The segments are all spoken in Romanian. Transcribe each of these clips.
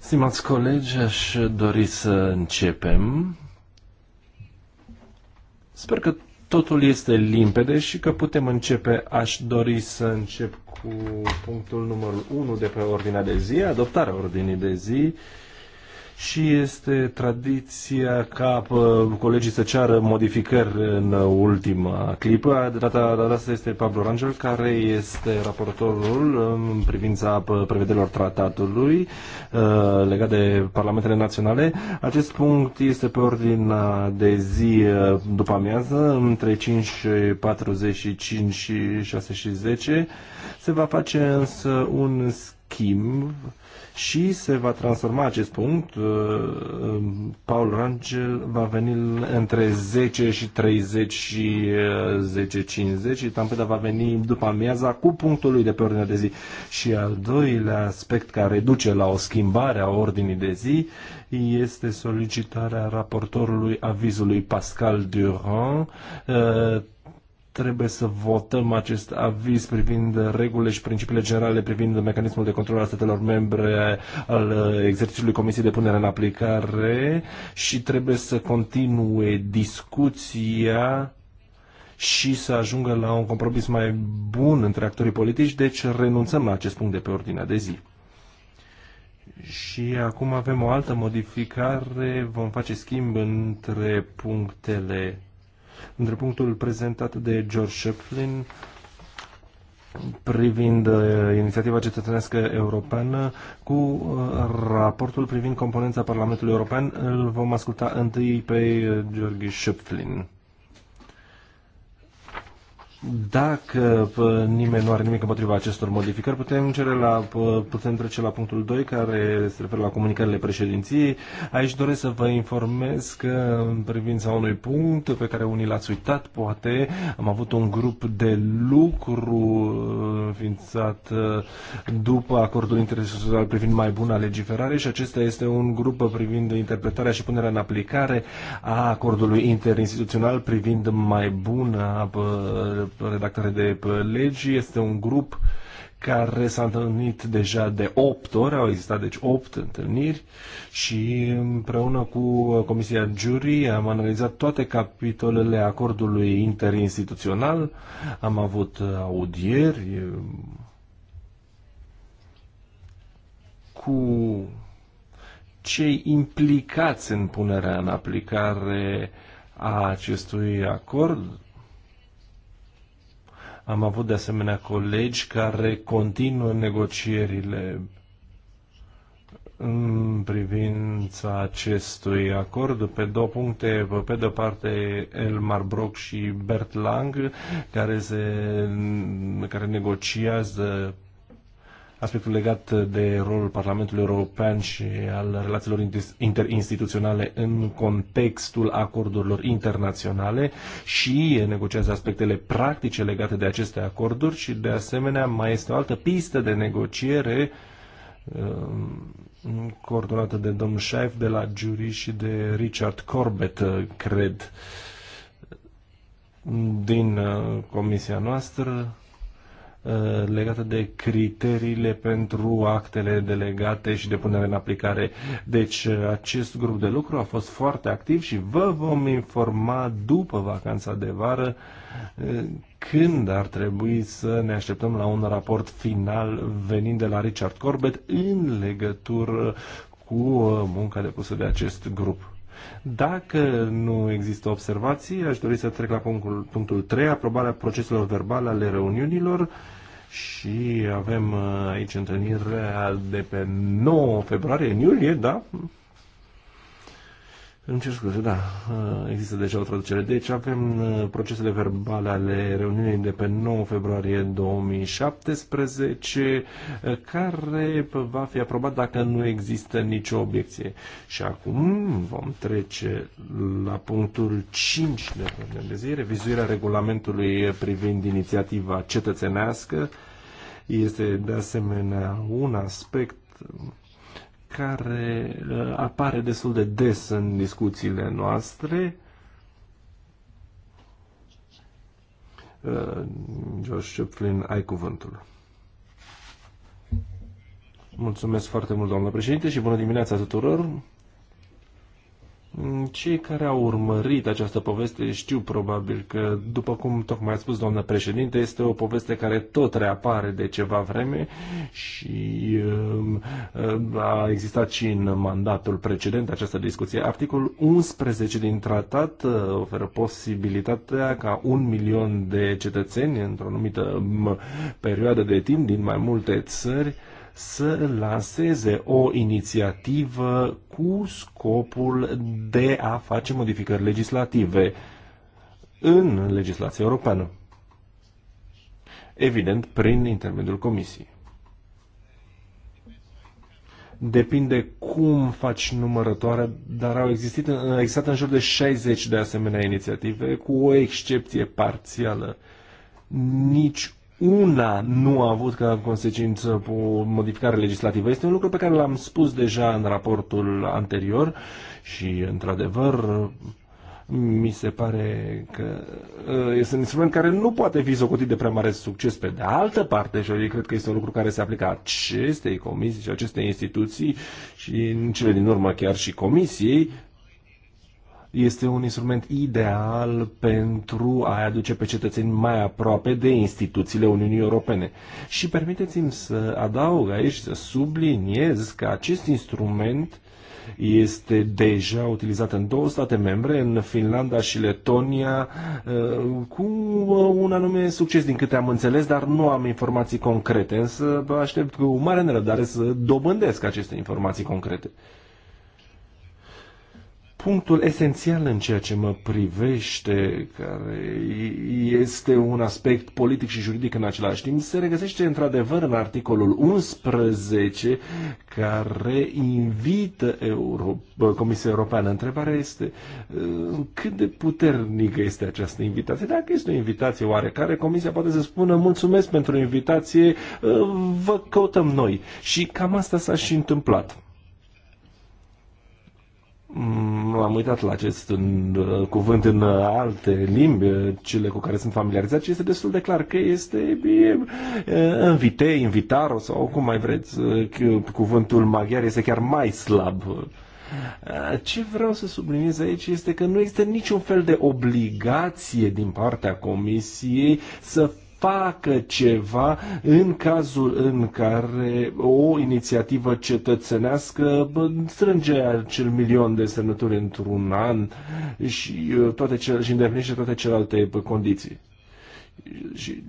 Stimați colegi, aș dori să începem. Sper că totul este limpede și că putem începe. Aș dori să încep cu punctul numărul 1 de pe ordinea de zi, adoptarea ordinii de zi. Uh, și este tradiția ca colegii să ceară modificări în ultima clipă. De data, data asta este Pablo Rangel, care este raportorul în privința prevederilor tratatului ă, legat de parlamentele naționale. Acest punct este pe ordinea de zi ă, după amiază, între 5.45 și 6 și 10. Se va face însă un schimb și se va transforma acest punct. Uh, Paul Rangel va veni între 10 și 30 și 10.50 uh, și Tampeda va veni după amiaza cu punctul lui de pe ordinea de zi. Și al doilea aspect care duce la o schimbare a ordinii de zi este solicitarea raportorului avizului Pascal Durand uh, trebuie să votăm acest aviz privind regulile și principiile generale privind mecanismul de control al statelor membre al uh, exercițiului Comisiei de Punere în Aplicare și trebuie să continue discuția și să ajungă la un compromis mai bun între actorii politici, deci renunțăm la acest punct de pe ordinea de zi. Și acum avem o altă modificare, vom face schimb între punctele între punctul prezentat de George Shepflin privind uh, inițiativa cetățenească europeană cu uh, raportul privind componența Parlamentului European. Îl vom asculta întâi pe uh, George Schöpflin. Dacă nimeni nu are nimic împotriva acestor modificări, putem, cere la, putem trece la punctul 2, care se referă la comunicările președinției. Aici doresc să vă informez că în privința unui punct pe care unii l-ați uitat, poate, am avut un grup de lucru uh, înființat uh, după acordul internațional privind mai bună legiferare și acesta este un grup privind interpretarea și punerea în aplicare a acordului interinstituțional privind mai bună redactare de legi. Este un grup care s-a întâlnit deja de 8 ori, au existat deci 8 întâlniri și împreună cu Comisia Jury am analizat toate capitolele acordului interinstituțional, am avut audieri cu cei implicați în punerea în aplicare a acestui acord, am avut de asemenea colegi care continuă negocierile în privința acestui acord pe două puncte, pe de-o parte Elmar Brock și Bert Lang care, se, care negociază aspectul legat de rolul Parlamentului European și al relațiilor interinstituționale în contextul acordurilor internaționale și negociază aspectele practice legate de aceste acorduri și de asemenea mai este o altă pistă de negociere um, coordonată de domnul Scheif de la Jury și de Richard Corbett, uh, cred, din uh, comisia noastră Uh, legată de criteriile pentru actele delegate și de punere în aplicare. Deci uh, acest grup de lucru a fost foarte activ și vă vom informa după vacanța de vară uh, când ar trebui să ne așteptăm la un raport final venind de la Richard Corbett în legătură cu munca depusă de acest grup. Dacă nu există observații, aș dori să trec la punctul, punctul 3, aprobarea proceselor verbale ale reuniunilor. Uh, și avem uh, aici întâlnirea de pe 9 februarie, în iulie, da? Îmi cer scuze, da, uh, există deja o traducere. Deci avem uh, procesele verbale ale reuniunii de pe 9 februarie 2017, uh, care va fi aprobat dacă nu există nicio obiecție. Și acum vom trece la punctul 5 de ordine de zi, revizuirea regulamentului privind inițiativa cetățenească. Este de asemenea un aspect care uh, apare destul de des în discuțiile noastre. Josh uh, Chaplin, ai cuvântul. Mulțumesc foarte mult, doamnă președinte, și bună dimineața tuturor! Mm, cei care au urmărit această poveste știu probabil că, după cum tocmai a spus doamna președinte, este o poveste care tot reapare de ceva vreme și mm, mm, a existat și în mandatul precedent această discuție. Articolul 11 din tratat uh, oferă posibilitatea ca un milion de cetățeni într-o anumită perioadă de timp din mai multe țări să lanseze o inițiativă cu scopul de a face modificări legislative în legislația europeană. Evident, prin intermediul Comisiei. Depinde cum faci numărătoare, dar au existat, au existat în jur de 60 de asemenea inițiative, cu o excepție parțială. Nici una nu a avut ca consecință o modificare legislativă. Este un lucru pe care l-am spus deja în raportul anterior și, într-adevăr, mi se pare că uh, este un instrument care nu poate fi socotit de prea mare succes pe de altă parte și eu cred că este un lucru care se aplică acestei comisii și acestei instituții și în cele din urmă chiar și comisiei este un instrument ideal pentru a aduce pe cetățeni mai aproape de instituțiile Uniunii Europene. Și permiteți-mi să adaug aici, să subliniez că acest instrument este deja utilizat în două state membre, în Finlanda și Letonia, uh, cu un anume succes din câte am înțeles, dar nu am informații concrete, însă aștept cu mare nerăbdare să dobândesc aceste informații concrete punctul esențial în ceea ce mă privește, care este un aspect politic și juridic în același timp, se regăsește într-adevăr în articolul 11 care invită Euro- Comisia Europeană. Întrebarea este uh, cât de puternică este această invitație. Dacă este o invitație oarecare, Comisia poate să spună mulțumesc pentru invitație, uh, vă căutăm noi. Și cam asta s-a și întâmplat. Mm, am uitat la acest în, uh, cuvânt în uh, alte limbi, uh, cele cu care sunt familiarizat și este destul de clar că este invite, invitaro sau cum mai vreți, cuvântul maghiar este chiar mai slab. Ce vreau să subliniez aici este că nu există niciun fel de obligație din partea Comisiei să facă ceva în cazul în care o inițiativă cetățenească strânge acel milion de semnături într-un an și, uh, toate cele, și îndeplinește toate celelalte condiții. Și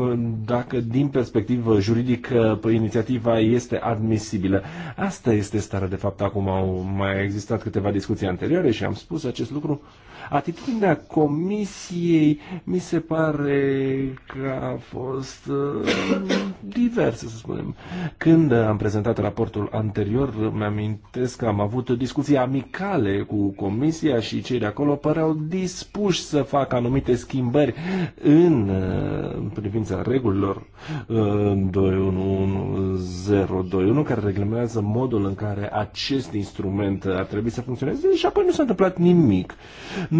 uh, dacă din perspectivă juridică inițiativa este admisibilă. Asta este starea de fapt acum. Au mai existat câteva discuții anterioare și am spus acest lucru. Uh, Atitudinea comisiei mi se pare că a fost uh, diversă, să spunem. Când am prezentat raportul anterior, mi-amintesc că am avut discuții amicale cu comisia și cei de acolo păreau dispuși să facă anumite schimbări în, uh, în privința regulilor 211021 uh, care reglementează modul în care acest instrument ar trebui să funcționeze și apoi nu s-a întâmplat nimic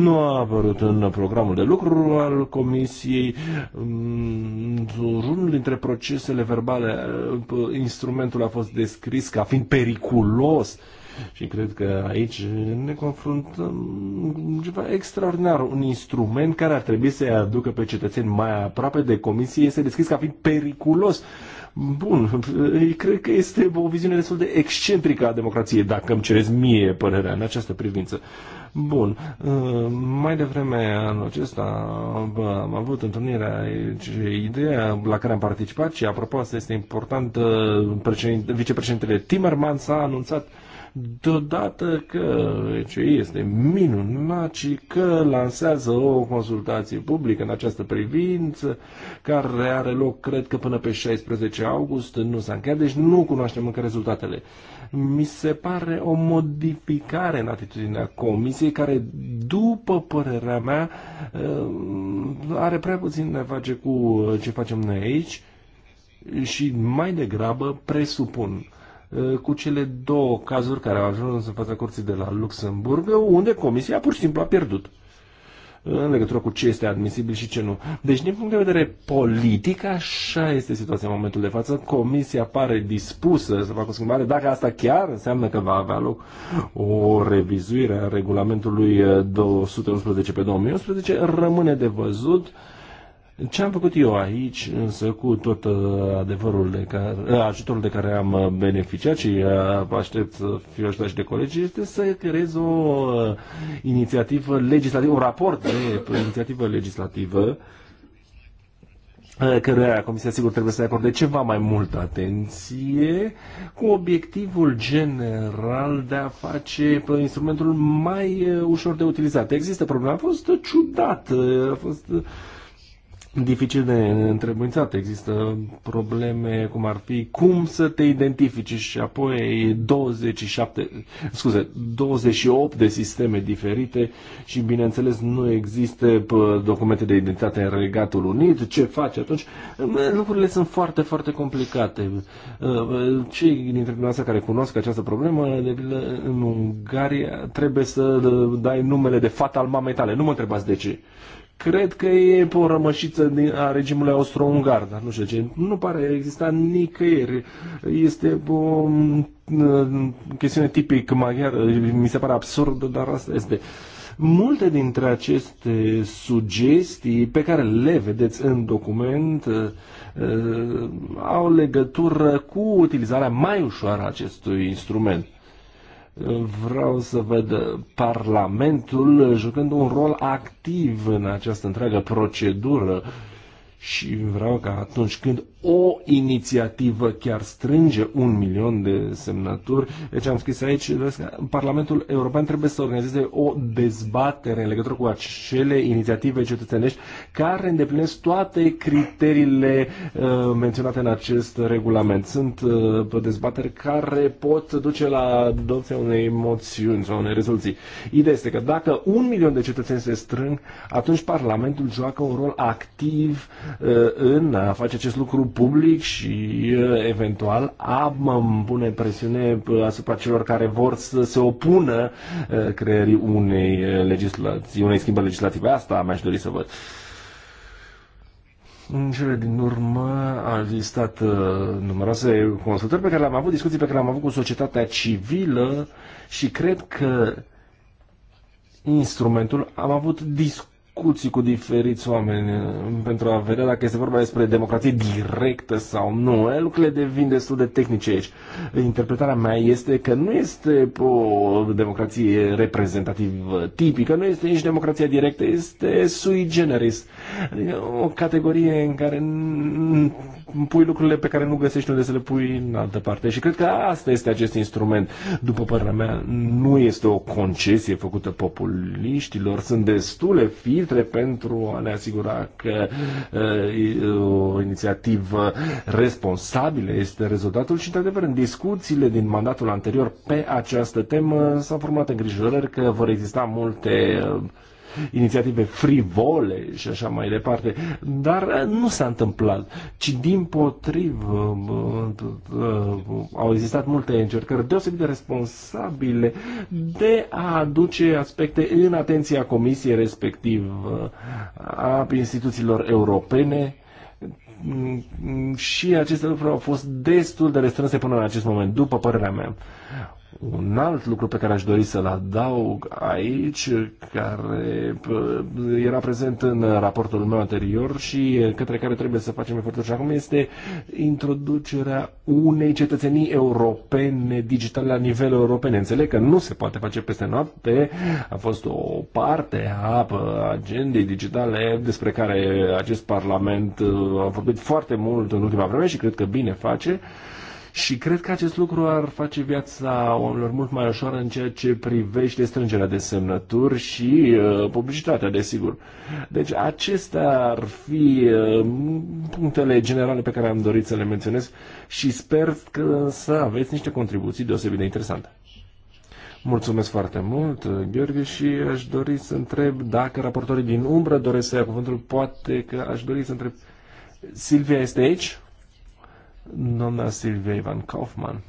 nu a apărut în programul de lucru al Comisiei. Mm, unul dintre procesele verbale, eh, instrumentul a fost descris ca fiind periculos. Și cred că aici ne confruntăm ceva extraordinar. Un instrument care ar trebui să-i aducă pe cetățeni mai aproape de comisie este descris ca fiind periculos. Bun, eh, cred că este o viziune destul de excentrică a democrației, dacă îmi cereți mie părerea în această privință. Bun. Uh, mai devreme anul acesta am avut întâlnirea ideea la care am participat și apropo asta este important uh, vicepreședintele Timmermans a anunțat deodată că ce deci, este minunat și că lansează o consultație publică în această privință care are loc, cred că până pe 16 august, nu s-a încheiat, deci nu cunoaștem încă rezultatele mi se pare o modificare în atitudinea comisiei care, după părerea mea, uh, are prea puțin de face cu uh, ce facem noi aici și mai degrabă presupun uh, cu cele două cazuri care au ajuns în fața curții de la Luxemburg, unde comisia pur și simplu a pierdut în legătură cu ce este admisibil și ce nu. Deci, din punct de vedere politic, așa este situația în momentul de față. Comisia pare dispusă să facă o schimbare. Dacă asta chiar înseamnă că va avea loc o revizuire a regulamentului 211 eh, pe 2011, rămâne de văzut. Ce am făcut eu aici, însă cu tot uh, adevărul de care, uh, ajutorul de care am uh, beneficiat și aștept să fiu ajutat și de colegi, este să creez o inițiativă legislativă, un raport de inițiativă legislativă căruia Comisia sigur trebuie să acorde ceva mai multă atenție, cu obiectivul general de a face instrumentul mai ușor de utilizat. Există probleme, a fost ciudat, a fost uh, dificil de întrebuințat. Există probleme cum ar fi cum să te identifici și apoi 27, scuze, 28 de sisteme diferite și bineînțeles nu există documente de identitate în Regatul Unit. Ce faci atunci? Lucrurile sunt foarte, foarte complicate. Cei dintre dumneavoastră care cunosc această problemă, de în Ungaria trebuie să dai numele de fata al mamei tale. Nu mă întrebați de ce Cred că e o rămășiță din, a regimului austro-ungar, dar nu știu ce. Nu pare exista nicăieri. Este o mm, mm, chestiune tipic maghiară. Mi se pare absurd, dar asta este. Multe dintre aceste sugestii pe care le vedeți în document uh, uh, au legătură cu utilizarea mai ușoară a acestui instrument vreau să văd Parlamentul jucând un rol activ în această întreagă procedură și vreau ca atunci când o inițiativă chiar strânge un milion de semnături. Deci am scris aici, Parlamentul European trebuie să organizeze o dezbatere în legătură cu acele inițiative cetățenești care îndeplinesc toate criteriile uh, menționate în acest regulament. Sunt uh, dezbateri care pot duce la adopția unei moțiuni sau unei rezoluții. Ideea este că dacă un milion de cetățeni se strâng, atunci Parlamentul joacă un rol activ uh, în a face acest lucru public și eventual a pune presiune asupra celor care vor să se opună creării unei legislații, unei schimbări legislative. Asta mi-aș dori să văd. În cele din urmă a existat numeroase consultări pe care le-am avut, discuții pe care le-am avut cu societatea civilă și cred că instrumentul am avut discuții discuții cu diferiți oameni um, pentru a vedea dacă este vorba despre democrație directă sau nu. Lucrurile devin destul de tehnice aici. Interpretarea mea este că nu este o democrație reprezentativă tipică, nu este nici democrația directă, este sui generis. Adică o categorie în care pui lucrurile pe care nu găsești unde să le pui în altă parte. Și cred că asta este acest instrument. După părerea mea, nu este o concesie făcută populiștilor. Sunt destule filtre filtre pentru a ne asigura că uh, o inițiativă responsabilă este rezultatul și, într-adevăr, în discuțiile din mandatul anterior pe această temă s-au format îngrijorări că vor exista multe uh, inițiative frivole și așa mai departe, dar eh, nu s-a întâmplat, ci din potrivă eh, eh, au existat multe încercări deosebit de responsabile de a aduce aspecte în atenția comisiei respectiv a instituțiilor europene mm, mm, și aceste lucruri au fost destul de restrânse până în acest moment, după părerea mea. Un alt lucru pe care aș dori să-l adaug aici, care era prezent în raportul meu anterior și către care trebuie să facem eforturi și acum, este introducerea unei cetățenii europene digitale la nivel european. Înțeleg că nu se poate face peste noapte, a fost o parte a agendei digitale despre care acest Parlament uh, a vorbit foarte mult în ultima vreme și cred că bine face. Și cred că acest lucru ar face viața oamenilor mult mai ușoară în ceea ce privește strângerea de semnături și uh, publicitatea, desigur. Deci acestea ar fi uh, punctele generale pe care am dorit să le menționez și sper că să aveți niște contribuții deosebit de interesante. Mulțumesc foarte mult, uh, Gheorghe, și aș dori să întreb dacă raportorii din umbră doresc să ia cuvântul. Poate că aș dori să întreb. Silvia este aici? doamna Silvia Ivan Kaufman.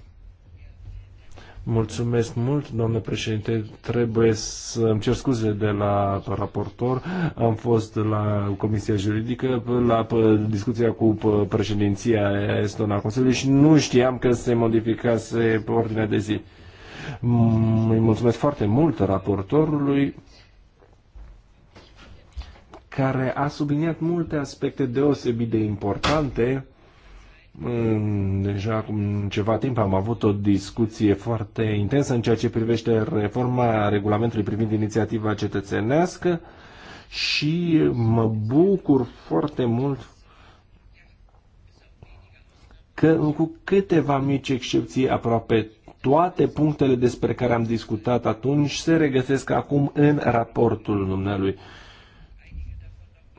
Mulțumesc mult, domnule președinte. Trebuie să îmi cer scuze de la raportor. Am fost la Comisia Juridică, la discuția cu președinția Estona Consiliului și nu știam că se modificase ordinea de zi. Îi mulțumesc foarte mult raportorului care a subliniat multe aspecte deosebit de importante Mm, deja acum ceva timp am avut o discuție foarte intensă în ceea ce privește reforma regulamentului privind inițiativa cetățenească și mă bucur foarte mult că cu câteva mici excepții aproape toate punctele despre care am discutat atunci se regăsesc acum în raportul dumnealui.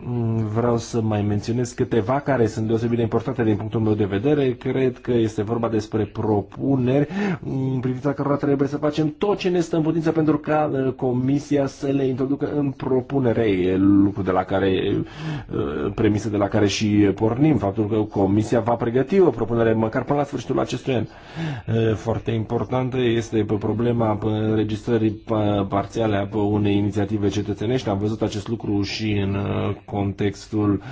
Mm, vreau să mai menționez câteva care sunt deosebit de importante din punctul meu de vedere. Cred că este vorba despre propuneri în mm, privința cărora trebuie să facem tot ce ne stă în putință pentru ca uh, Comisia să le introducă în propunere. E lucru de la care, uh, premisă de la care și pornim, faptul că Comisia va pregăti o propunere măcar până la sfârșitul acestui an. Uh, foarte importantă este problema înregistrării parțiale a unei inițiative cetățenești. Am văzut acest lucru și în contextul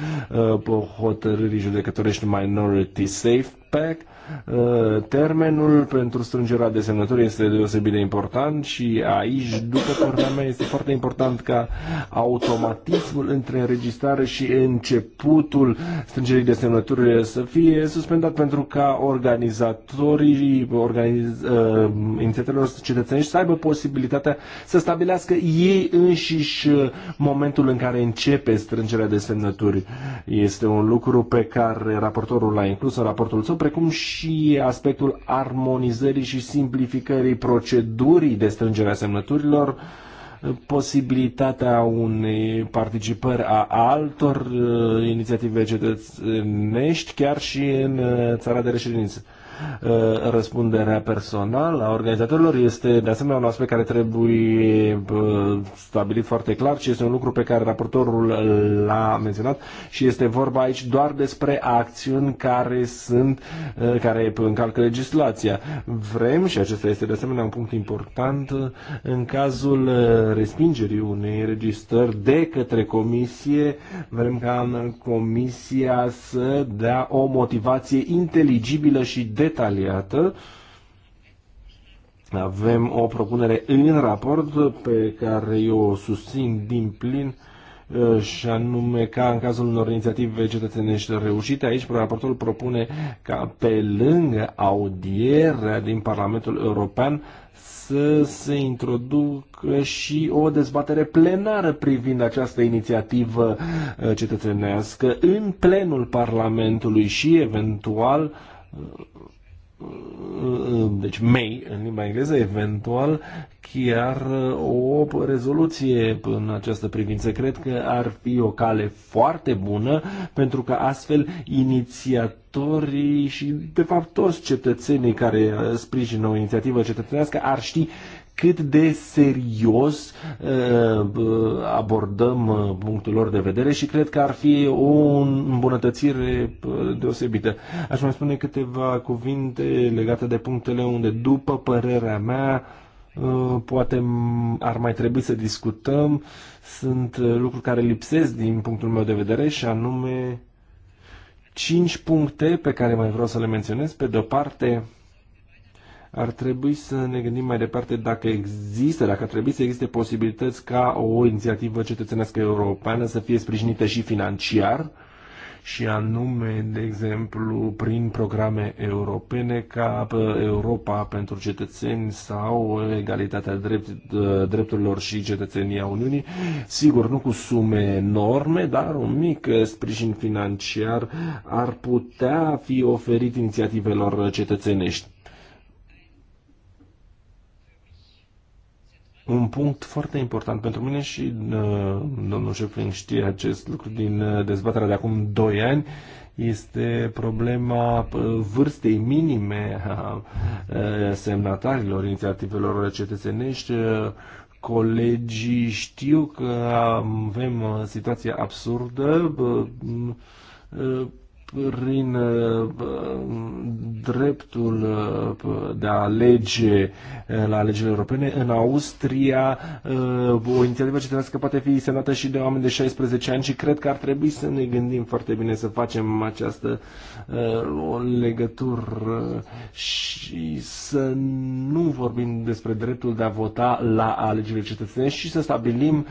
uh, hotărârii judecătorești Minority Safe Pack Uh, termenul pentru strângerea de semnături este deosebit de important și aici, după părerea mea, este foarte important ca automatismul între înregistrare și începutul strângerii de semnături să fie suspendat pentru ca organizatorii organiz, uh, inițiatelor cetățenești să aibă posibilitatea să stabilească ei înșiși uh, momentul în care începe strângerea de semnături. Este un lucru pe care raportorul l-a inclus în raportul său, precum și și aspectul armonizării și simplificării procedurii de strângere a semnăturilor, posibilitatea unei participări a altor uh, inițiative cetățenești, chiar și în uh, țara de reședință. Eh, răspunderea personală a organizatorilor este de asemenea un aspect care trebuie eh, stabilit foarte clar și este un lucru pe care raportorul l-a menționat și este vorba aici doar despre acțiuni care sunt, eh, care încalcă legislația. Vrem, și acesta este de asemenea un punct important, în cazul respingerii unei registrări de către comisie, vrem ca comisia să dea o motivație inteligibilă și de detaliată. Avem o propunere în raport pe care eu o susțin din plin uh, și anume ca în cazul unor inițiative cetățenești reușite. Aici raportul propune ca pe lângă audierea din Parlamentul European să se introducă și o dezbatere plenară privind această inițiativă uh, cetățenească în plenul Parlamentului și eventual uh, deci may în limba engleză, eventual chiar uh, o rezoluție în această privință. Cred că ar fi o cale foarte bună pentru că astfel inițiatorii și de fapt toți cetățenii care uh, sprijină o inițiativă cetățenească ar ști cât de serios uh, abordăm uh, punctul lor de vedere și cred că ar fi o îmbunătățire deosebită. Aș mai spune câteva cuvinte legate de punctele unde, după părerea mea, uh, poate ar mai trebui să discutăm. Sunt lucruri care lipsesc din punctul meu de vedere și anume cinci puncte pe care mai vreau să le menționez. Pe de-o parte, ar trebui să ne gândim mai departe dacă există, dacă ar trebui să existe posibilități ca o inițiativă cetățenească europeană să fie sprijinită și financiar și anume, de exemplu, prin programe europene ca Europa pentru cetățeni sau egalitatea drept, drepturilor și cetățenia Uniunii. Sigur, nu cu sume enorme, dar un mic uh, sprijin financiar ar putea fi oferit inițiativelor cetățenești un punct foarte important pentru mine și uh, domnul Șefling știe acest lucru din uh, dezbaterea de acum 2 ani, este problema uh, vârstei minime a semnatarilor inițiativelor cetățenești. Colegii știu că avem situația absurdă prin uh, dreptul uh, de a alege uh, la alegerile europene. În Austria, o inițiativă cetățească poate fi semnată și de oameni de 16 ani și cred că ar trebui să ne gândim foarte bine să facem această o legătură și să nu vorbim despre dreptul de a vota la alegerile cetățenești și să stabilim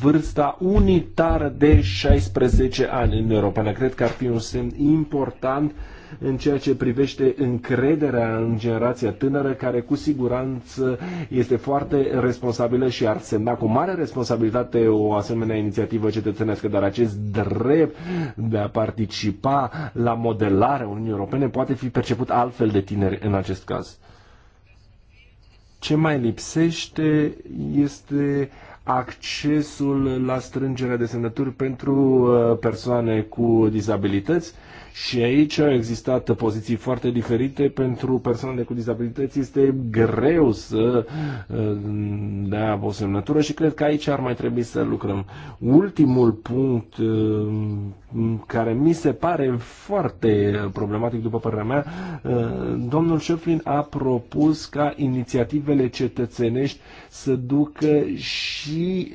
vârsta unitară de 16 ani în Europa. Cred că ar fi un semn important în ceea ce privește încrederea în generația tânără, care cu siguranță este foarte responsabilă și ar semna cu mare responsabilitate o asemenea inițiativă cetățenească, dar acest drept de a participa la modelarea Uniunii Europene poate fi perceput altfel de tineri în acest caz. Ce mai lipsește este accesul la strângerea de semnături pentru uh, persoane cu dizabilități și aici au existat poziții foarte diferite. Pentru persoanele cu dizabilități este greu să uh, dea o semnătură și cred că aici ar mai trebui să lucrăm. Ultimul punct uh, care mi se pare foarte problematic, după părerea mea, uh, domnul Șeflin a propus ca inițiativele cetățenești să ducă și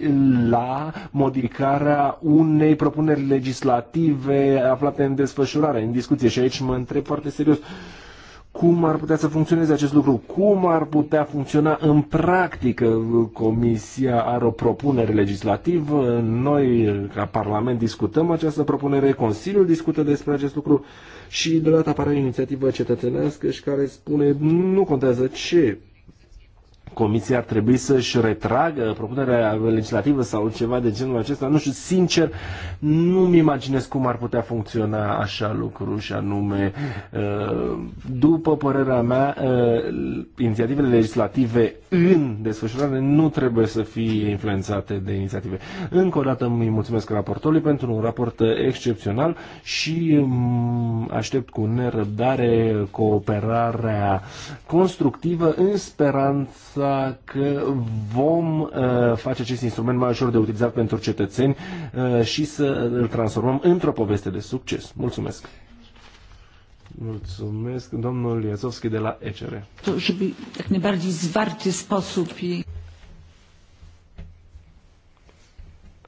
la modificarea unei propuneri legislative aflate în desfășurare clare în discuție și aici mă întreb foarte serios cum ar putea să funcționeze acest lucru, cum ar putea funcționa în practică. Comisia are o propunere legislativă, noi ca Parlament discutăm această propunere, Consiliul discută despre acest lucru și deodată apare o inițiativă cetățenească și care spune nu contează ce Comisia ar trebui să-și retragă propunerea legislativă sau ceva de genul acesta. Nu știu, sincer, nu-mi imaginez cum ar putea funcționa așa lucru și anume, uh, după părerea mea, uh, inițiativele legislative în desfășurare nu trebuie să fie influențate de inițiative. Încă o dată îmi mulțumesc raportorului pentru un raport excepțional și um, aștept cu nerăbdare cooperarea constructivă în speranța însă că vom uh, face acest instrument mai ușor de utilizat pentru cetățeni uh, și să îl transformăm într-o poveste de succes. Mulțumesc! Mulțumesc, domnul Iazovski de la ECR. To, żeby jak najbardziej zwarty sposób i...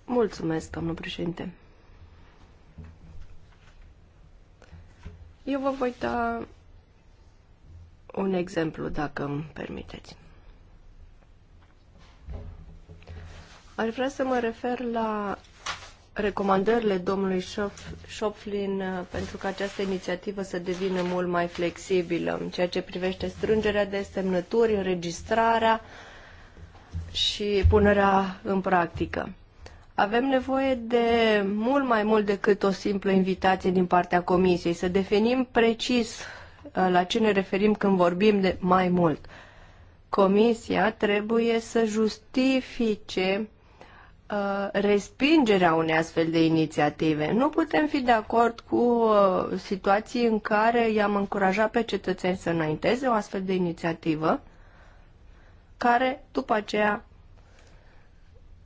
Mulțumesc, domnul președinte. Eu vă voi da un exemplu, dacă îmi permiteți. Aș vrea să mă refer la recomandările domnului Șoflin uh, pentru ca această inițiativă să devină mult mai flexibilă în ceea ce privește strângerea de semnături, înregistrarea și punerea în practică. Avem nevoie de mult mai mult decât o simplă invitație din partea comisiei, să definim precis uh, la ce ne referim când vorbim de mai mult. Comisia trebuie să justifice uh, respingerea unei astfel de inițiative. Nu putem fi de acord cu uh, situații în care i-am încurajat pe cetățeni să înainteze o astfel de inițiativă, care după aceea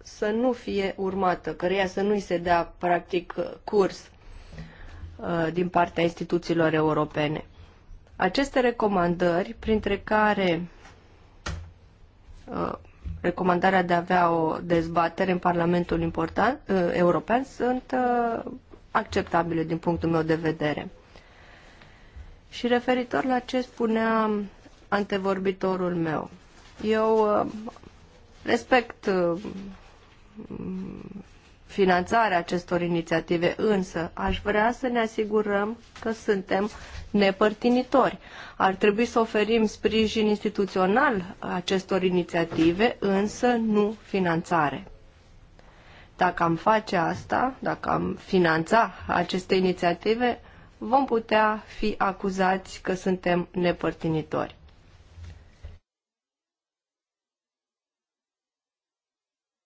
să nu fie urmată, căreia să nu-i se dea practic uh, curs uh, din partea instituțiilor europene. Aceste recomandări, printre care uh, recomandarea de a avea o dezbatere în Parlamentul important, ă, European sunt ă, acceptabile din punctul meu de vedere. Și referitor la ce spunea antevorbitorul meu, eu ă, respect finanțarea acestor inițiative, însă aș vrea să ne asigurăm că suntem nepărtinitori. Ar trebui să oferim sprijin instituțional acestor inițiative, însă nu finanțare. Dacă am face asta, dacă am finanța aceste inițiative, vom putea fi acuzați că suntem nepărtinitori.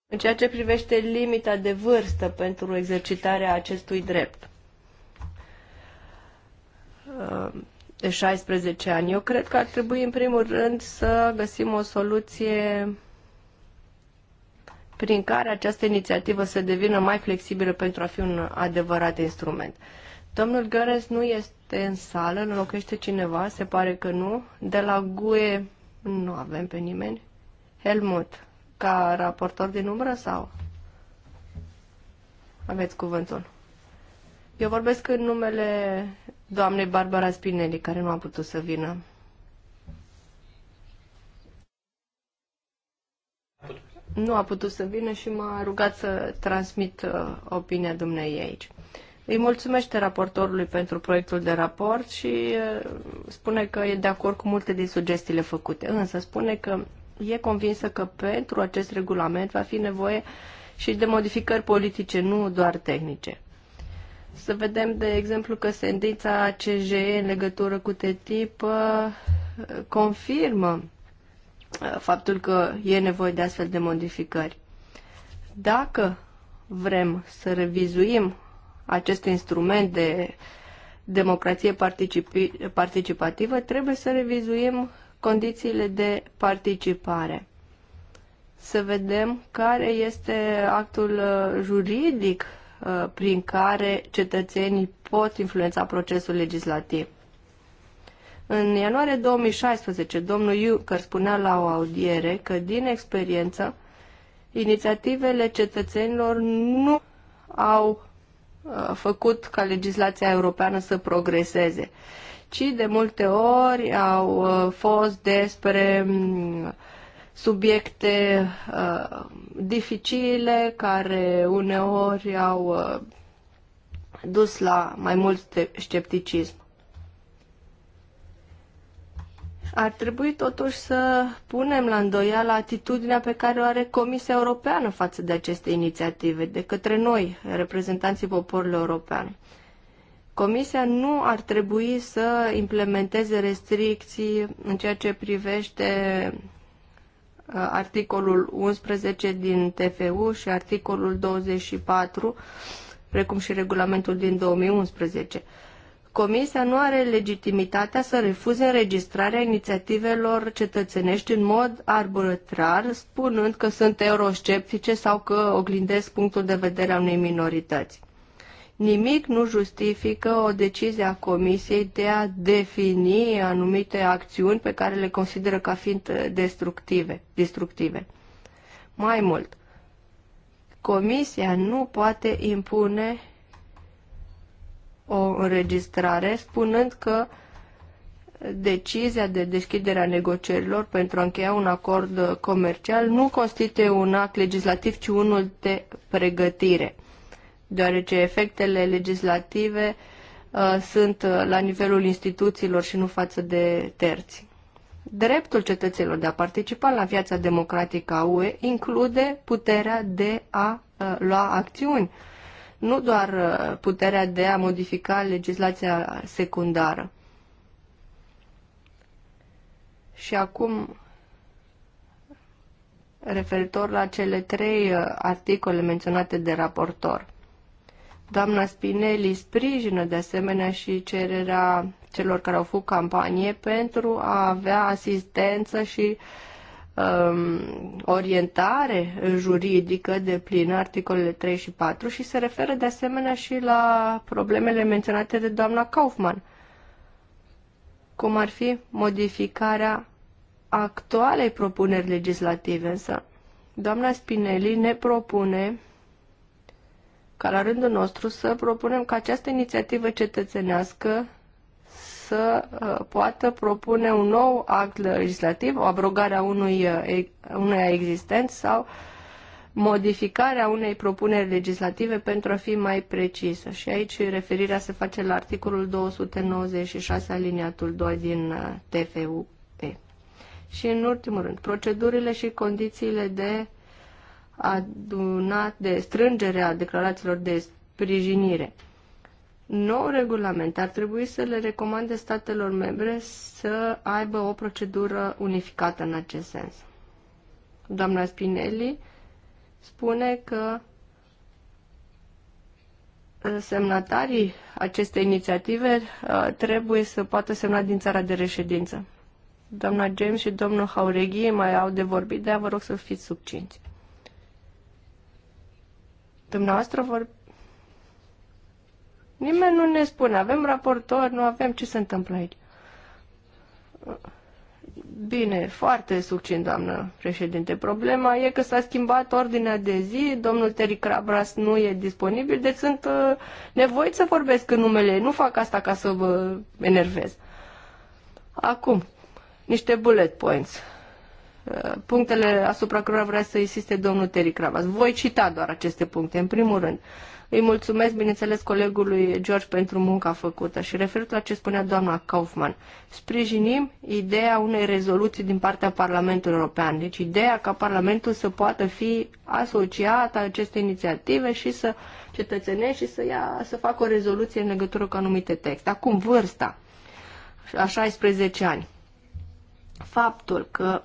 în ceea ce privește limita de vârstă pentru exercitarea acestui drept uh, de 16 ani. Eu cred că ar trebui, în primul rând, să găsim o soluție prin care această inițiativă să devină mai flexibilă pentru a fi un adevărat instrument. Domnul Gărăs nu este în sală, nu locuiește cineva, se pare că nu. De la GUE nu avem pe nimeni. Helmut, ca raportor din umbră sau aveți cuvântul? Eu vorbesc în numele doamnei Barbara Spinelli, care nu a putut să vină. Nu a putut să vină și m-a rugat să transmit uh, opinia dumnei aici. Îi mulțumește raportorului pentru proiectul de raport și uh, spune că e de acord cu multe din sugestiile făcute, însă spune că e convinsă că pentru acest regulament va fi nevoie și de modificări politice, nu doar tehnice. Să vedem, de exemplu, că sentința CJE în legătură cu TTIP uh, confirmă uh, faptul că e nevoie de astfel de modificări. Dacă vrem să revizuim acest instrument de democrație participativă, trebuie să revizuim condițiile de participare. Să vedem care este actul uh, juridic uh, prin care cetățenii pot influența procesul legislativ. În ianuarie 2016, domnul Iucăr spunea la o audiere că, din experiență, inițiativele cetățenilor nu au uh, făcut ca legislația europeană să progreseze ci de multe ori au uh, fost despre mm, subiecte uh, dificile care uneori au uh, dus la mai mult scepticism. Ar trebui totuși să punem la îndoială atitudinea pe care o are Comisia Europeană față de aceste inițiative, de către noi, reprezentanții poporului european. Comisia nu ar trebui să implementeze restricții în ceea ce privește uh, articolul 11 din TFU și articolul 24, precum și regulamentul din 2011. Comisia nu are legitimitatea să refuze înregistrarea inițiativelor cetățenești în mod arbitrar, spunând că sunt eurosceptice sau că oglindesc punctul de vedere al unei minorități. Nimic nu justifică o decizie a Comisiei de a defini anumite acțiuni pe care le consideră ca fiind uh, destructive. destructive. Mai mult, Comisia nu poate impune o înregistrare spunând că decizia de deschidere a negocierilor pentru a încheia un acord uh, comercial nu constituie un act legislativ, ci unul de pregătire deoarece efectele legislative uh, sunt uh, la nivelul instituțiilor și nu față de terți. Dreptul cetățenilor de a participa la viața democratică a UE include puterea de a uh, lua acțiuni, nu doar puterea de a modifica legislația secundară. Și acum, referitor la cele trei articole menționate de raportor. Doamna Spinelli sprijină de asemenea și cererea celor care au făcut campanie pentru a avea asistență și um, orientare juridică de plină, articolele 3 și 4, și se referă de asemenea și la problemele menționate de doamna Kaufman, cum ar fi modificarea actualei propuneri legislative. Însă, doamna Spinelli ne propune ca la rândul nostru să propunem ca această inițiativă cetățenească să uh, poată propune un nou act legislativ, o abrogare a unui, uh, unei existent sau modificarea unei propuneri legislative pentru a fi mai precisă. Și aici referirea se face la articolul 296 aliniatul 2 din uh, TFUE. Și în ultimul rând, procedurile și condițiile de adunat de strângerea declarațiilor de sprijinire. Nou regulament ar trebui să le recomande statelor membre să aibă o procedură unificată în acest sens. Doamna Spinelli spune că uh, semnatarii acestei inițiative uh, trebuie să poată semna din țara de reședință. Doamna James și domnul Haureghi mai au de vorbit, de vă rog să fiți subcinți. Dumneavoastră vor... Nimeni nu ne spune. Avem raportor, nu avem ce se întâmplă aici. Bine, foarte succint, doamnă președinte. Problema e că s-a schimbat ordinea de zi, domnul Teric Crabras nu e disponibil, deci sunt uh, nevoit să vorbesc în numele Nu fac asta ca să vă enervez. Acum, niște bullet points punctele asupra cărora vrea să insiste domnul Teri Cravas. Voi cita doar aceste puncte. În primul rând, îi mulțumesc, bineînțeles, colegului George pentru munca făcută și referitor la ce spunea doamna Kaufman. Sprijinim ideea unei rezoluții din partea Parlamentului European, deci ideea ca Parlamentul să poată fi asociat aceste inițiative și să cetățenești și să, ia, să facă o rezoluție în legătură cu anumite texte. Acum, vârsta, a 16 ani. Faptul că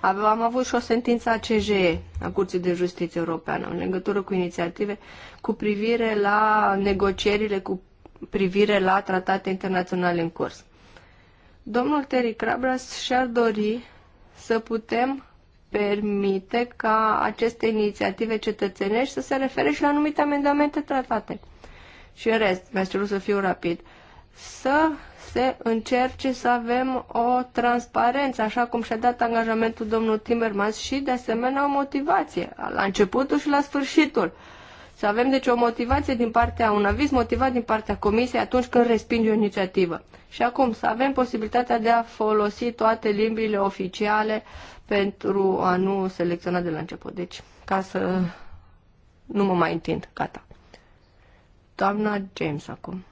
am avut și o sentință a CJE, a Curții de Justiție Europeană, în legătură cu inițiative cu privire la negocierile cu privire la tratate internaționale în curs. Domnul Terry Crabras și-ar dori să putem permite ca aceste inițiative cetățenești să se refere și la anumite amendamente tratate. Și în rest, mi-aș cerut să fiu rapid, să se încerce să avem o transparență, așa cum și-a dat angajamentul domnul Timmermans și, de asemenea, o motivație, la începutul și la sfârșitul. Să avem, deci, o motivație din partea, un aviz motivat din partea Comisiei atunci când respinge o inițiativă. Și acum, să avem posibilitatea de a folosi toate limbile oficiale pentru a nu selecționa de la început. Deci, ca să nu mă mai întind, gata. Doamna James acum.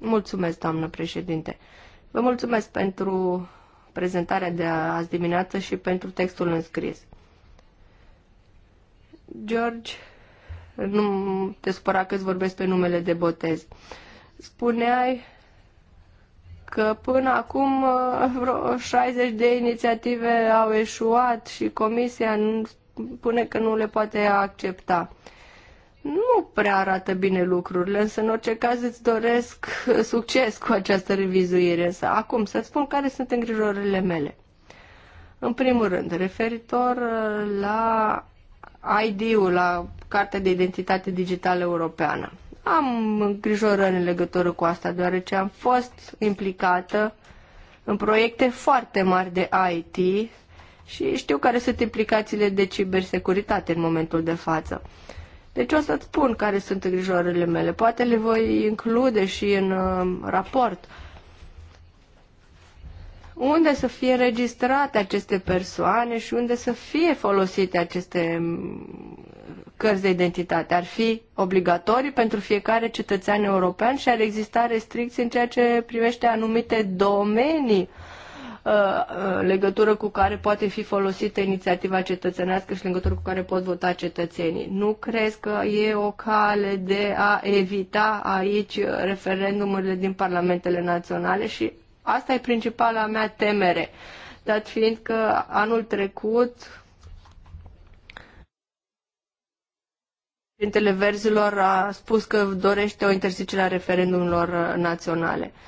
Mulțumesc, doamnă președinte. Vă mulțumesc pentru prezentarea de azi dimineață și pentru textul înscris. George, nu te supăra că îți vorbesc pe numele de botez. Spuneai că până acum uh, vreo 60 de inițiative au eșuat și comisia spune că nu le poate accepta nu prea arată bine lucrurile, însă în orice caz îți doresc succes cu această revizuire. Însă acum să spun care sunt îngrijorările mele. În primul rând, referitor uh, la ID-ul, la Cartea de Identitate Digitală Europeană. Am îngrijorări în legătură cu asta, deoarece am fost implicată în proiecte foarte mari de IT și știu care sunt implicațiile de cibersecuritate în momentul de față. Uh, deci o să-ți spun care sunt îngrijorările mele. Poate le voi include și în uh, raport. Unde să fie registrate aceste persoane și unde să fie folosite aceste um, cărți de identitate. Ar fi obligatorii pentru fiecare cetățean european și ar exista restricții în ceea ce privește anumite domenii uh, Uh, uh, legătură cu care poate fi folosită inițiativa cetățenească și legătură cu care pot vota cetățenii. Nu crezi că e o cale de a evita aici referendumurile din parlamentele naționale și asta e principala mea temere, dat fiind că anul trecut Președintele Verzilor a spus că dorește o interzicere a referendumurilor uh, naționale. Uh,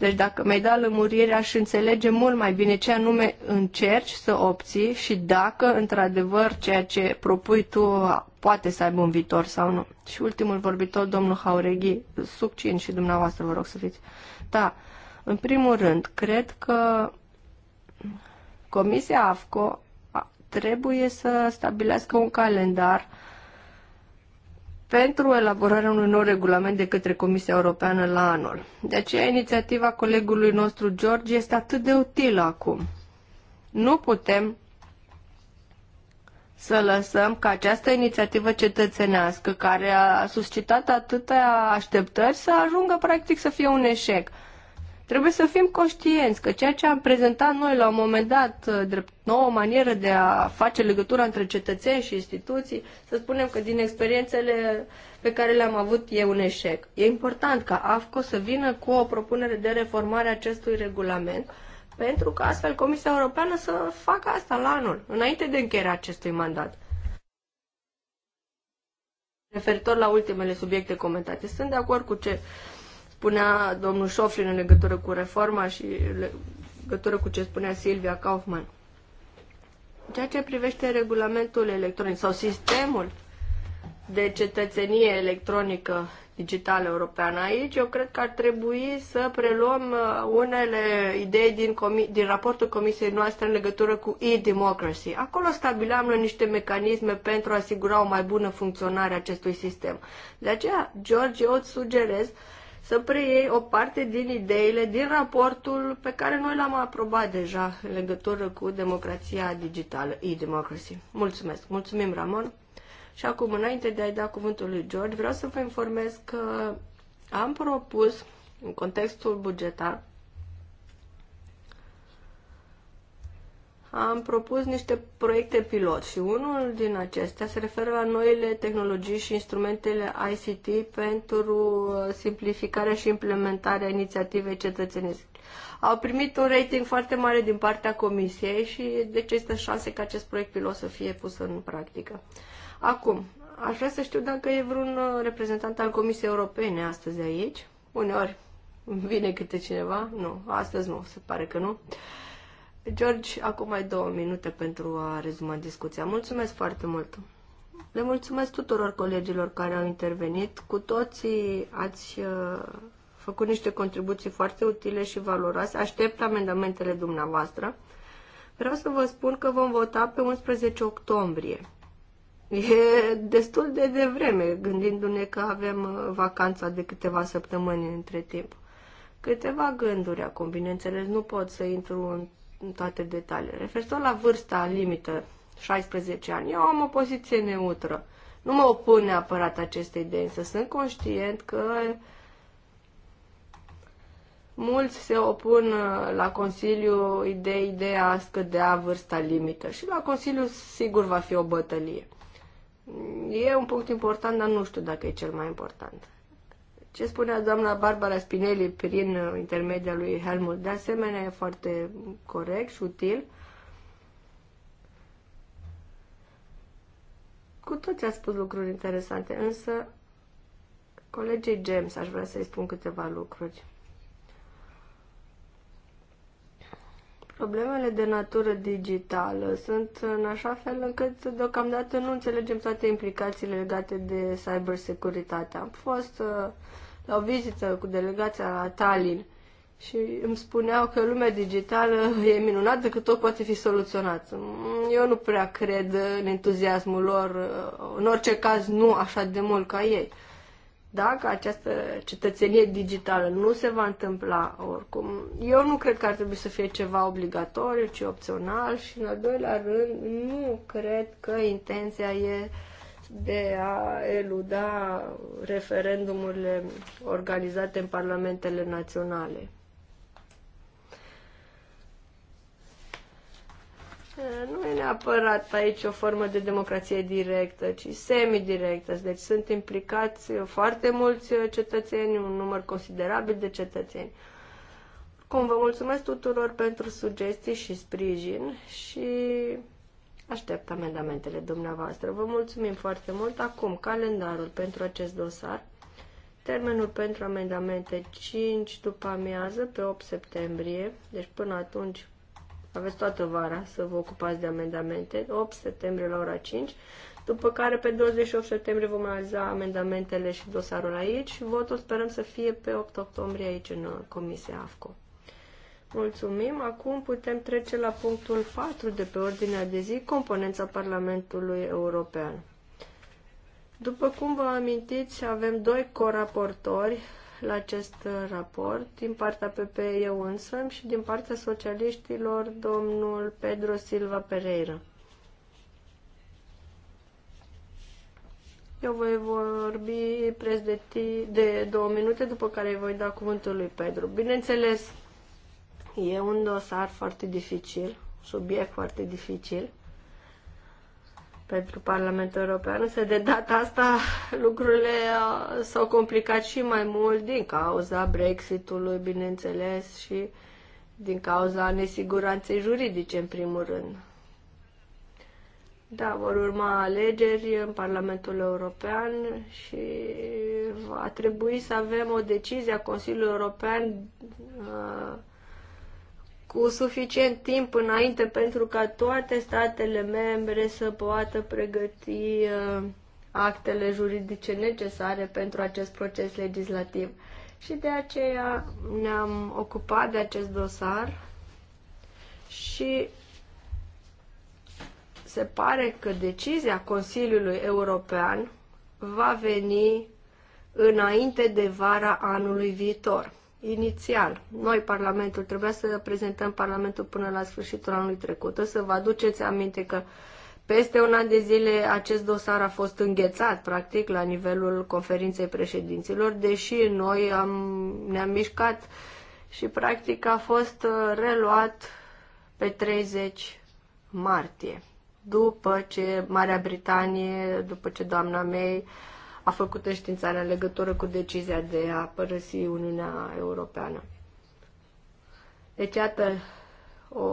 deci dacă mi-ai dat lămurire, aș înțelege mult mai bine ce anume încerci să obții și dacă, într-adevăr, ceea ce propui tu poate să aibă un viitor sau nu. Și ultimul vorbitor, domnul Haureghi, succin și dumneavoastră, vă rog să fiți. Da, în primul rând, cred că Comisia AFCO trebuie să stabilească un calendar pentru elaborarea unui nou regulament de către Comisia Europeană la anul. De aceea, inițiativa colegului nostru George este atât de utilă acum. Nu putem să lăsăm ca această inițiativă cetățenească, care a suscitat atâtea așteptări, să ajungă practic să fie un eșec. Trebuie să fim conștienți că ceea ce am prezentat noi la un moment dat, uh, drept nouă manieră de a face legătura între cetățeni și instituții, să spunem că din experiențele pe care le-am avut e un eșec. E important ca AFCO să vină cu o propunere de reformare a acestui regulament, pentru că astfel Comisia Europeană să facă asta la anul, înainte de încheierea acestui mandat. Referitor la ultimele subiecte comentate, sunt de acord cu ce spunea domnul Șoflin în legătură cu reforma și în legătură cu ce spunea Silvia Kaufman. Ceea ce privește regulamentul electronic sau sistemul de cetățenie electronică digitală europeană aici, eu cred că ar trebui să preluăm uh, unele idei din, comi- din raportul comisiei noastre în legătură cu e-democracy. Acolo stabileam noi niște mecanisme pentru a asigura o mai bună funcționare a acestui sistem. De aceea, George, eu îți sugerez să preiei o parte din ideile din raportul pe care noi l-am aprobat deja în legătură cu democrația digitală, e-democracy. Mulțumesc! Mulțumim, Ramon! Și acum, înainte de a-i da cuvântul lui George, vreau să vă informez că am propus, în contextul bugetar, am propus niște proiecte pilot și unul din acestea se referă la noile tehnologii și instrumentele ICT pentru uh, simplificarea și implementarea inițiativei cetățenești. Au primit un rating foarte mare din partea comisiei și deci este șanse ca acest proiect pilot să fie pus în practică. Acum, aș vrea să știu dacă e vreun uh, reprezentant al Comisiei Europene astăzi aici. Uneori vine câte cineva, nu, astăzi nu, se pare că nu. Uh, George, acum ai două minute pentru a rezuma discuția. Mulțumesc foarte mult! Le mulțumesc tuturor colegilor care au intervenit. Cu toții ați uh, făcut niște contribuții foarte utile și valoroase. Aștept amendamentele dumneavoastră. Vreau să vă spun că vom vota pe 11 octombrie. E destul de devreme, gândindu-ne că avem uh, vacanța de câteva săptămâni între timp. Câteva gânduri acum, bineînțeles, nu pot să intru în în toate detaliile. Referitor la vârsta limită, 16 ani, eu am o poziție neutră. Nu mă opun neapărat acestei idei, însă sunt conștient că mulți se opun uh, la Consiliu idei de a scădea vârsta limită și la Consiliu sigur va fi o bătălie. E un punct important, dar nu știu dacă e cel mai important. Ce spunea doamna Barbara Spinelli prin uh, intermediul lui Helmut, de asemenea e foarte corect și util. Cu toți a spus lucruri interesante, însă colegii James aș vrea să-i spun câteva lucruri. Problemele de natură digitală sunt în așa fel încât deocamdată nu înțelegem toate implicațiile legate de cybersecuritate. Am fost uh, la o vizită cu delegația la Tallinn și îmi spuneau că lumea digitală e minunată, că tot poate fi soluționat. Eu nu prea cred în entuziasmul lor, uh, în orice caz nu așa de mult ca ei dacă această cetățenie digitală nu se va întâmpla oricum, eu nu cred că ar trebui să fie ceva obligatoriu, ci opțional și, în al doilea rând, nu cred că intenția e de a eluda referendumurile organizate în parlamentele naționale. nu e neapărat aici o formă de democrație directă, ci semidirectă. Deci sunt implicați foarte mulți cetățeni, un număr considerabil de cetățeni. Cum vă mulțumesc tuturor pentru sugestii și sprijin și aștept amendamentele dumneavoastră. Vă mulțumim foarte mult. Acum, calendarul pentru acest dosar. Termenul pentru amendamente 5 după amiază pe 8 septembrie, deci până atunci aveți toată vara să vă ocupați de amendamente, 8 septembrie la ora 5, după care pe 28 septembrie vom analiza amendamentele și dosarul aici și votul sperăm să fie pe 8 octombrie aici în uh, Comisia AFCO. Mulțumim. Acum putem trece la punctul 4 de pe ordinea de zi, componența Parlamentului European. După cum vă amintiți, avem doi coraportori la acest raport din partea PP eu însă și din partea socialiștilor domnul Pedro Silva Pereira. Eu voi vorbi preț de, de două minute, după care îi voi da cuvântul lui Pedro. Bineînțeles, e un dosar foarte dificil, subiect foarte dificil pentru Parlamentul European, însă de data asta lucrurile s-au complicat și mai mult din cauza Brexitului, bineînțeles, și din cauza nesiguranței juridice, în primul rând. Da, vor urma alegeri în Parlamentul European și va trebui să avem o decizie a Consiliului European uh, cu suficient timp înainte pentru ca toate statele membre să poată pregăti uh, actele juridice necesare pentru acest proces legislativ. Și de aceea ne-am ocupat de acest dosar și se pare că decizia Consiliului European va veni înainte de vara anului viitor inițial. Noi, Parlamentul, trebuia să prezentăm Parlamentul până la sfârșitul anului trecut. O să vă aduceți aminte că peste un an de zile acest dosar a fost înghețat, practic, la nivelul conferinței președinților, deși noi am, ne-am mișcat și, practic, a fost uh, reluat pe 30 martie, după ce Marea Britanie, după ce doamna May a făcut înștiințarea în legătură cu decizia de a părăsi Uniunea Europeană. Deci, iată o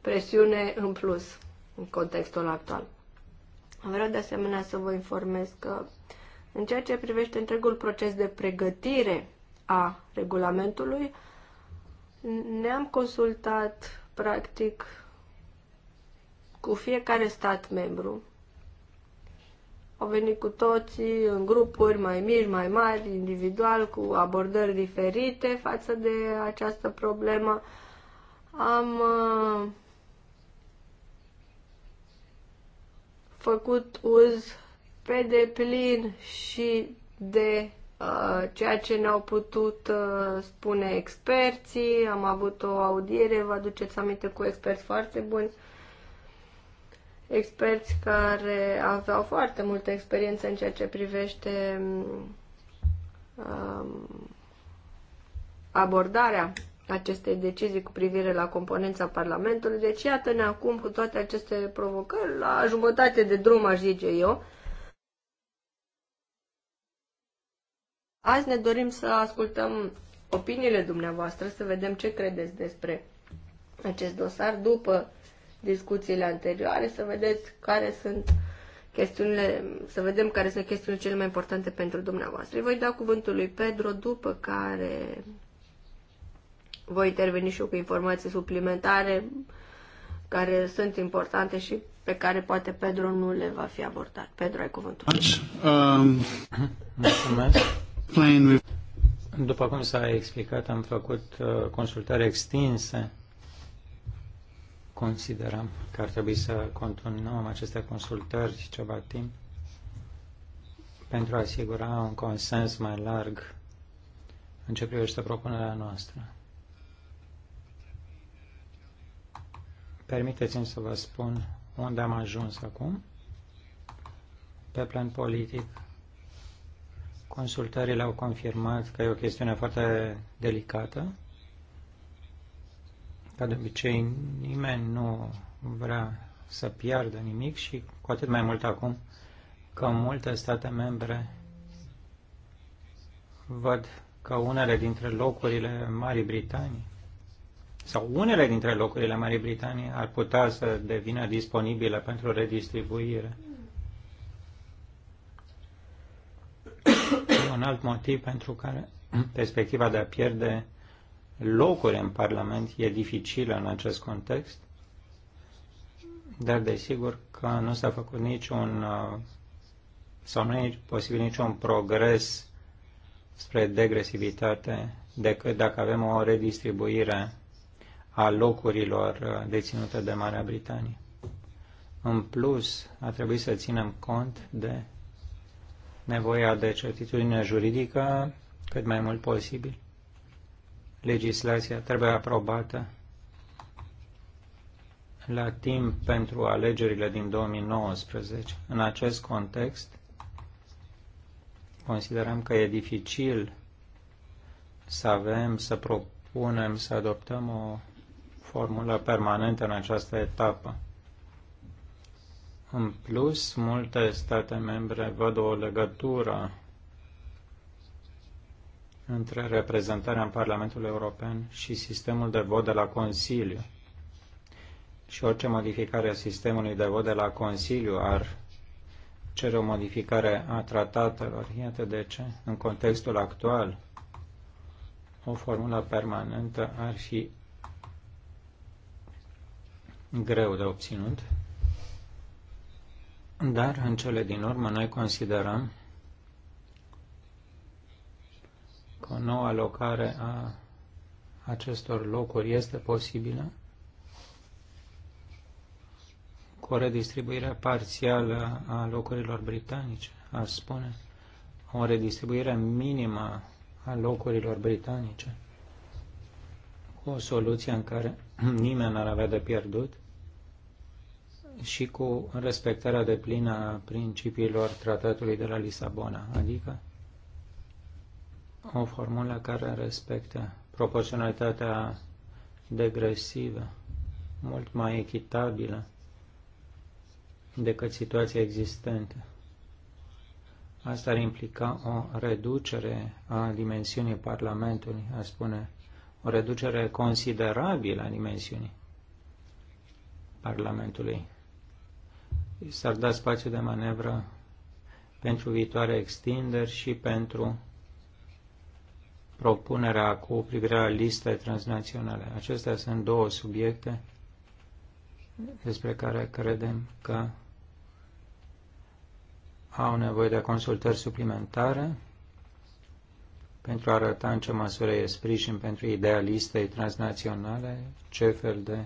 presiune în plus în contextul actual. Vreau de asemenea să vă informez că în ceea ce privește întregul proces de pregătire a regulamentului, ne-am consultat practic cu fiecare stat membru au venit cu toții în grupuri mai mici, mai mari, individual, cu abordări diferite față de această problemă. Am uh, făcut uz pe deplin și de uh, ceea ce ne-au putut uh, spune experții. Am avut o audiere, vă aduceți aminte, cu experți foarte buni experți care aveau foarte multă experiență în ceea ce privește um, abordarea acestei decizii cu privire la componența Parlamentului. Deci iată-ne acum cu toate aceste provocări la jumătate de drum, aș zice eu. Azi ne dorim să ascultăm opiniile dumneavoastră, să vedem ce credeți despre acest dosar după uh, discuțiile anterioare, să vedeți care sunt chestiunile, să vedem care sunt chestiunile cele mai importante pentru dumneavoastră. voi da cuvântul lui Pedro, după care voi interveni și eu cu informații suplimentare care sunt importante și pe care poate Pedro nu le va fi abordat. Pedro, ai cuvântul. Mulțumesc. După cum s-a explicat, am făcut uh, consultări extinse considerăm că ar trebui să continuăm aceste consultări ceva timp pentru a asigura un consens mai larg în ce privește propunerea noastră. Permiteți-mi să vă spun unde am ajuns acum. Pe plan politic, consultările au confirmat că e o chestiune foarte delicată ca de obicei, nimeni nu vrea să piardă nimic și cu atât mai mult acum că multe state membre văd că unele dintre locurile Marii Britanii sau unele dintre locurile Marii Britanii ar putea să devină disponibile pentru redistribuire. un alt motiv pentru care perspectiva de a pierde locuri în Parlament e dificilă în acest context, dar desigur că nu s-a făcut niciun uh, sau nu e posibil niciun progres spre degresivitate decât dacă avem o redistribuire a locurilor uh, deținute de Marea Britanie. În plus, a trebuit să ținem cont de nevoia de certitudine juridică cât mai mult posibil legislația trebuie aprobată la timp pentru alegerile din 2019. În acest context, considerăm că e dificil să avem, să propunem, să adoptăm o formulă permanentă în această etapă. În plus, multe state membre văd o legătură între reprezentarea în Parlamentul European și sistemul de vot de la Consiliu. Și orice modificare a sistemului de vot de la Consiliu ar cere o modificare a tratatelor. Iată de ce, în contextul actual, o formulă permanentă ar fi greu de obținut, dar în cele din urmă noi considerăm că o nouă alocare a acestor locuri este posibilă cu o redistribuire parțială a locurilor britanice, a spune, o redistribuire minimă a locurilor britanice, cu o soluție în care nimeni n-ar avea de pierdut și cu respectarea de plină a principiilor tratatului de la Lisabona, adică o formulă care respectă proporționalitatea degresivă, mult mai echitabilă decât situația existentă. Asta ar implica o reducere a dimensiunii Parlamentului, a spune, o reducere considerabilă a dimensiunii Parlamentului. S-ar da spațiu de manevră pentru viitoare extinderi și pentru propunerea cu privire la liste transnaționale. Acestea sunt două subiecte despre care credem că au nevoie de consultări suplimentare pentru a arăta în ce măsură e sprijin pentru ideea listei transnaționale, ce fel de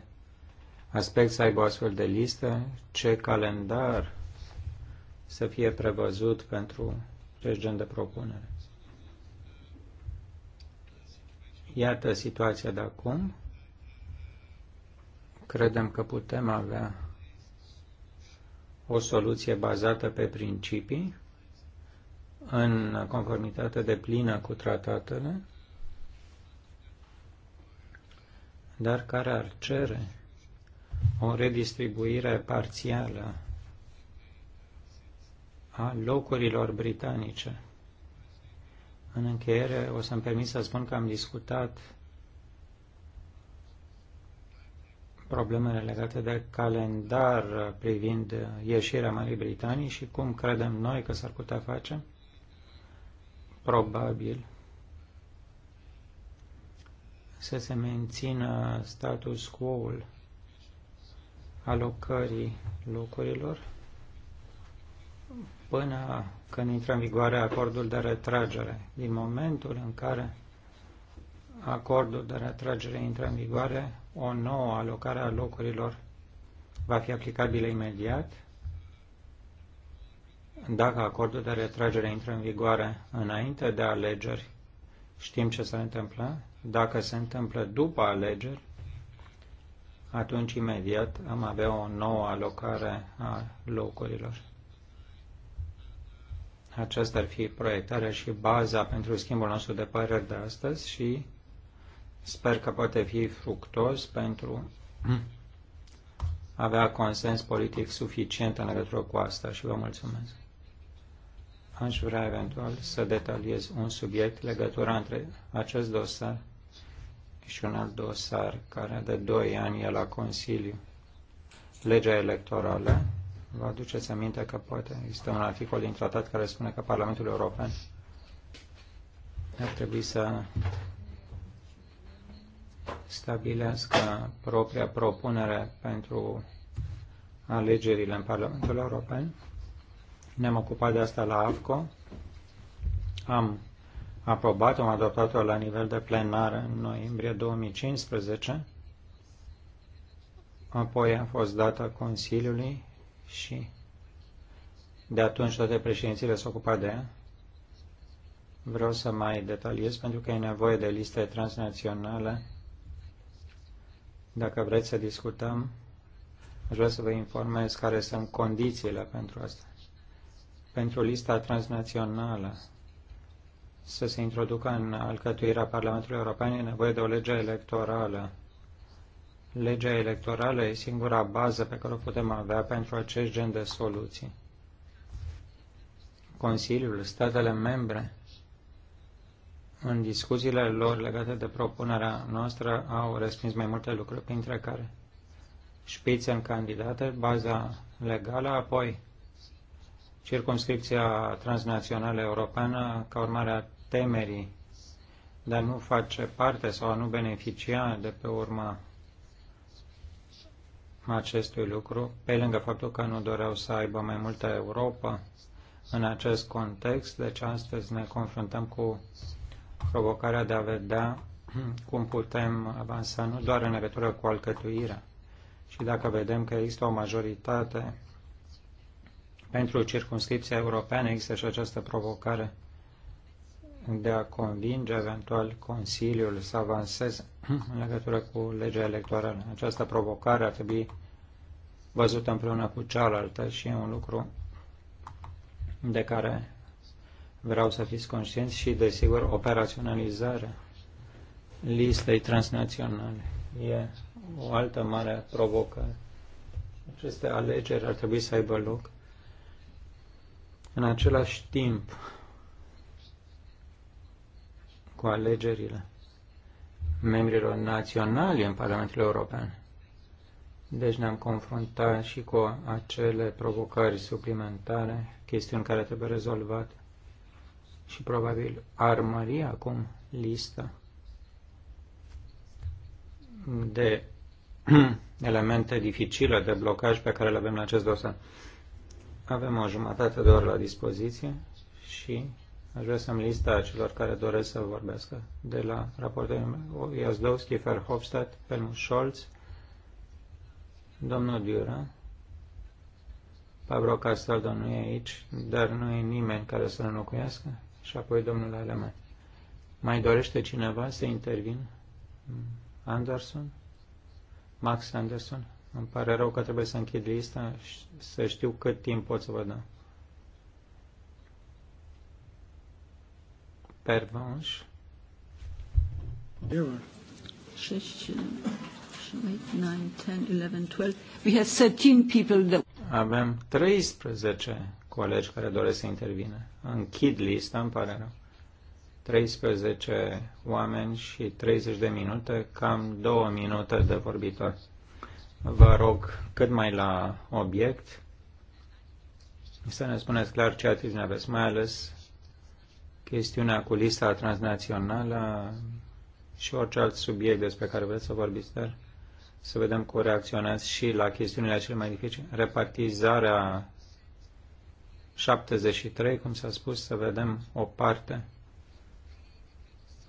aspect să aibă astfel de listă, ce calendar să fie prevăzut pentru acest gen de propunere. Iată situația de acum. Credem că putem avea o soluție bazată pe principii, în conformitate de plină cu tratatele, dar care ar cere o redistribuire parțială a locurilor britanice în încheiere, o să-mi permit să spun că am discutat problemele legate de calendar privind ieșirea Marii Britanii și cum credem noi că s-ar putea face. Probabil să se mențină status quo-ul alocării locurilor până când intră în vigoare acordul de retragere. Din momentul în care acordul de retragere intră în vigoare, o nouă alocare a locurilor va fi aplicabilă imediat dacă acordul de retragere intră în vigoare înainte de alegeri, știm ce se întâmplă. Dacă se întâmplă după alegeri, atunci imediat am avea o nouă alocare a locurilor. Aceasta ar fi proiectarea și baza pentru schimbul nostru de păreri de astăzi și sper că poate fi fructos pentru a avea consens politic suficient în legătură cu asta și vă mulțumesc. Aș vrea eventual să detaliez un subiect, legătura între acest dosar și un alt dosar care de 2 ani e la Consiliu, legea electorală, Vă aduceți aminte că poate există un articol din tratat care spune că Parlamentul European ar trebui să stabilească propria propunere pentru alegerile în Parlamentul European. Ne-am ocupat de asta la AFCO. Am aprobat, am adoptat-o la nivel de plenar în noiembrie 2015. Apoi a fost dată Consiliului și de atunci toate președințiile s-au ocupat de ea. Vreau să mai detaliez pentru că e nevoie de liste transnaționale. Dacă vreți să discutăm, aș vrea să vă informez care sunt condițiile pentru asta. Pentru lista transnațională să se introducă în alcătuirea Parlamentului European e nevoie de o lege electorală Legea electorală e singura bază pe care o putem avea pentru acest gen de soluții. Consiliul, statele membre, în discuțiile lor legate de propunerea noastră, au respins mai multe lucruri, printre care șpițe în candidate, baza legală, apoi circumscripția transnațională europeană ca urmare a temerii de a nu face parte sau a nu beneficia de pe urma acestui lucru, pe lângă faptul că nu doreau să aibă mai multă Europa în acest context, deci astăzi ne confruntăm cu provocarea de a vedea cum putem avansa nu doar în legătură cu alcătuirea, Și dacă vedem că există o majoritate pentru circunscripția europeană, există și această provocare de a convinge eventual Consiliul să avanseze în legătură cu legea electorală. Această provocare ar trebui văzută împreună cu cealaltă și e un lucru de care vreau să fiți conștienți și, desigur, operaționalizarea listei transnaționale. E o altă mare provocare. Aceste alegeri ar trebui să aibă loc în același timp cu alegerile membrilor naționali în Parlamentul European. Deci ne-am confruntat și cu acele provocări suplimentare, chestiuni care trebuie rezolvate și probabil ar mări acum lista de elemente dificile de blocaj pe care le avem la acest dosar. Avem o jumătate de oră la dispoziție și Aș vrea să-mi lista celor care doresc să vorbească. De la raportul meu, Iazdowski, Verhofstadt, Helmut Scholz, domnul Dura, Pablo Castaldo nu e aici, dar nu e nimeni care să-l înlocuiască, și apoi domnul Aleman. Mai dorește cineva să intervină? Anderson? Max Anderson? Îmi pare rău că trebuie să închid lista și să știu cât timp pot să vă dau. Pervanș. Euro. 6, 8, 9, 10, 11, 12. We have 13 people that... Avem 13 colegi care doresc să intervină. Închid lista, îmi pare rău. 13 oameni și 30 de minute, cam 2 minute de vorbitor. Vă rog cât mai la obiect să ne spuneți clar ce atitudine aveți, mai ales chestiunea cu lista transnațională și orice alt subiect despre care vreți să vorbiți, dar să vedem cum reacționați și la chestiunile cele mai dificile. Repartizarea 73, cum s-a spus, să vedem o parte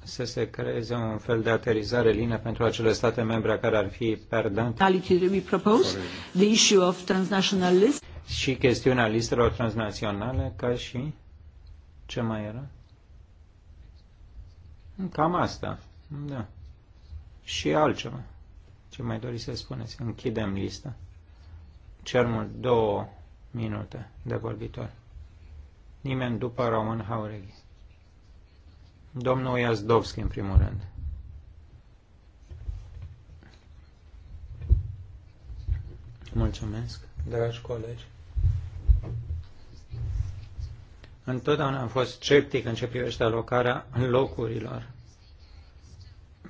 să se creeze un fel de aterizare lină pentru acele state membre care ar fi perdante. The issue of transnational Și chestiunea listelor transnaționale, ca și ce mai era? Cam asta. Da. Și altceva. Ce mai doriți să spuneți? Închidem lista. Cer mult două minute de vorbitor. Nimeni după Roman Haureghi. Domnul Iazdovski, în primul rând. Mulțumesc, dragi colegi. Întotdeauna am fost sceptic în ce privește alocarea locurilor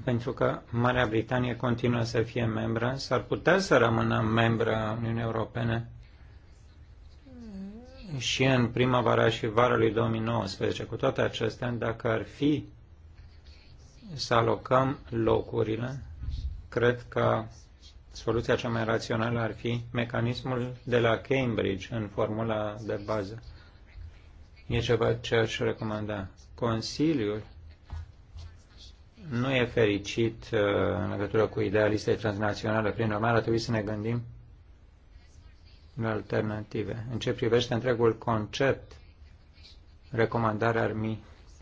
pentru că Marea Britanie continuă să fie membră, s-ar putea să rămână membră a Uniunii Europene și în primăvara și vara lui 2019. Cu toate acestea, dacă ar fi să alocăm locurile, cred că soluția cea mai rațională ar fi mecanismul de la Cambridge în formula de bază. E ceva ce aș recomanda. Consiliul nu e fericit uh, în legătură cu ideea listei transnaționale. Prin urmare, ar trebui să ne gândim la alternative. În ce privește întregul concept, recomandarea ar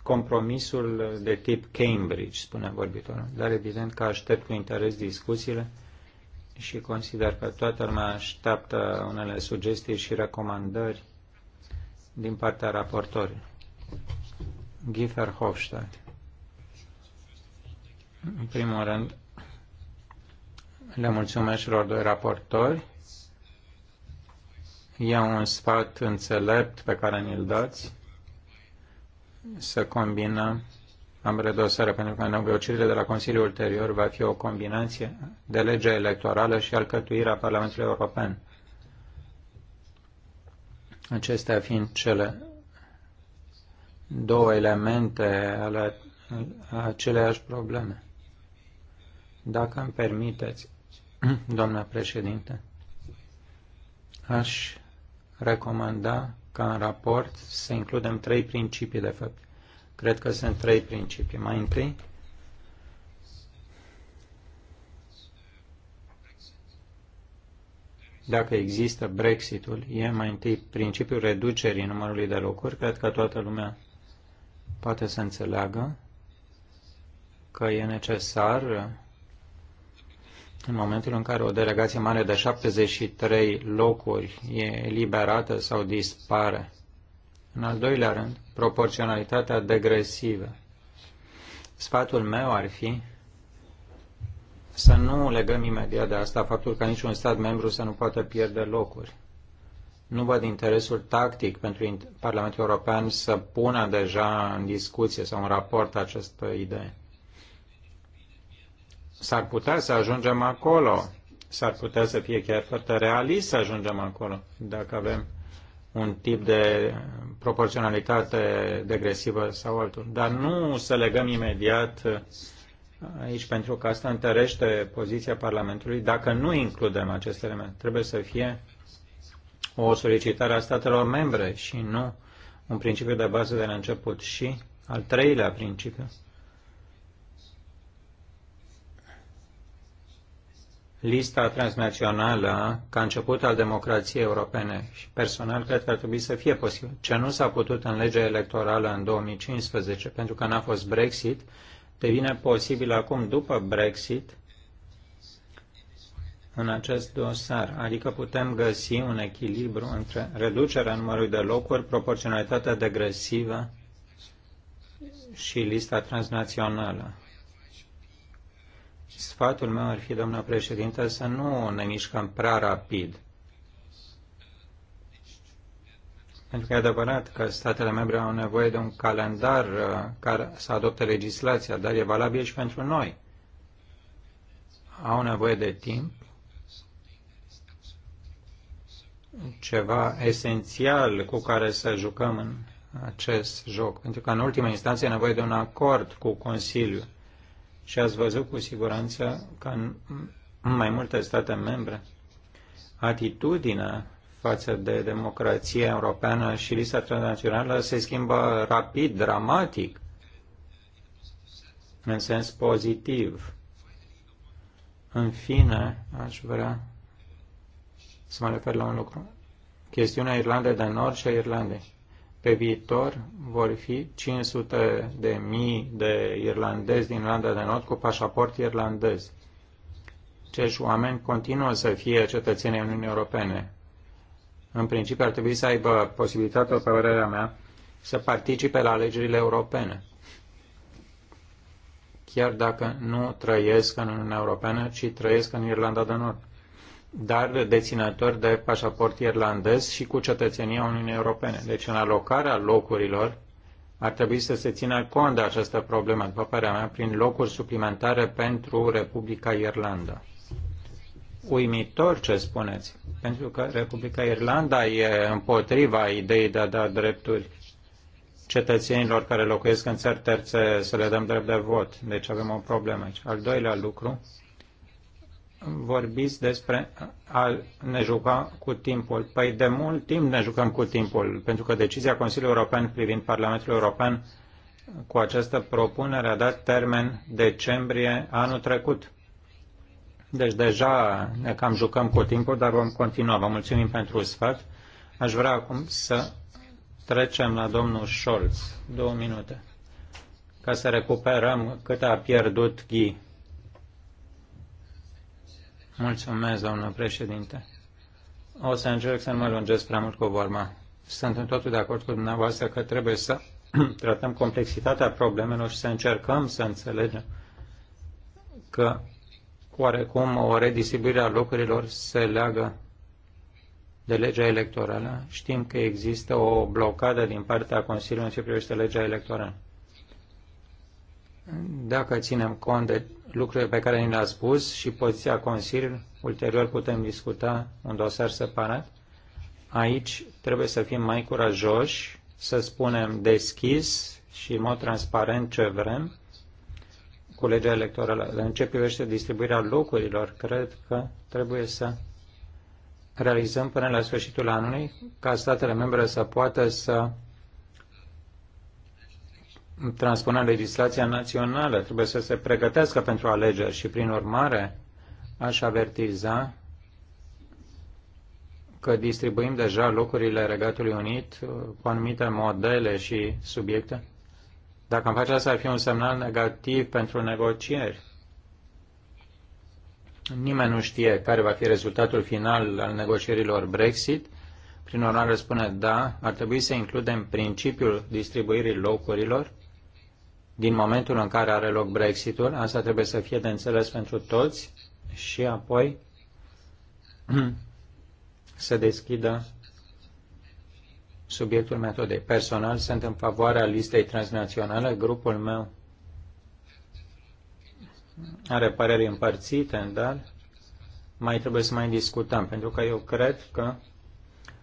compromisul de tip Cambridge, spune vorbitorul. Dar evident că aștept cu interes discuțiile și consider că toată lumea așteaptă unele sugestii și recomandări din partea raportorului. Giefer Hofstadt. În primul rând, le mulțumesc celor doi raportori. E un sfat înțelept pe care ni-l dați să combinăm Am redosare pentru că negocierile de la Consiliul ulterior va fi o combinație de legea electorală și alcătuirea Parlamentului European. Acestea fiind cele două elemente ale aceleiași probleme. Dacă îmi permiteți, doamna președinte, aș recomanda ca în raport să includem trei principii, de fapt. Cred că sunt trei principii. Mai întâi, dacă există Brexitul, e mai întâi principiul reducerii numărului de locuri. Cred că toată lumea poate să înțeleagă că e necesar în momentul în care o delegație mare de 73 locuri e eliberată sau dispare. În al doilea rând, proporționalitatea degresivă. Sfatul meu ar fi să nu legăm imediat de asta faptul că niciun stat membru să nu poată pierde locuri. Nu văd interesul tactic pentru Parlamentul European să pună deja în discuție sau în raport această idee. S-ar putea să ajungem acolo. S-ar putea să fie chiar foarte realist să ajungem acolo, dacă avem un tip de proporționalitate degresivă sau altul. Dar nu să legăm imediat aici, pentru că asta întărește poziția Parlamentului, dacă nu includem acest element. Trebuie să fie o solicitare a statelor membre și nu un principiu de bază de la început. Și al treilea principiu, lista transnațională ca început al democrației europene și personal cred că ar trebui să fie posibil. Ce nu s-a putut în legea electorală în 2015 pentru că n-a fost Brexit, devine posibil acum după Brexit în acest dosar, adică putem găsi un echilibru între reducerea numărului de locuri, proporționalitatea degresivă și lista transnațională. Sfatul meu ar fi, doamna președintă, să nu ne mișcăm prea rapid. Pentru că e adevărat că statele membre au nevoie de un calendar uh, care să adopte legislația, dar e valabil și pentru noi. Au nevoie de timp, ceva esențial cu care să jucăm în acest joc. Pentru că, în ultima instanță, e nevoie de un acord cu Consiliul și ați văzut cu siguranță că în mai multe state membre atitudinea față de democrația europeană și lista transnațională se schimbă rapid, dramatic, în sens pozitiv. În fine, aș vrea să mă refer la un lucru. Chestiunea Irlandei de Nord și a Irlandei pe viitor vor fi 500 de mii de irlandezi din Irlanda de Nord cu pașaport irlandez. Cești oameni continuă să fie cetățenii Uniunii Europene. În principiu ar trebui să aibă posibilitatea, pe părerea mea, să participe la alegerile europene. Chiar dacă nu trăiesc în Uniunea Europeană, ci trăiesc în Irlanda de Nord dar deținători de pașaport irlandez și cu cetățenia Uniunii Europene. Deci în alocarea locurilor ar trebui să se țină cont de această problemă, după părerea mea, prin locuri suplimentare pentru Republica Irlanda. Uimitor ce spuneți, pentru că Republica Irlanda e împotriva ideii de a da drepturi cetățenilor care locuiesc în țări terțe să le dăm drept de vot. Deci avem o problemă aici. Al doilea lucru, vorbiți despre a ne juca cu timpul. Păi de mult timp ne jucăm cu timpul, pentru că decizia Consiliului European privind Parlamentul European cu această propunere a dat termen decembrie anul trecut. Deci deja ne cam jucăm cu timpul, dar vom continua. Vă mulțumim pentru sfat. Aș vrea acum să trecem la domnul Scholz. Două minute. Ca să recuperăm cât a pierdut Ghi. Mulțumesc, doamnă președinte. O să încerc să nu mă lungesc prea mult cu vorba. Sunt în totul de acord cu dumneavoastră că trebuie să tratăm complexitatea problemelor și să încercăm să înțelegem că oarecum o redistribuire a locurilor se leagă de legea electorală. Știm că există o blocadă din partea Consiliului în ce privește legea electorală. Dacă ținem cont de lucrurile pe care ni le-a spus și poziția Consiliului. Ulterior putem discuta un dosar separat. Aici trebuie să fim mai curajoși, să spunem deschis și în mod transparent ce vrem cu legea electorală. În ce privește distribuirea locurilor, cred că trebuie să realizăm până la sfârșitul anului ca statele membre să poată să transpune legislația națională, trebuie să se pregătească pentru alegeri și, prin urmare, aș avertiza că distribuim deja locurile Regatului Unit uh, cu anumite modele și subiecte. Dacă am face asta, ar fi un semnal negativ pentru negocieri. Nimeni nu știe care va fi rezultatul final al negocierilor Brexit. Prin urmare, spune da, ar trebui să includem principiul distribuirii locurilor din momentul în care are loc Brexitul. Asta trebuie să fie de înțeles pentru toți și apoi să deschidă subiectul metodei. Personal sunt în favoarea listei transnaționale. Grupul meu are păreri împărțite, dar mai trebuie să mai discutăm, pentru că eu cred că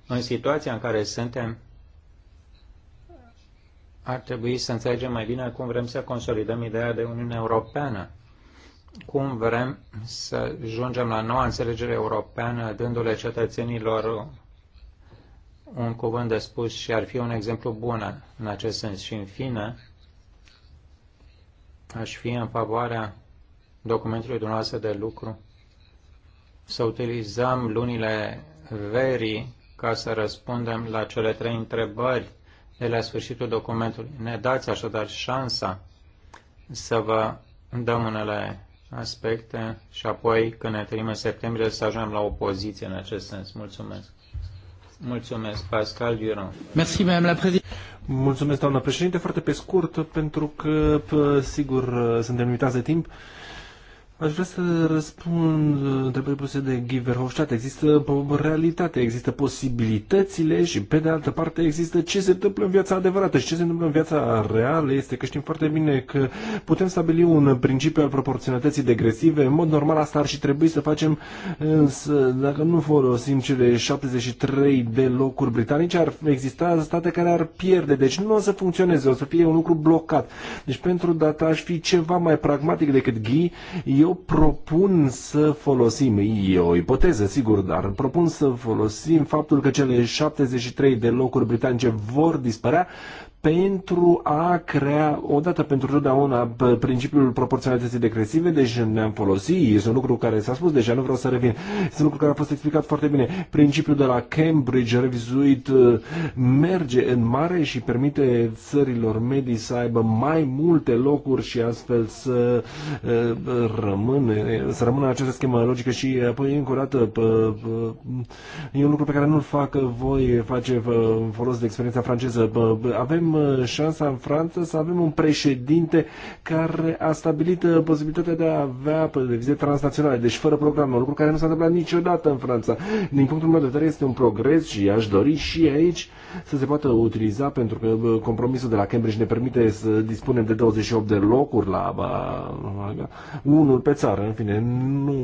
în situația în care suntem, ar trebui să înțelegem mai bine cum vrem să consolidăm ideea de Uniune Europeană, cum vrem să ajungem la noua înțelegere europeană, dându-le cetățenilor un cuvânt de spus și ar fi un exemplu bun în acest sens. Și în fine, aș fi în favoarea documentului dumneavoastră de lucru să utilizăm lunile verii ca să răspundem la cele trei întrebări de la sfârșitul documentului. Ne dați așadar șansa să vă dăm unele aspecte și apoi când ne trăim în septembrie să ajungem la o poziție în acest sens. Mulțumesc. Mulțumesc, Pascal Duron. Merci, la Mulțumesc, doamna președinte. Foarte pe scurt, pentru că, sigur, suntem limitați de timp. Aș vrea să răspund întrebării puse de Guy Verhofstadt. Există realitate, există posibilitățile și pe de altă parte există ce se întâmplă în viața adevărată și ce se întâmplă în viața reală este că știm foarte bine că putem stabili un principiu al proporționalității degresive. În mod normal asta ar și trebui să facem, însă dacă nu folosim cele 73 de locuri britanice, ar exista state care ar pierde. Deci nu o să funcționeze, o să fie un lucru blocat. Deci pentru data aș fi ceva mai pragmatic decât Guy. Eu eu propun să folosim, e o ipoteză, sigur, dar propun să folosim faptul că cele 73 de locuri britanice vor dispărea pentru a crea, odată pentru totdeauna, principiul proporționalității decresive, deci ne-am folosit, este un lucru care s-a spus deja, nu vreau să revin, este un lucru care a fost explicat foarte bine. Principiul de la Cambridge revizuit uh, merge în mare și permite țărilor medii să aibă mai multe locuri și astfel să uh, rămâne, să rămână această schemă logică și apoi încă o dată e un lucru pe care nu-l fac voi face folos de experiența franceză. Avem avem uh, șansa în Franța să avem un președinte care a stabilit uh, posibilitatea de a avea televizie uh, transnaționale, deci fără program, un lucru care nu s-a întâmplat niciodată în Franța. Din punctul meu de vedere este un progres și aș dori și aici să se poată utiliza pentru că compromisul de la Cambridge ne permite să dispunem de 28 de locuri la, la unul pe țară, în fine, nu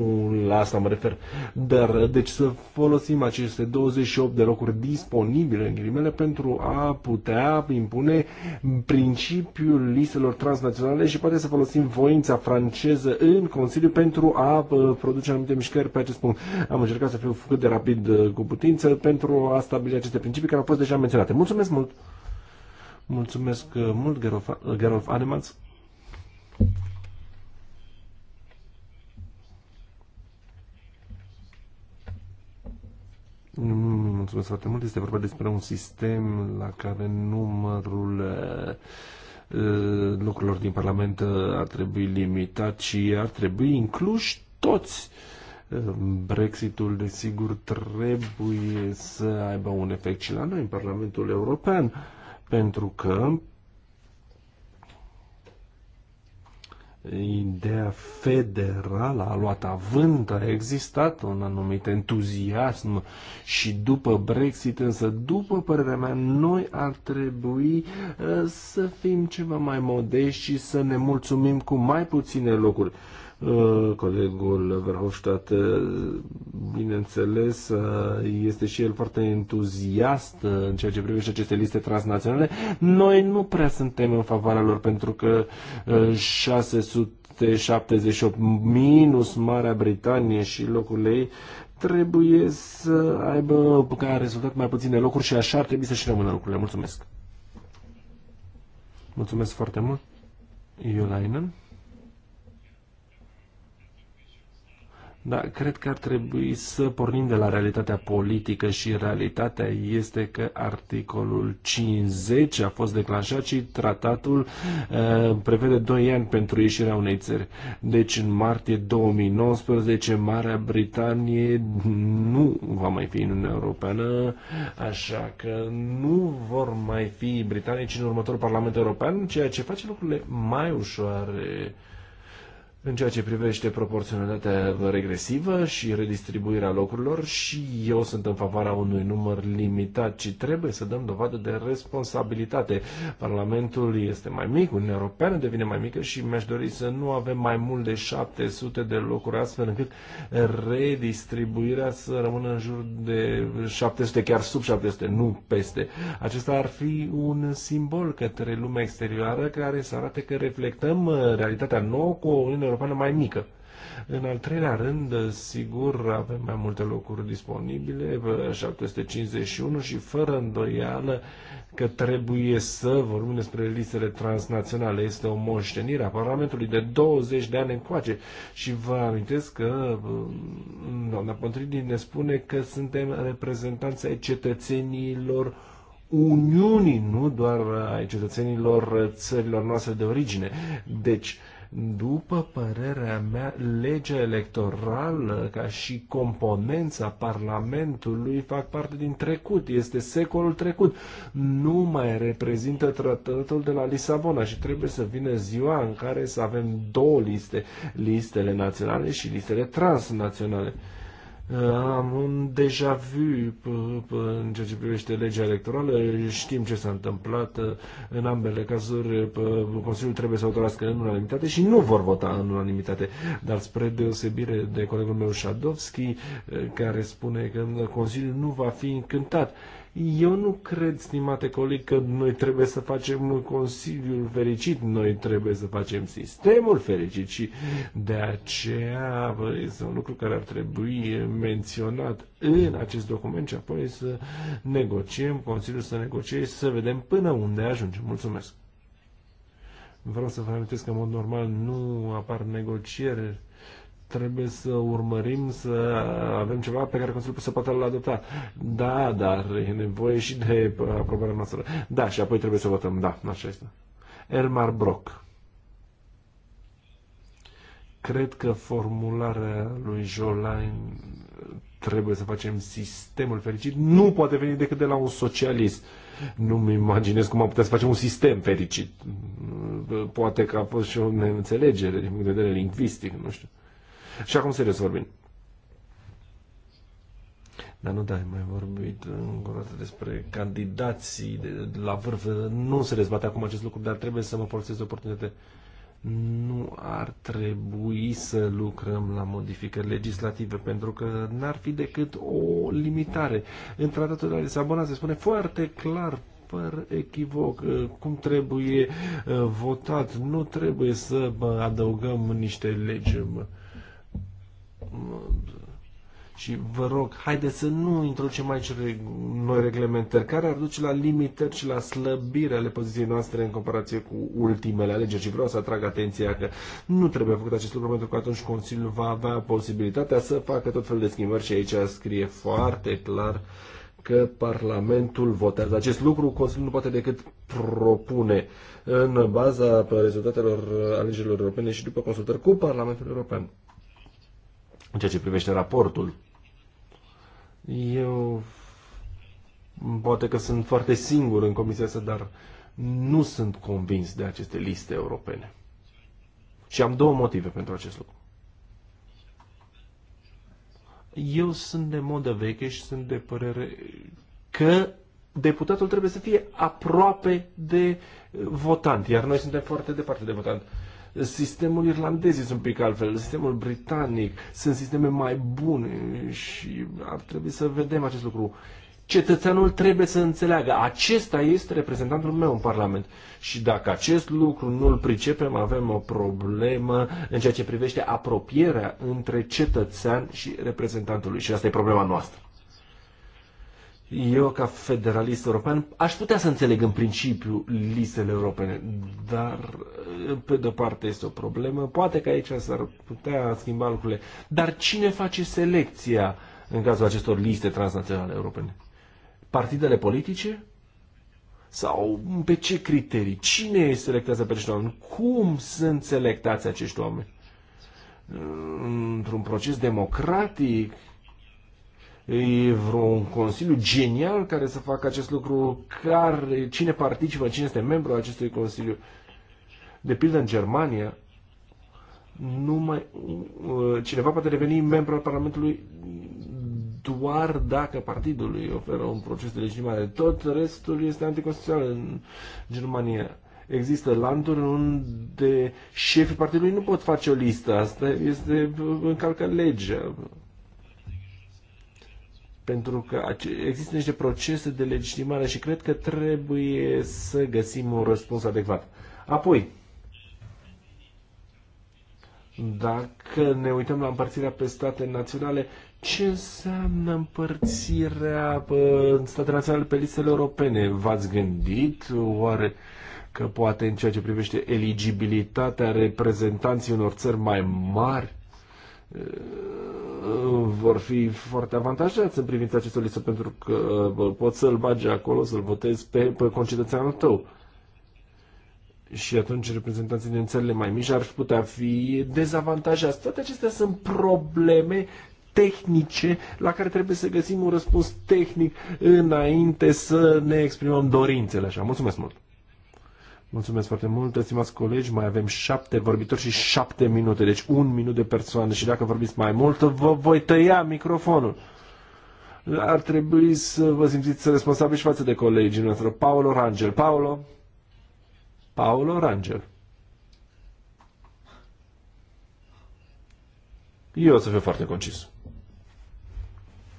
la asta mă refer, dar deci să folosim aceste 28 de locuri disponibile în ghilimele pentru a putea impune principiul listelor transnaționale și poate să folosim voința franceză în Consiliu pentru a uh, produce anumite mișcări pe acest punct. Am încercat să fiu cât de rapid uh, cu putință pentru a stabili aceste principii care au fost deja menționate. Mulțumesc mult! Mulțumesc uh, mult, Gerolf Anemans. Mulțumesc foarte mult. Este vorba despre un sistem la care numărul eh, lucrurilor din Parlament eh, ar trebui limitat și ar trebui incluși toți. Eh, Brexitul, desigur, trebuie să aibă un efect și la noi, în Parlamentul European, pentru că ideea federală a luat avânt, a existat un anumit entuziasm și după Brexit, însă după părerea mea, noi ar trebui uh, să fim ceva mai modești și să ne mulțumim cu mai puține locuri. Uh, colegul Verhofstadt, uh, bineînțeles, uh, este și el foarte entuziast în ceea ce privește aceste liste transnaționale. Noi nu prea suntem în favoarea lor pentru că 678 minus Marea Britanie și locul ei trebuie să aibă ca rezultat mai puține locuri și așa ar trebui să și rămână lucrurile. Mulțumesc! Mulțumesc foarte mult, Iolainen. Dar cred că ar trebui să pornim de la realitatea politică și realitatea este că articolul 50 a fost declanșat și tratatul uh, prevede 2 ani pentru ieșirea unei țări. Deci în martie 2019 Marea Britanie nu va mai fi în Uniunea Europeană, așa că nu vor mai fi britanici în următorul Parlament European, ceea ce face lucrurile mai ușoare în ceea ce privește proporționalitatea regresivă și redistribuirea locurilor și eu sunt în favoarea unui număr limitat, ci trebuie să dăm dovadă de responsabilitate. Parlamentul este mai mic, Uniunea Europeană devine mai mică și mi-aș dori să nu avem mai mult de 700 de locuri astfel încât redistribuirea să rămână în jur de 700, chiar sub 700, nu peste. Acesta ar fi un simbol către lumea exterioară care să arate că reflectăm realitatea nouă cu o Uniune europeană mai mică. În al treilea rând, sigur, avem mai multe locuri disponibile, 751 și fără îndoială că trebuie să vorbim despre listele transnaționale. Este o moștenire a Parlamentului de 20 de ani încoace și vă amintesc că um, doamna Pontridi ne spune că suntem reprezentanți ai cetățenilor Uniunii, nu doar ai cetățenilor țărilor noastre de origine. Deci, uh, după părerea mea, legea electorală ca și componența Parlamentului fac parte din trecut, este secolul trecut. Nu mai reprezintă tratatul de la Lisabona și trebuie să vină ziua în care să avem două liste, listele naționale și listele transnaționale. Uh, am un deja vu uh, uh, în ceea ce privește legea electorală. Știm ce s-a întâmplat în ambele cazuri. Consiliul trebuie să autorească în unanimitate și nu vor vota în unanimitate. Dar spre deosebire de colegul meu Șadovski, care spune că Consiliul nu va fi încântat eu nu cred, stimate coleg, că noi trebuie să facem Consiliul fericit, noi trebuie să facem sistemul fericit și de aceea bă, este un lucru care ar trebui menționat în acest document și apoi să negociem, Consiliul să negocieze și să vedem până unde ajungem. Mulțumesc! Vreau să vă amintesc că, în mod normal, nu apar negocieri trebuie să urmărim să avem ceva pe care Consiliul să poată l adopta. Da, dar e nevoie și de aprobarea noastră. Da, și apoi trebuie să votăm. Da, așa este. Elmar Brock. Cred că formularea lui Jolain trebuie să facem sistemul fericit nu poate veni decât de la un socialist. Nu-mi imaginez cum am putea să facem un sistem fericit. Poate că a fost și o neînțelegere din punct de vedere lingvistic, nu știu. Și acum serios vorbim. Dar nu, da, ai mai vorbit încă o dată despre candidații de, la vârf. Nu se dezbate acum acest lucru, dar trebuie să mă folosesc de oportunitate. Nu ar trebui să lucrăm la modificări legislative, pentru că n-ar fi decât o limitare. În tratatul de la Lisabona se spune foarte clar fără echivoc uh, cum trebuie uh, votat. Nu trebuie să adăugăm niște legi și vă rog, haideți să nu introducem aici noi reglementări care ar duce la limitări și la slăbire ale poziției noastre în comparație cu ultimele alegeri. Și vreau să atrag atenția că nu trebuie făcut acest lucru pentru că atunci Consiliul va avea posibilitatea să facă tot felul de schimbări și aici scrie foarte clar că Parlamentul votează acest lucru, Consiliul nu poate decât propune în baza rezultatelor alegerilor europene și după consultări cu Parlamentul European în ceea ce privește raportul. Eu poate că sunt foarte singur în comisia asta, dar nu sunt convins de aceste liste europene. Și am două motive pentru acest lucru. Eu sunt de modă veche și sunt de părere că deputatul trebuie să fie aproape de votant, iar noi suntem foarte departe de votant. Uh, Sistemul irlandez este un pic altfel, sistemul britanic, sunt sisteme mai bune și ar trebui să vedem acest lucru. Cetățeanul trebuie să înțeleagă, acesta este reprezentantul meu în Parlament. Și dacă acest lucru nu îl pricepem, avem o problemă în ceea ce privește apropierea între cetățean și reprezentantul lui. Și asta e problema noastră. Eu, ca federalist european, aș putea să înțeleg în principiu listele europene, dar, pe de-o parte, este o problemă. Poate că aici s-ar putea schimba lucrurile. Dar cine face selecția în cazul acestor liste transnaționale europene? Partidele politice? Sau pe ce criterii? Cine îi selectează pe acești oameni? Cum sunt selectați acești oameni? Într-un proces democratic? E vreun consiliu genial care să facă acest lucru? Care, cine participă, cine este membru acestui consiliu? De pildă în Germania, numai uh, cineva poate deveni membru al Parlamentului doar dacă partidul îi oferă un proces de legitimare. Tot restul este anticonstituțional în Germania. Există landuri unde șefii partidului nu pot face o listă. Asta este uh, încalcă legea pentru că există niște procese de legitimare și cred că trebuie să găsim un răspuns adecvat. Apoi, dacă ne uităm la împărțirea pe state naționale, ce înseamnă împărțirea în state naționale pe listele europene? V-ați gândit oare că poate în ceea ce privește eligibilitatea reprezentanții unor țări mai mari Uh, vor fi foarte avantajați în privința acestor listă pentru că uh, poți să-l bagi acolo, să-l votezi pe, pe concetățeanul tău. Și atunci reprezentanții din țările mai mici ar putea fi dezavantajați. Toate acestea sunt probleme tehnice la care trebuie să găsim un răspuns tehnic înainte să ne exprimăm dorințele. Așa. Mulțumesc mult! Mulțumesc foarte mult, stimați colegi, mai avem șapte vorbitori și șapte minute, deci un minut de persoană și dacă vorbiți mai mult, vă voi tăia microfonul. Ar trebui să vă simțiți responsabili și față de colegii noastre. Paolo Rangel. Paolo? Paolo Rangel. Eu o să fiu foarte concis.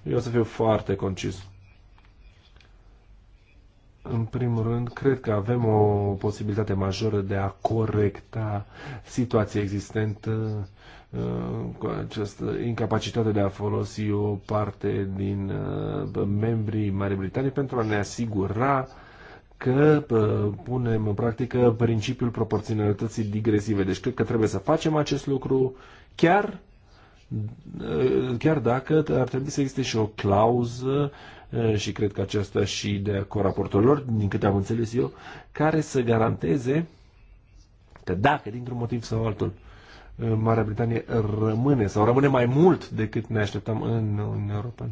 Eu o să fiu foarte concis. În primul rând, cred că avem o posibilitate majoră de a corecta situația existentă uh, cu această incapacitate de a folosi o parte din uh, membrii Marii Britanii pentru a ne asigura că uh, punem în practică principiul proporționalității digresive. Deci cred că trebuie să facem acest lucru chiar chiar dacă ar trebui să existe și o clauză Eh, și cred că aceasta și de lor, din câte am înțeles eu, care să garanteze că dacă dintr-un motiv sau altul eh, Marea Britanie rămâne sau rămâne mai mult decât ne așteptam în Uniunea Europeană,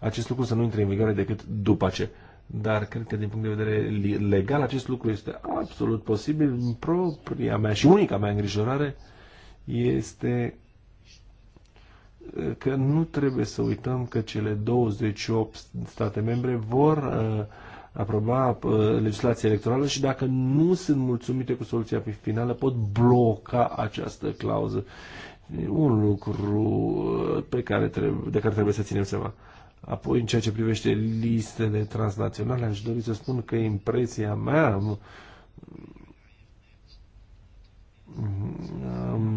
acest lucru să nu intre în vigoare decât după ce. Dar cred că din punct de vedere legal acest lucru este absolut posibil. Propria mea și unica mea îngrijorare este că nu trebuie să uităm că cele 28 state membre vor uh, aproba uh, legislația electorală și dacă nu sunt mulțumite cu soluția finală, pot bloca această clauză. E un lucru uh, pe care trebuie, de care trebuie să ținem seama. Apoi, în ceea ce privește listele transnaționale, aș dori să spun că impresia mea am, am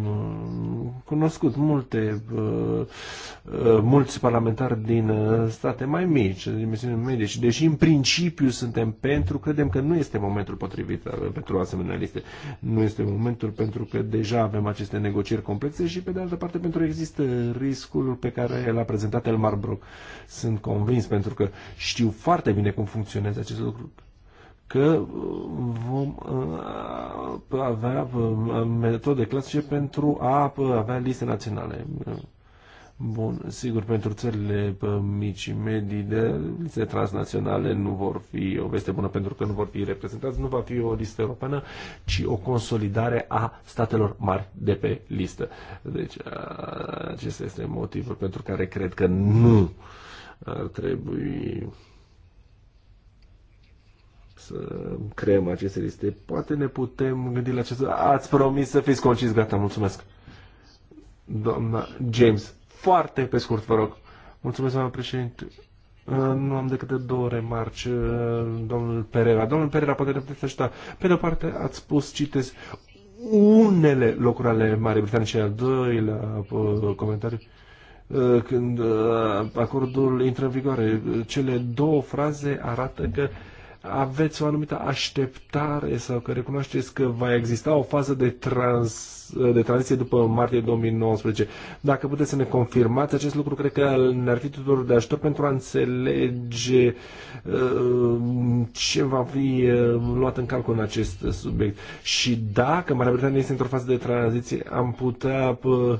cunoscut multe, uh, uh, mulți parlamentari din uh, state mai mici, din dimensiuni medie și deși în principiu suntem pentru, credem că nu este momentul potrivit pentru asemenea liste. Nu este momentul pentru că deja avem aceste negocieri complexe și pe de altă parte pentru că există riscul pe care l-a prezentat Elmar Brock. Sunt convins pentru că știu foarte bine cum funcționează acest lucru că uh, vom uh, avea uh, metode clasice pentru a avea liste naționale. Bun, sigur, pentru țările mici și medii de liste transnaționale nu vor fi o veste bună pentru că nu vor fi reprezentați, nu va fi o listă europeană, ci o consolidare a statelor mari de pe listă. Deci acesta este motivul pentru care cred că nu ar trebui să creăm aceste liste. Poate ne putem gândi la ce să... Ați promis să fiți concis, gata, mulțumesc. Doamna James, foarte pe scurt, vă rog. Mulțumesc, doamna președinte. Nu am decât de două remarci, uh, domnul Pereira. Domnul Pereira, poate puteți ajuta. Pe de-o parte, ați spus, citesc, unele locuri ale Marii Britanii și al doilea uh, comentariu uh, când acordul intră în vigoare. Cele două fraze arată că aveți o anumită așteptare sau că recunoașteți că va exista o fază de, trans, de tranziție după martie 2019. Dacă puteți să ne confirmați acest lucru, cred că ne-ar fi tuturor de ajutor pentru a înțelege uh, ce va fi uh, luat în calcul în acest subiect. Și dacă Marea Britanie este într-o fază de tranziție, am putea uh, uh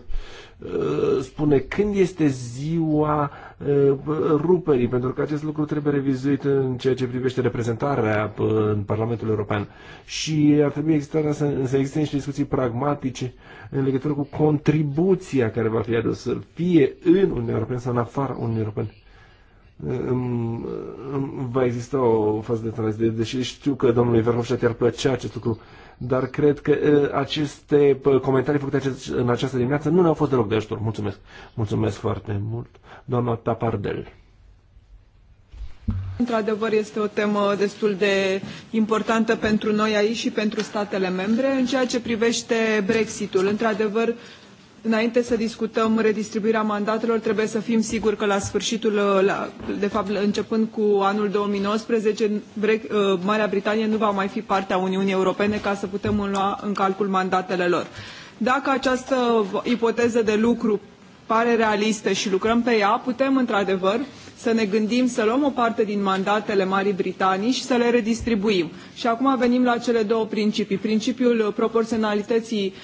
spune când este ziua Uh, ruperii, pentru că acest lucru trebuie revizuit în ceea ce privește reprezentarea uh, în Parlamentul European. Și ar trebui exista, să, să existe niște discuții pragmatice în legătură cu contribuția care va fi adusă, fie în Uniunea Europeană sau în afara Uniunii Europene uh, um, um, va exista o fază de tranziție, deși știu că domnului Verhofstadt ar plăcea acest lucru, dar cred că aceste comentarii făcute în această dimineață nu ne-au fost deloc de ajutor. Mulțumesc. Mulțumesc foarte mult, doamna Tapardel. Într-adevăr, este o temă destul de importantă pentru noi aici și pentru statele membre. În ceea ce privește Brexitul, într-adevăr, înainte să discutăm redistribuirea mandatelor, trebuie să fim siguri că la sfârșitul, uh, la, de fapt începând cu anul 2019, Bre uh, Marea Britanie nu va mai fi parte a Uniunii Europene ca să putem lua în calcul mandatele lor. Dacă această ipoteză de lucru pare realistă și lucrăm pe ea, putem într-adevăr să ne gândim să luăm o parte din mandatele Marii Britanii și să le redistribuim. Și acum venim la cele două principii. Principiul uh, proporționalității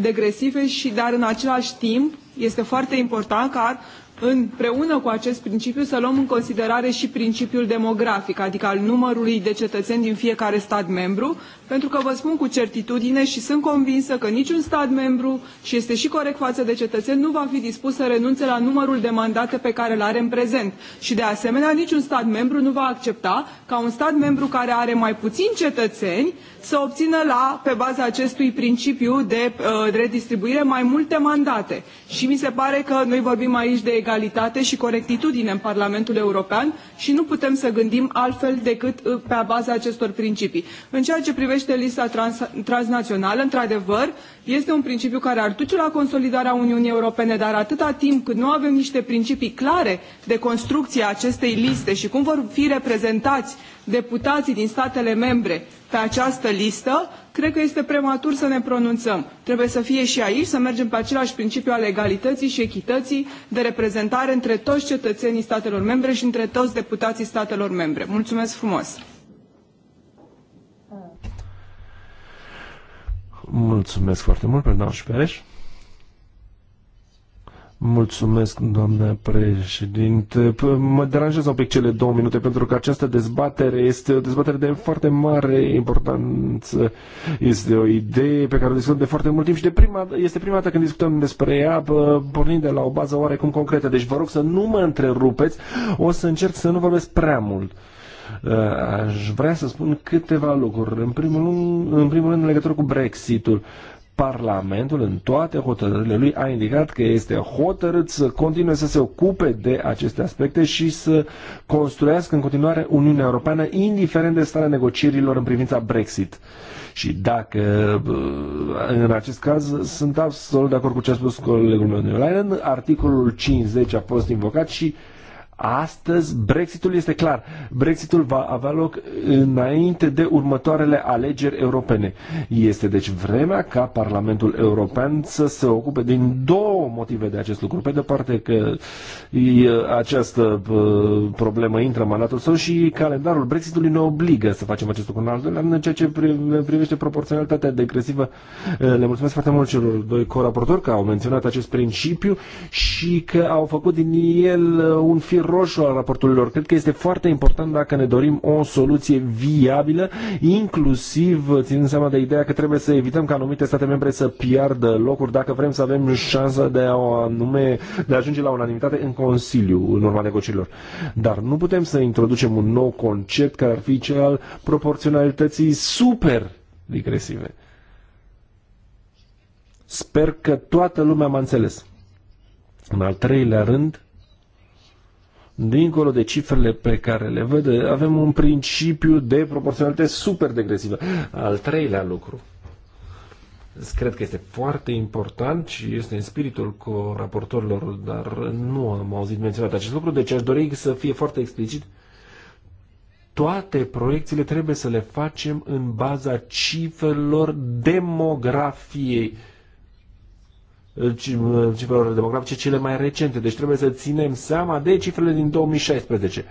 degresive și, dar în același timp, este foarte important ca împreună cu acest principiu să luăm în considerare și principiul demografic, adică al numărului de cetățeni din fiecare stat membru, pentru că vă spun cu certitudine și sunt convinsă că niciun stat membru, și este și corect față de cetățeni, nu va fi dispus să renunțe la numărul de mandate pe care îl are în prezent. Și de asemenea, niciun stat membru nu va accepta ca un stat membru care are mai puțin cetățeni să obțină la, pe baza acestui principiu de uh, redistribuire mai multe mandate. Și mi se pare că noi vorbim aici de egalitate și corectitudine în Parlamentul European și nu putem să gândim altfel decât uh, pe baza acestor principii. În ceea ce privește privește lista trans, transnațională, într-adevăr, este un principiu care ar duce la consolidarea Uniunii Europene, dar atâta timp cât nu avem niște principii clare de construcție a acestei liste și cum vor fi reprezentați deputații din statele membre pe această listă, cred că este prematur să ne pronunțăm. Trebuie să fie și aici, să mergem pe același principiu al egalității și echității de reprezentare între toți cetățenii statelor membre și între toți deputații statelor membre. Mulțumesc frumos! Mulțumesc foarte mult, doamna Șpereș. Mulțumesc, doamna președinte. Mă deranjează un pic cele două minute, pentru că această dezbatere este o dezbatere de foarte mare importanță. Este o idee pe care o discutăm de foarte mult timp și de prima, este prima dată când discutăm despre ea, pornind de la o bază oarecum concretă. Deci vă rog să nu mă întrerupeți, o să încerc să nu vorbesc prea mult. Eh, aș vrea să spun câteva lucruri. În primul, în primul rând, în legătură cu Brexitul. Parlamentul în toate hotărârile lui a indicat că este hotărât să continue să se ocupe de aceste aspecte și să construiască în continuare Uniunea Europeană, indiferent de starea negocierilor în privința Brexit. Și dacă, eh, în acest caz, sunt absolut de acord cu ce a spus colegul meu, articolul 50 a fost invocat și uh, Astăzi Brexitul este clar. Brexitul va avea loc înainte de următoarele alegeri europene. Este deci vremea ca Parlamentul European să se ocupe din două motive de acest lucru. Pe de parte că această problemă intră în mandatul său și calendarul Brexitului ne obligă să facem acest lucru. În al doilea, în ceea ce privește proporționalitatea degresivă, le mulțumesc foarte mult celor doi coraportori că au menționat acest principiu și că au făcut din el un fir roșu al raporturilor. Cred că este foarte important dacă ne dorim o soluție viabilă, inclusiv ținând seama de ideea că trebuie să evităm ca anumite state membre să piardă locuri dacă vrem să avem șansa de a, anume, de a ajunge la unanimitate în Consiliu în urma negocierilor. Dar nu putem să introducem un nou concept care ar fi cel al proporționalității super digresive. Sper că toată lumea m-a înțeles. În al treilea rând, dincolo de cifrele pe care le văd, avem un principiu de proporționalitate super degresivă. Al treilea lucru, cred că este foarte important și este în spiritul cu raportorilor, dar nu am auzit menționat acest lucru, deci aș dori să fie foarte explicit. Toate proiecțiile trebuie să le facem în baza cifrelor demografiei Uh, uh, cifrelor demografice cele mai recente. Deci trebuie să ținem seama de cifrele din 2016.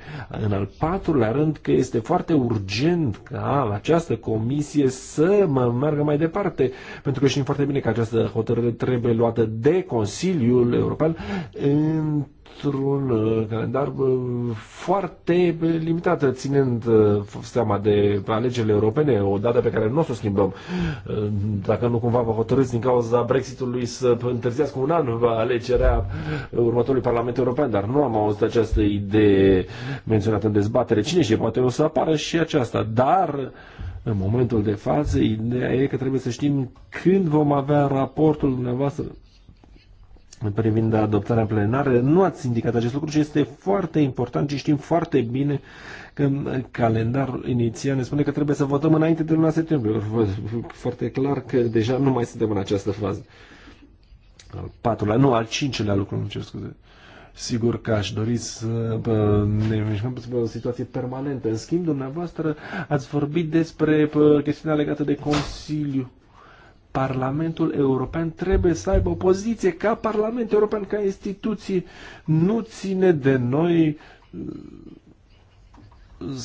În al patrulea rând că este foarte urgent ca această comisie să meargă mai departe, pentru că știm foarte bine că această hotărâre trebuie luată de Consiliul European în într-un uh, calendar uh, foarte uh, limitat, ținând seama de alegerile europene, o dată pe care nu o să o schimbăm. Dacă nu cumva vă hotărâți din cauza Brexitului să întârziască un an alegerea următorului Parlament European, dar nu am auzit această idee menționată în dezbatere. Cine știe, poate o să apară și aceasta, dar în momentul de față, ideea e că trebuie să știm când vom avea raportul dumneavoastră privind adoptarea în plenară. Nu ați indicat acest lucru și este foarte important și știm foarte bine că calendarul inițial ne spune că trebuie să votăm înainte de luna septembrie. Foarte clar că deja nu mai suntem în această fază. Al patrulea, nu, al cincelea lucru, nu cer scuze. Sigur că aș dori să ne mișcăm pe o situație permanentă. În schimb, dumneavoastră ați vorbit despre chestiunea legată de Consiliu Parlamentul European trebuie să aibă o poziție ca Parlament European, ca instituții. Nu ține de noi uh,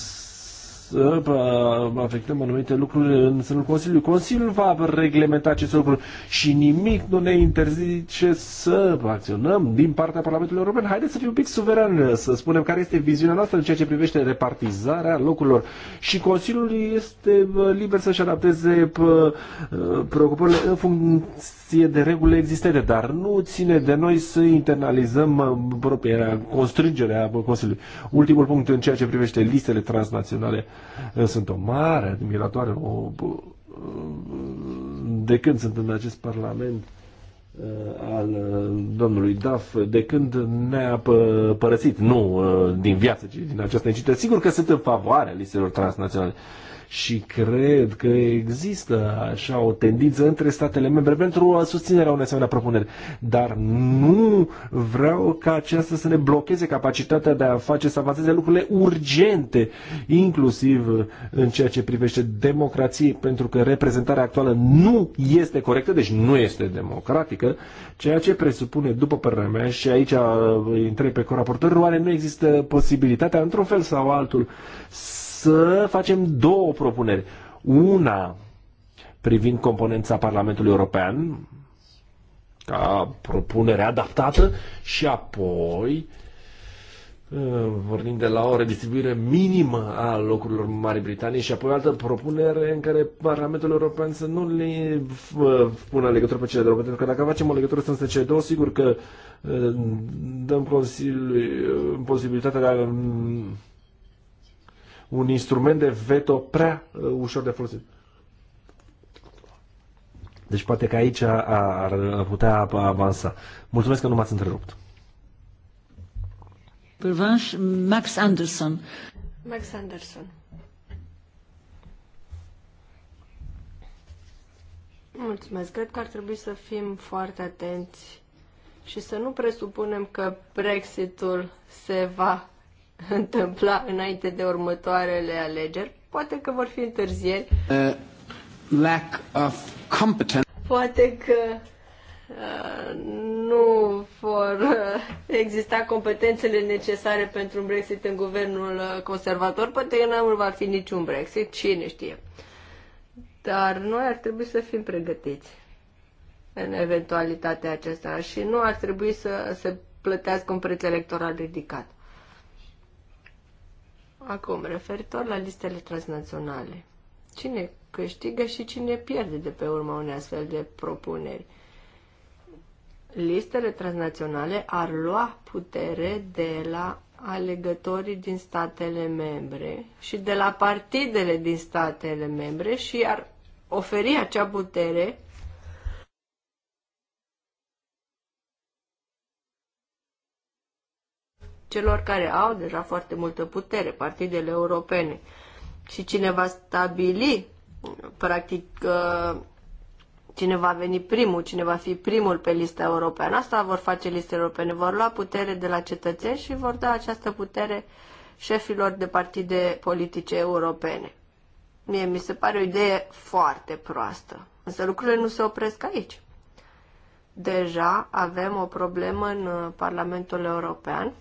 să uh, afectăm anumite lucruri în sânul Consiliului. Consiliul va reglementa aceste lucruri și nimic nu ne interzice să acționăm din partea Parlamentului European. Haideți să fim un pic suverani, uh, să spunem care este viziunea noastră în ceea ce privește repartizarea locurilor. Și Consiliul este uh, liber să-și adapteze preocupările în funcție ție de regulile existente, dar nu ține de noi să internalizăm uh, propria constrângere a Consiliului. Ultimul punct în ceea ce privește listele transnaționale. Uh, sunt o mare admiratoare o, uh, de când sunt în acest parlament al domnului Daf de când ne-a părăsit, nu din viață, ci din această incită. Sigur că sunt în favoarea listelor transnaționale și cred că există așa o tendință între statele membre pentru a susținerea unei asemenea propuneri. Dar nu vreau ca aceasta să ne blocheze capacitatea de a face să avanseze lucrurile urgente, inclusiv în ceea ce privește democrație, pentru că reprezentarea actuală nu este corectă, deci nu este democratică, ceea ce presupune, după părerea mea, și aici uh, întreb pe coraportorul, oare nu există posibilitatea, într-un fel sau altul, să facem două propuneri. Una privind componența Parlamentului European, ca propunere adaptată, și apoi uh, vorbim de la o redistribuire minimă a locurilor Marii Britanii și apoi o altă propunere în care Parlamentul European să nu le uh, pună legătură pe cele două, pentru că dacă facem o legătură să cele două, sigur că uh, dăm Consiliului posibilitatea de a un instrument de veto prea uh, ușor de folosit. Deci poate că aici ar putea avansa. Mulțumesc că nu m-ați întrerupt. Max Anderson. Max Anderson. Mulțumesc. Cred că ar trebui să fim foarte atenți și să nu presupunem că Brexitul se va întâmpla înainte de următoarele alegeri. Poate că vor fi întârzieri. Uh, lack of competence. Poate că uh, nu vor uh, exista competențele necesare pentru un Brexit în guvernul uh, conservator. Poate că nu va fi niciun Brexit, cine știe. Dar noi ar trebui să fim pregătiți în eventualitatea aceasta și nu ar trebui să se plătească un preț electoral ridicat. Acum, referitor la listele transnaționale. Cine câștigă și cine pierde de pe urma unei astfel de propuneri? Listele transnaționale ar lua putere de la alegătorii din statele membre și de la partidele din statele membre și ar oferi acea putere celor care au deja foarte multă putere, partidele europene. Și cine va stabili, practic, uh, cine va veni primul, cine va fi primul pe lista europeană. Asta vor face listele europene. Vor lua putere de la cetățeni și vor da această putere șefilor de partide politice europene. Mie mi se pare o idee foarte proastă. Însă lucrurile nu se opresc aici. Deja avem o problemă în uh, Parlamentul European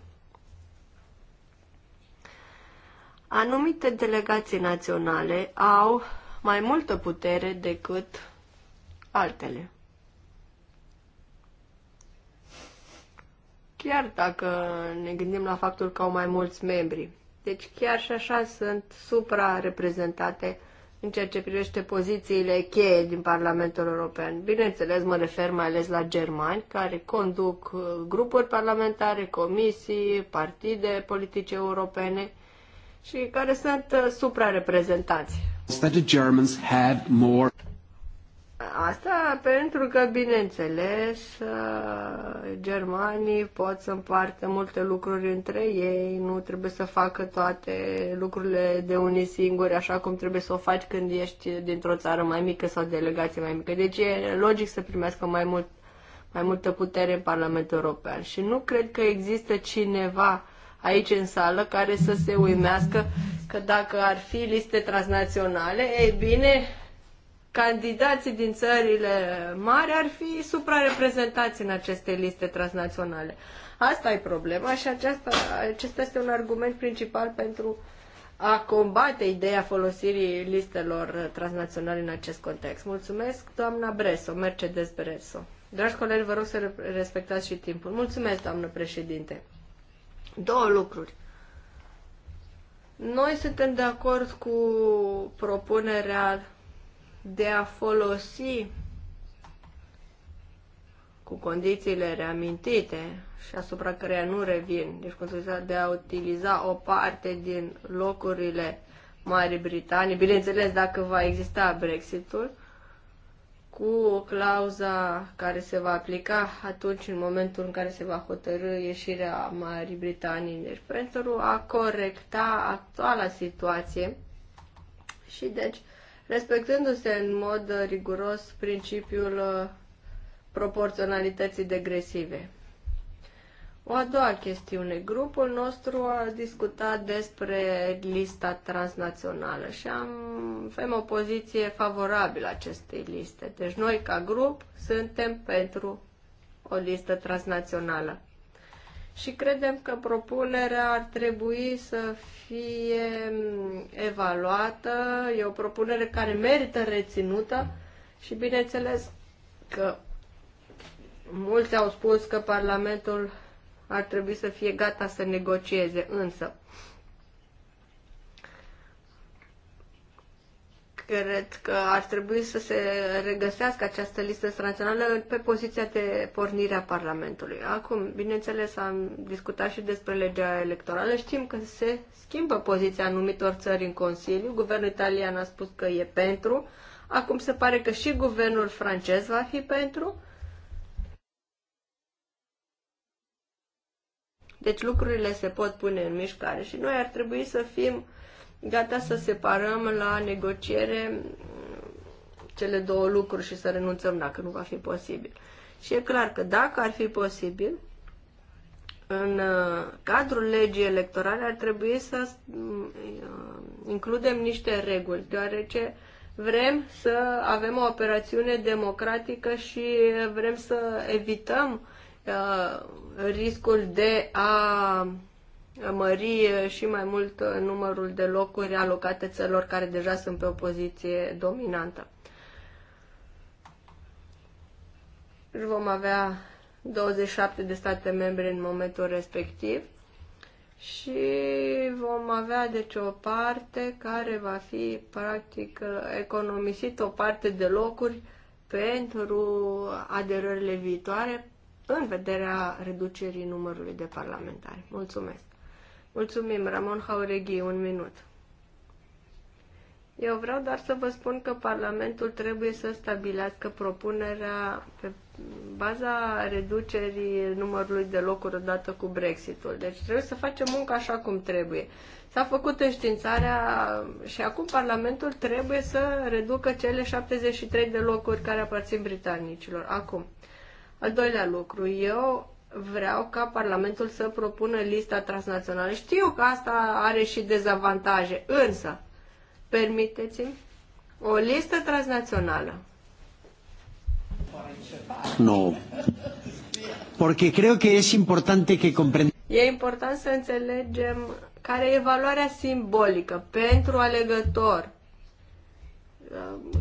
Anumite delegații naționale au mai multă putere decât altele. Chiar dacă ne gândim la faptul că au mai mulți membri. Deci chiar și așa sunt supra-reprezentate în ceea ce privește pozițiile cheie din Parlamentul European. Bineînțeles, mă refer mai ales la germani, care conduc uh, grupuri parlamentare, comisii, partide politice europene și care sunt uh, suprareprezentați. more Asta pentru că, bineînțeles, uh, germanii pot să împartă multe lucruri între ei, nu trebuie să facă toate lucrurile de unii singuri, așa cum trebuie să o faci când ești dintr-o țară mai mică sau delegație mai mică. Deci e logic să primească mai, mult, mai multă putere în Parlamentul European. Și nu cred că există cineva aici în sală care să se uimească că dacă ar fi liste transnaționale, ei bine, candidații din țările mari ar fi suprareprezentați în aceste liste transnaționale. Asta e problema și aceasta, acesta este un argument principal pentru a combate ideea folosirii listelor transnaționale în acest context. Mulțumesc, doamna Breso, Mercedes Breso. Dragi colegi, vă rog să respectați și timpul. Mulțumesc, doamnă președinte. Două lucruri. Noi suntem de acord cu propunerea de a folosi cu condițiile reamintite și asupra căreia nu revin, deci de a utiliza o parte din locurile Marii Britanii, bineînțeles dacă va exista Brexitul, cu clauza care se va aplica atunci în momentul în care se va hotărâ ieșirea Marii Britanii, deci pentru a corecta actuala situație și deci respectându-se în mod riguros principiul uh, proporționalității degresive. O a doua chestiune. Grupul nostru a discutat despre lista transnațională și am, avem o poziție favorabilă acestei liste. Deci noi, ca grup, suntem pentru o listă transnațională. Și credem că propunerea ar trebui să fie evaluată. E o propunere care merită reținută și, bineînțeles, că mulți au spus că Parlamentul ar trebui să fie gata să negocieze, însă cred că ar trebui să se regăsească această listă internațională pe poziția de pornire a Parlamentului. Acum, bineînțeles, am discutat și despre legea electorală. Știm că se schimbă poziția anumitor țări în Consiliu. Guvernul italian a spus că e pentru. Acum se pare că și guvernul francez va fi pentru. Deci lucrurile se pot pune în mișcare și noi ar trebui să fim gata să separăm la negociere mm, cele două lucruri și să renunțăm dacă nu va fi posibil. Și e clar că dacă ar fi posibil, în uh, cadrul legii electorale ar trebui să mm, uh, includem niște reguli, deoarece vrem să avem o operațiune democratică și vrem să evităm Uh, riscul de a mări și mai mult uh, numărul de locuri alocate țărilor care deja sunt pe o poziție dominantă. vom avea 27 de state membre în momentul respectiv și vom avea deci o parte care va fi practic economisit o parte de locuri pentru aderările viitoare în vederea reducerii numărului de parlamentari. Mulțumesc! Mulțumim, Ramon Haureghi, un minut. Eu vreau doar să vă spun că Parlamentul trebuie să stabilească propunerea pe baza reducerii numărului de locuri odată cu Brexitul. Deci trebuie să facem munca așa cum trebuie. S-a făcut înștiințarea și acum Parlamentul trebuie să reducă cele 73 de locuri care aparțin britanicilor. Acum. Al doilea lucru, eu vreau ca Parlamentul să propună lista transnațională. Știu că asta are și dezavantaje, însă, permiteți-mi, o listă transnațională. No. Porque creo que es importante que comprendamos. E important să înțelegem care e valoarea simbolică pentru alegător,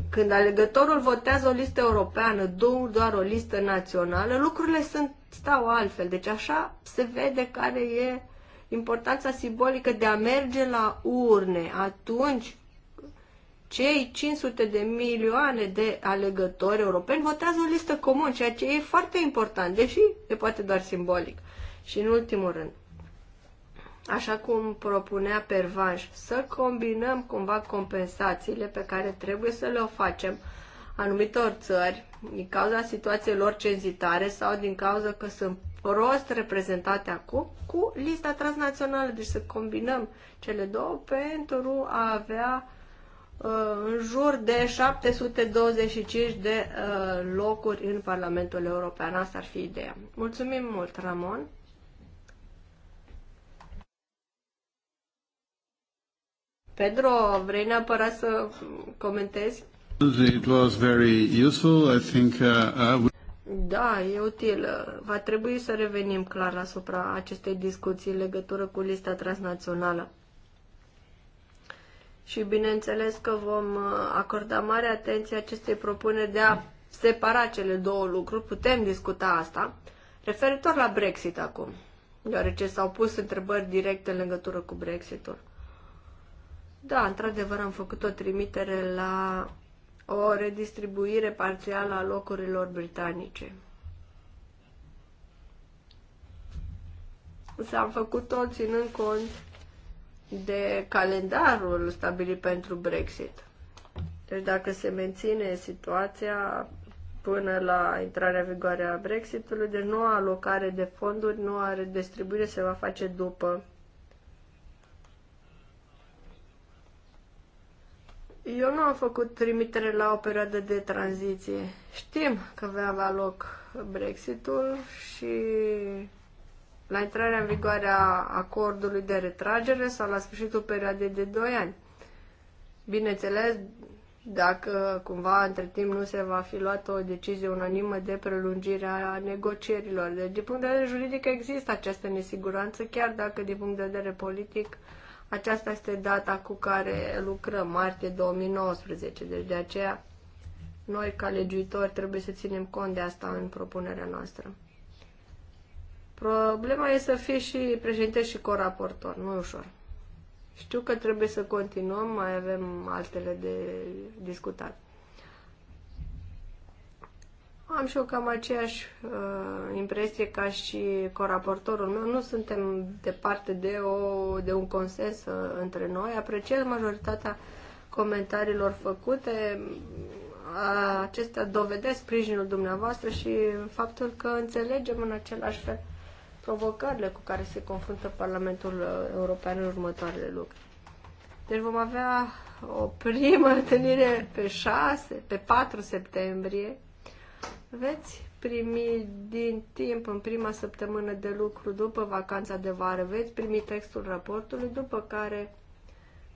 când alegătorul votează o listă europeană, nu doar o listă națională, lucrurile sunt, stau altfel. Deci așa se vede care e importanța simbolică de a merge la urne. Atunci cei 500 de milioane de alegători europeni votează o listă comună, ceea ce e foarte important, deși e poate doar simbolic. Și în ultimul rând, așa cum propunea Pervanș, să combinăm cumva compensațiile pe care trebuie să le o facem anumitor țări din cauza situației lor cenzitare sau din cauza că sunt prost reprezentate acum cu lista transnațională. Deci să combinăm cele două pentru a avea uh, în jur de 725 de uh, locuri în Parlamentul European. Asta ar fi ideea. Mulțumim mult, Ramon! Pedro, vrei neapărat să comentezi? It was very useful. I think, uh, I would... Da, e util. Va trebui să revenim clar asupra acestei discuții în legătură cu lista transnațională. Și bineînțeles că vom uh, acorda mare atenție acestei propuneri de a separa cele două lucruri. Putem discuta asta. Referitor la Brexit acum, deoarece s-au pus întrebări directe în legătură cu Brexitul. Da, într-adevăr am făcut o trimitere la o redistribuire parțială a locurilor britanice. S-a făcut-o ținând cont de calendarul stabilit pentru Brexit. Deci dacă se menține situația până la intrarea în vigoare a Brexitului, deci noua alocare de fonduri, noua redistribuire se va face după Eu nu am făcut trimitere la o perioadă de tranziție. Știm că va avea loc Brexitul și la intrarea în vigoare a acordului de retragere sau la sfârșitul perioadei de 2 ani. Bineînțeles, dacă cumva între timp nu se va fi luat o decizie unanimă de prelungire a negocierilor. Deci, din punct de vedere juridic, există această nesiguranță, chiar dacă din punct de vedere politic uh, aceasta este data cu care lucrăm, martie 2019, deci de aceea noi, ca legiuitori, trebuie să ținem cont de asta în propunerea noastră. Problema e să fie și președinte și coraportor, nu e ușor. Știu că trebuie să continuăm, mai avem altele de discutat. Am și eu cam aceeași uh, impresie ca și coraportorul meu. Nu suntem departe de, o, de un consens uh, între noi. Apreciez majoritatea comentariilor făcute. Uh, acestea dovedesc sprijinul dumneavoastră și faptul că înțelegem în același fel provocările cu care se confruntă Parlamentul uh, European în următoarele lucruri. Deci vom avea o primă întâlnire pe 6, pe 4 septembrie veți primi din timp în prima săptămână de lucru după vacanța de vară, veți primi textul raportului, după care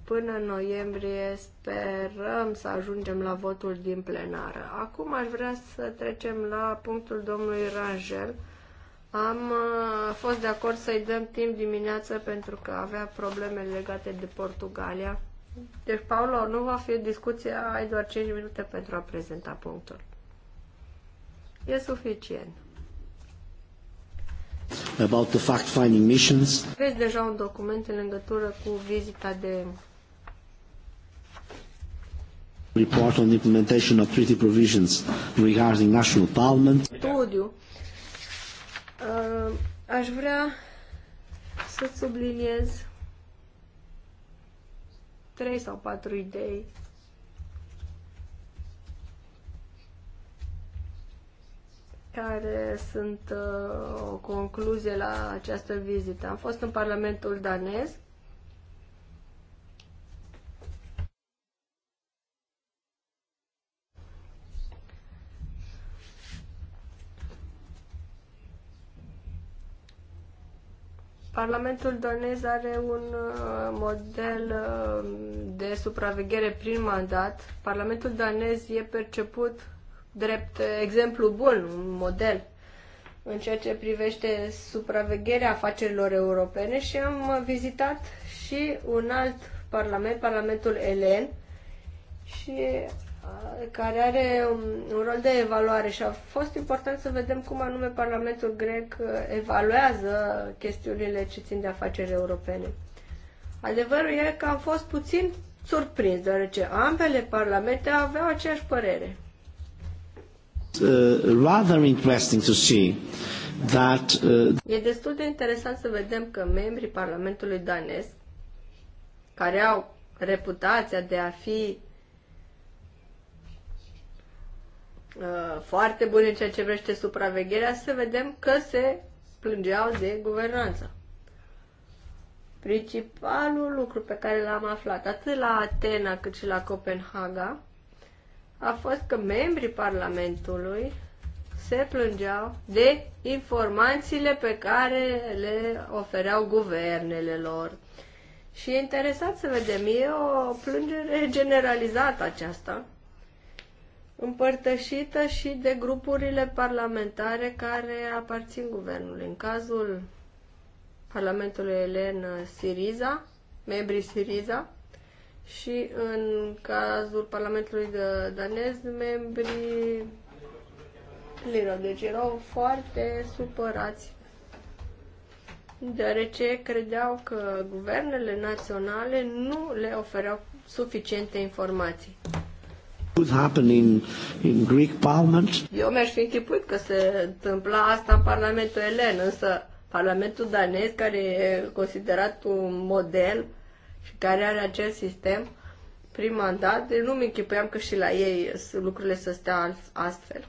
până în noiembrie sperăm să ajungem la votul din plenară. Acum aș vrea să trecem la punctul domnului Rangel. Am uh, fost de acord să-i dăm timp dimineață pentru că avea probleme legate de Portugalia. Deci, Paulo, nu va fi discuția, ai doar 5 minute pentru a prezenta punctul e suficient. About the fact-finding missions. Vezi deja un document în legătură cu vizita de report on the implementation of treaty provisions regarding national parliament. Studiu. Uh, aș vrea să subliniez trei sau patru idei care sunt uh, o concluzie la această vizită. Am fost în Parlamentul danez. Parlamentul danez are un uh, model uh, de supraveghere prin mandat. Parlamentul danez e perceput drept eh, exemplu bun, un model în ceea ce privește supravegherea afacerilor europene și am vizitat și un alt parlament, Parlamentul Elen, și eh, care are un rol de evaluare și a fost important să vedem cum anume Parlamentul grec eh, evaluează chestiunile ce țin de afaceri europene. Adevărul e că am fost puțin surprins, deoarece ambele parlamente aveau aceeași părere. Uh, rather interesting to see that, uh... E destul de interesant să vedem că membrii Parlamentului danez, care au reputația de a fi uh, foarte buni în ceea ce vrește supravegherea, să vedem că se plângeau de guvernanță. Principalul lucru pe care l-am aflat atât la Atena cât și la Copenhaga a fost că membrii Parlamentului se plângeau de informațiile pe care le ofereau guvernele lor. Și e interesant să vedem, e o plângere generalizată aceasta, împărtășită și de grupurile parlamentare care aparțin guvernului. În cazul Parlamentului Elen Siriza, membrii Siriza, și în cazul Parlamentului de danez, membrii Liro. Deci erau foarte supărați deoarece credeau că guvernele naționale nu le ofereau suficiente informații. In, in Greek Parliament. Eu mi-aș fi închipuit că se întâmpla asta în Parlamentul Elen, însă Parlamentul danez, care e considerat un model, și care are acest sistem prin mandat, deci nu-mi închipuiam că și la ei lucrurile să stea astfel.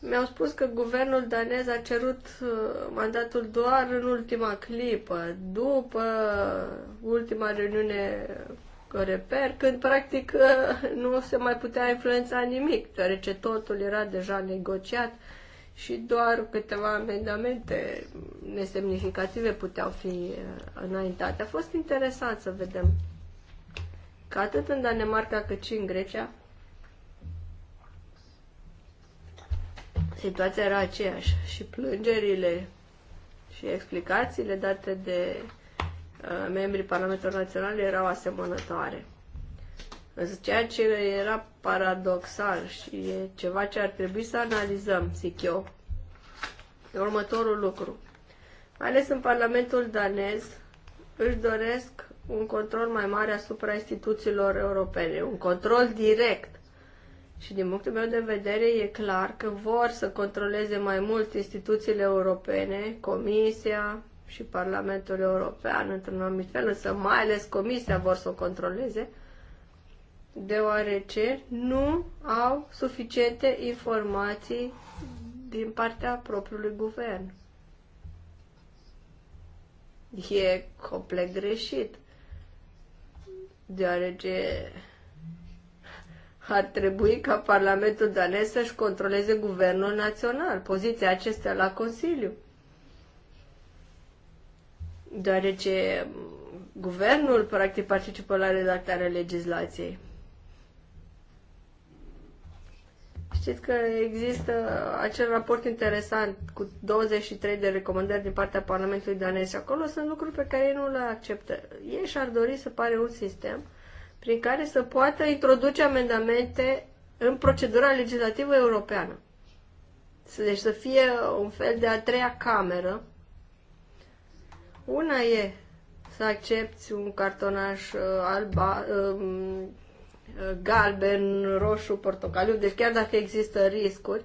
Mi-au spus că guvernul danez a cerut uh, mandatul doar în ultima clipă, după ultima reuniune reper, când practic nu se mai putea influența nimic, deoarece totul era deja negociat și doar câteva amendamente nesemnificative puteau fi uh, înaintate. A fost interesant să vedem că atât în Danemarca cât și în Grecia situația era aceeași și plângerile și explicațiile date de uh, membrii Parlamentului Național erau asemănătoare. Ceea ce era paradoxal și e ceva ce ar trebui să analizăm, zic eu, e următorul lucru. Mai ales în Parlamentul danez își doresc un control mai mare asupra instituțiilor europene, un control direct. Și din punctul meu de vedere e clar că vor să controleze mai mult instituțiile europene, Comisia și Parlamentul European într-un anumit fel, însă mai ales Comisia vor să o controleze, deoarece nu au suficiente informații din partea propriului guvern. E complet greșit, deoarece ar trebui ca Parlamentul danez să-și controleze guvernul național, poziția acestea la Consiliu. Deoarece guvernul, practic, participă la redactarea legislației. Știți că există acel raport interesant cu 23 de recomandări din partea Parlamentului danez acolo sunt lucruri pe care ei nu le acceptă. Ei și-ar dori să pare un sistem prin care să poată introduce amendamente în procedura legislativă europeană. Deci să fie un fel de a treia cameră. Una e să accepti un cartonaș uh, alba, um, galben, roșu, portocaliu, deci chiar dacă există riscuri,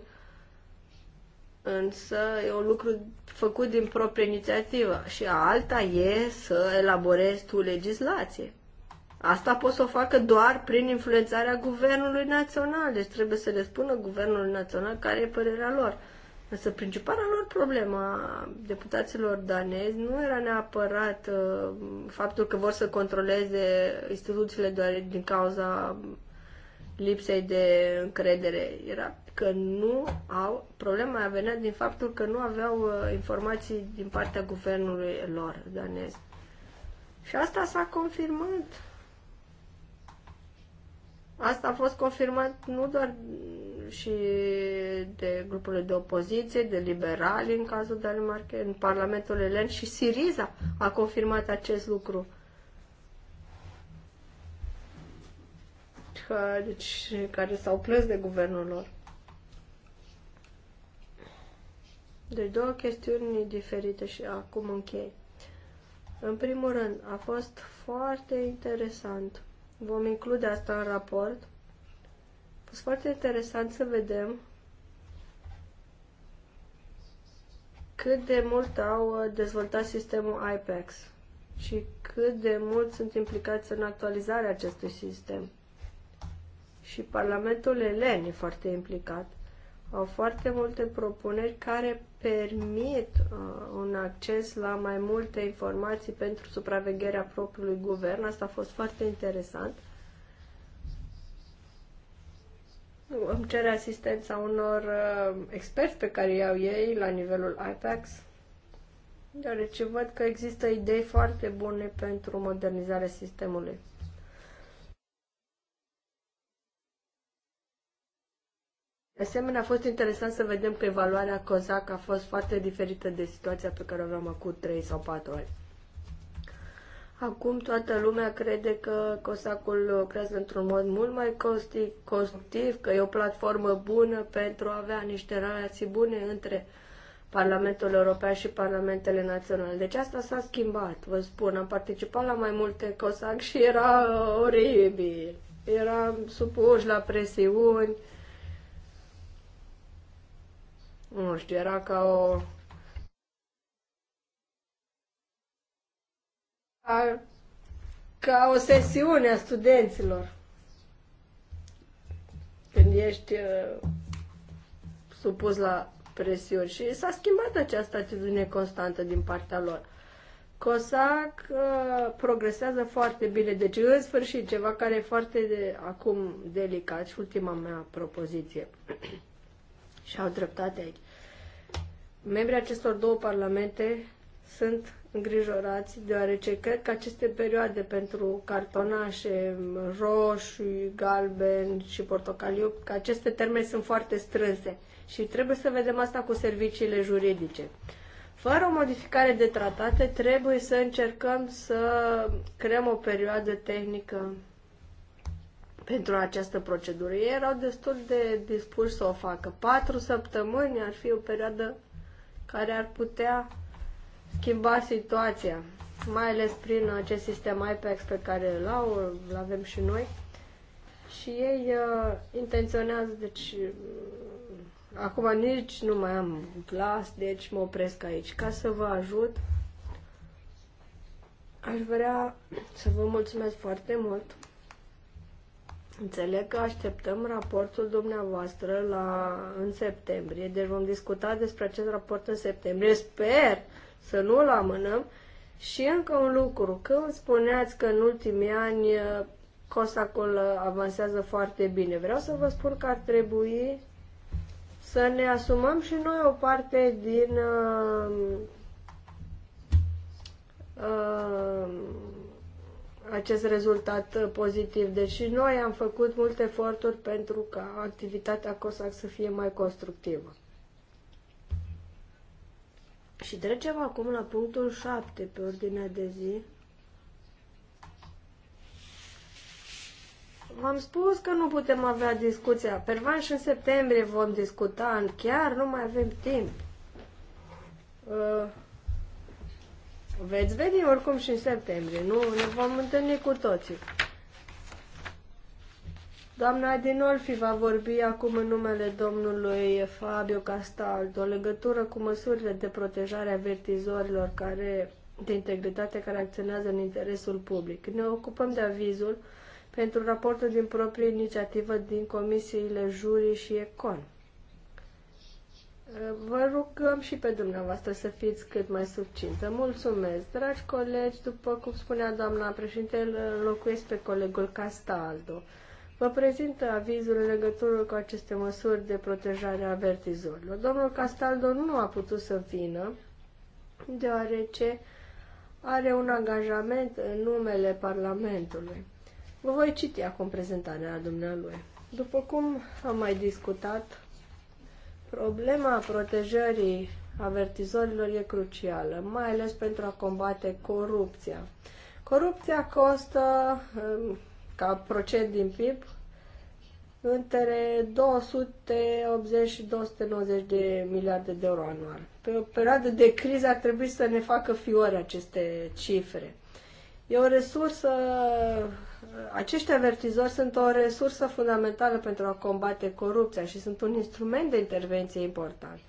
însă e un lucru făcut din proprie inițiativă și alta e să elaborezi tu legislație. Asta poți să o facă doar prin influențarea guvernului național, deci trebuie să le spună guvernului național care e părerea lor. Însă principala lor problemă a deputaților danezi nu era neapărat uh, faptul că vor să controleze instituțiile doar din cauza lipsei de încredere. Era că nu au, problema a venit din faptul că nu aveau uh, informații din partea guvernului lor danez. Și asta s-a confirmat. Asta a fost confirmat nu doar și de grupurile de opoziție, de liberali în cazul Danemarcă, în Parlamentul Elen și Siriza a confirmat acest lucru. că Deci, care s-au plâns de guvernul lor. Deci două chestiuni diferite și acum închei. În primul rând, a fost foarte interesant. Vom include asta în raport fost foarte interesant să vedem cât de mult au uh, dezvoltat sistemul IPEX și cât de mult sunt implicați în actualizarea acestui sistem. Și Parlamentul Elen e foarte implicat. Au foarte multe propuneri care permit uh, un acces la mai multe informații pentru supravegherea propriului guvern. Asta a fost foarte interesant. Uh, îmi cere asistența unor uh, experți pe care iau ei la nivelul IPAX, deoarece văd că există idei foarte bune pentru modernizarea sistemului. De asemenea, a fost interesant să vedem că evaluarea COSAC a fost foarte diferită de situația pe care o aveam acum 3 sau 4 ani. Acum toată lumea crede că COSAC-ul lucrează într-un mod mult mai costic, constructiv, că e o platformă bună pentru a avea niște relații bune între Parlamentul European și Parlamentele Naționale. Deci asta s-a schimbat, vă spun. Am participat la mai multe COSAC și era oribil. Eram supuși la presiuni. Nu știu, era ca o a, ca o sesiune a studenților. Când ești uh, supus la presiuni și s-a schimbat această atitudine constantă din partea lor. COSAC uh, progresează foarte bine, deci în sfârșit ceva care e foarte de, acum delicat și ultima mea propoziție. și au dreptate aici. Membrii acestor două parlamente sunt îngrijorați deoarece cred că aceste perioade pentru cartonașe roșu, galben și portocaliu, că aceste termeni sunt foarte strânse și trebuie să vedem asta cu serviciile juridice. Fără o modificare de tratate, trebuie să încercăm să creăm o perioadă tehnică pentru această procedură. Ei erau destul de dispuși să o facă. Patru săptămâni ar fi o perioadă care ar putea schimba situația, mai ales prin acest sistem IPEX pe care îl au, îl avem și noi. Și ei uh, intenționează, deci uh, acum nici nu mai am glas, deci mă opresc aici. Ca să vă ajut, aș vrea să vă mulțumesc foarte mult. Înțeleg că așteptăm raportul dumneavoastră la, în septembrie, deci vom discuta despre acest raport în septembrie. Sper să nu-l amânăm. Și încă un lucru, când spuneați că în ultimii ani uh, Cosacul avansează foarte bine, vreau să vă spun că ar trebui să ne asumăm și noi o parte din uh, uh, acest rezultat pozitiv. Deși deci noi am făcut multe eforturi pentru ca activitatea COSAC să fie mai constructivă. Și trecem acum la punctul 7 pe ordinea de zi. V-am spus că nu putem avea discuția. Pervan și în septembrie vom discuta, chiar nu mai avem timp. Uh, veți veni oricum și în septembrie, nu? Ne vom întâlni cu toții. Doamna Dinolfi va vorbi acum în numele domnului Fabio Castaldo o legătură cu măsurile de protejare a vertizorilor care, de integritate care acționează în interesul public. Ne ocupăm de avizul pentru raportul din proprie inițiativă din comisiile jurii și Econ. Vă rugăm și pe dumneavoastră să fiți cât mai subțintă. Mulțumesc, dragi colegi, după cum spunea doamna președinte, locuiesc pe colegul Castaldo vă prezint avizul în legătură cu aceste măsuri de protejare a vertizorilor. Domnul Castaldo nu a putut să vină, deoarece are un angajament în numele Parlamentului. Vă voi citi acum prezentarea dumnealui. După cum am mai discutat, problema protejării avertizorilor e crucială, mai ales pentru a combate corupția. Corupția costă um, ca procent din PIB între 280 și 290 de miliarde de euro anual. Pe o perioadă de criză ar trebui să ne facă fiori aceste cifre. E o resursă, acești avertizori sunt o resursă fundamentală pentru a combate corupția și sunt un instrument de intervenție important.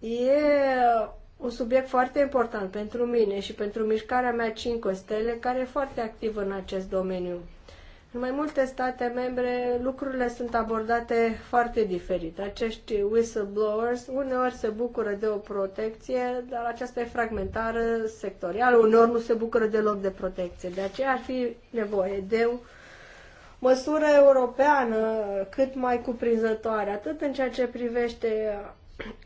E un subiect foarte important pentru mine și pentru mișcarea mea 5 stele, care e foarte activă în acest domeniu în mai multe state membre lucrurile sunt abordate foarte diferit. Acești whistleblowers uneori se bucură de o protecție, dar aceasta e fragmentară, sectorială, uneori nu se bucură deloc de protecție. De aceea ar fi nevoie de o măsură europeană cât mai cuprinzătoare, atât în ceea ce privește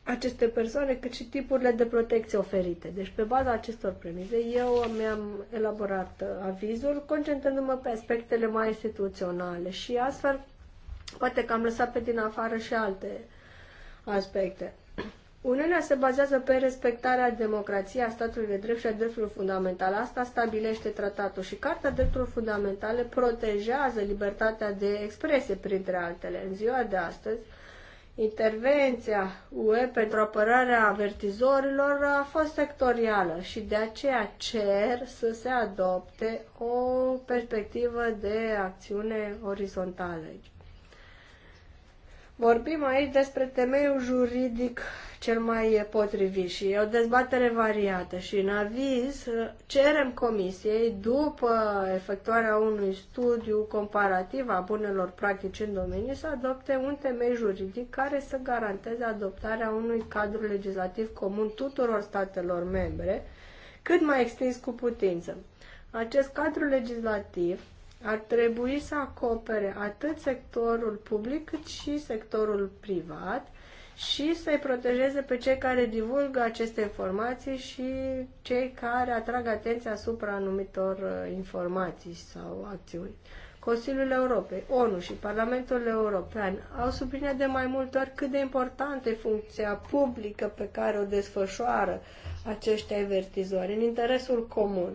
aceste persoane, cât și tipurile de protecție oferite. Deci, pe baza acestor premize, eu mi-am elaborat uh, avizul, concentrându-mă pe aspectele mai instituționale și astfel poate că am lăsat pe din afară și alte aspecte. Uniunea se bazează pe respectarea democrației, a statului de drept și a drepturilor fundamentale. Asta stabilește tratatul și Carta Drepturilor Fundamentale protejează libertatea de expresie, printre altele. În ziua de astăzi, intervenția UE pentru apărarea avertizorilor a fost sectorială și de aceea cer să se adopte o perspectivă de acțiune orizontală. Vorbim aici despre temeiul juridic cel mai potrivit și e o dezbatere variată și în aviz uh, cerem comisiei, după efectuarea unui studiu comparativ a bunelor practici în domeniu, să adopte un temei juridic care să garanteze adoptarea unui cadru legislativ comun tuturor statelor membre, cât mai extins cu putință. Acest cadru legislativ ar trebui să acopere atât sectorul public cât și sectorul privat, și să-i protejeze pe cei care divulgă aceste informații și cei care atrag atenția asupra anumitor uh, informații sau acțiuni. Consiliul Europei, ONU și Parlamentul European au subliniat de mai multe ori cât de importantă e funcția publică pe care o desfășoară acești avertizori în interesul comun.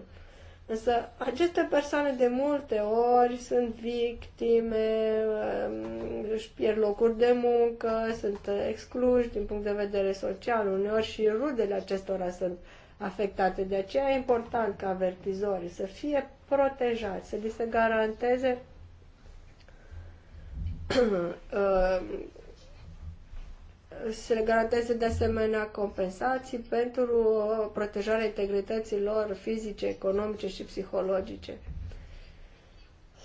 Însă aceste persoane de multe ori sunt victime, um, își pierd locuri de muncă, sunt excluși din punct de vedere social uneori și rudele acestora sunt afectate. De aceea e important ca avertizorii să fie protejați, să li se garanteze uh, se le garanteze de asemenea compensații pentru uh, protejarea integrității lor fizice, economice și psihologice.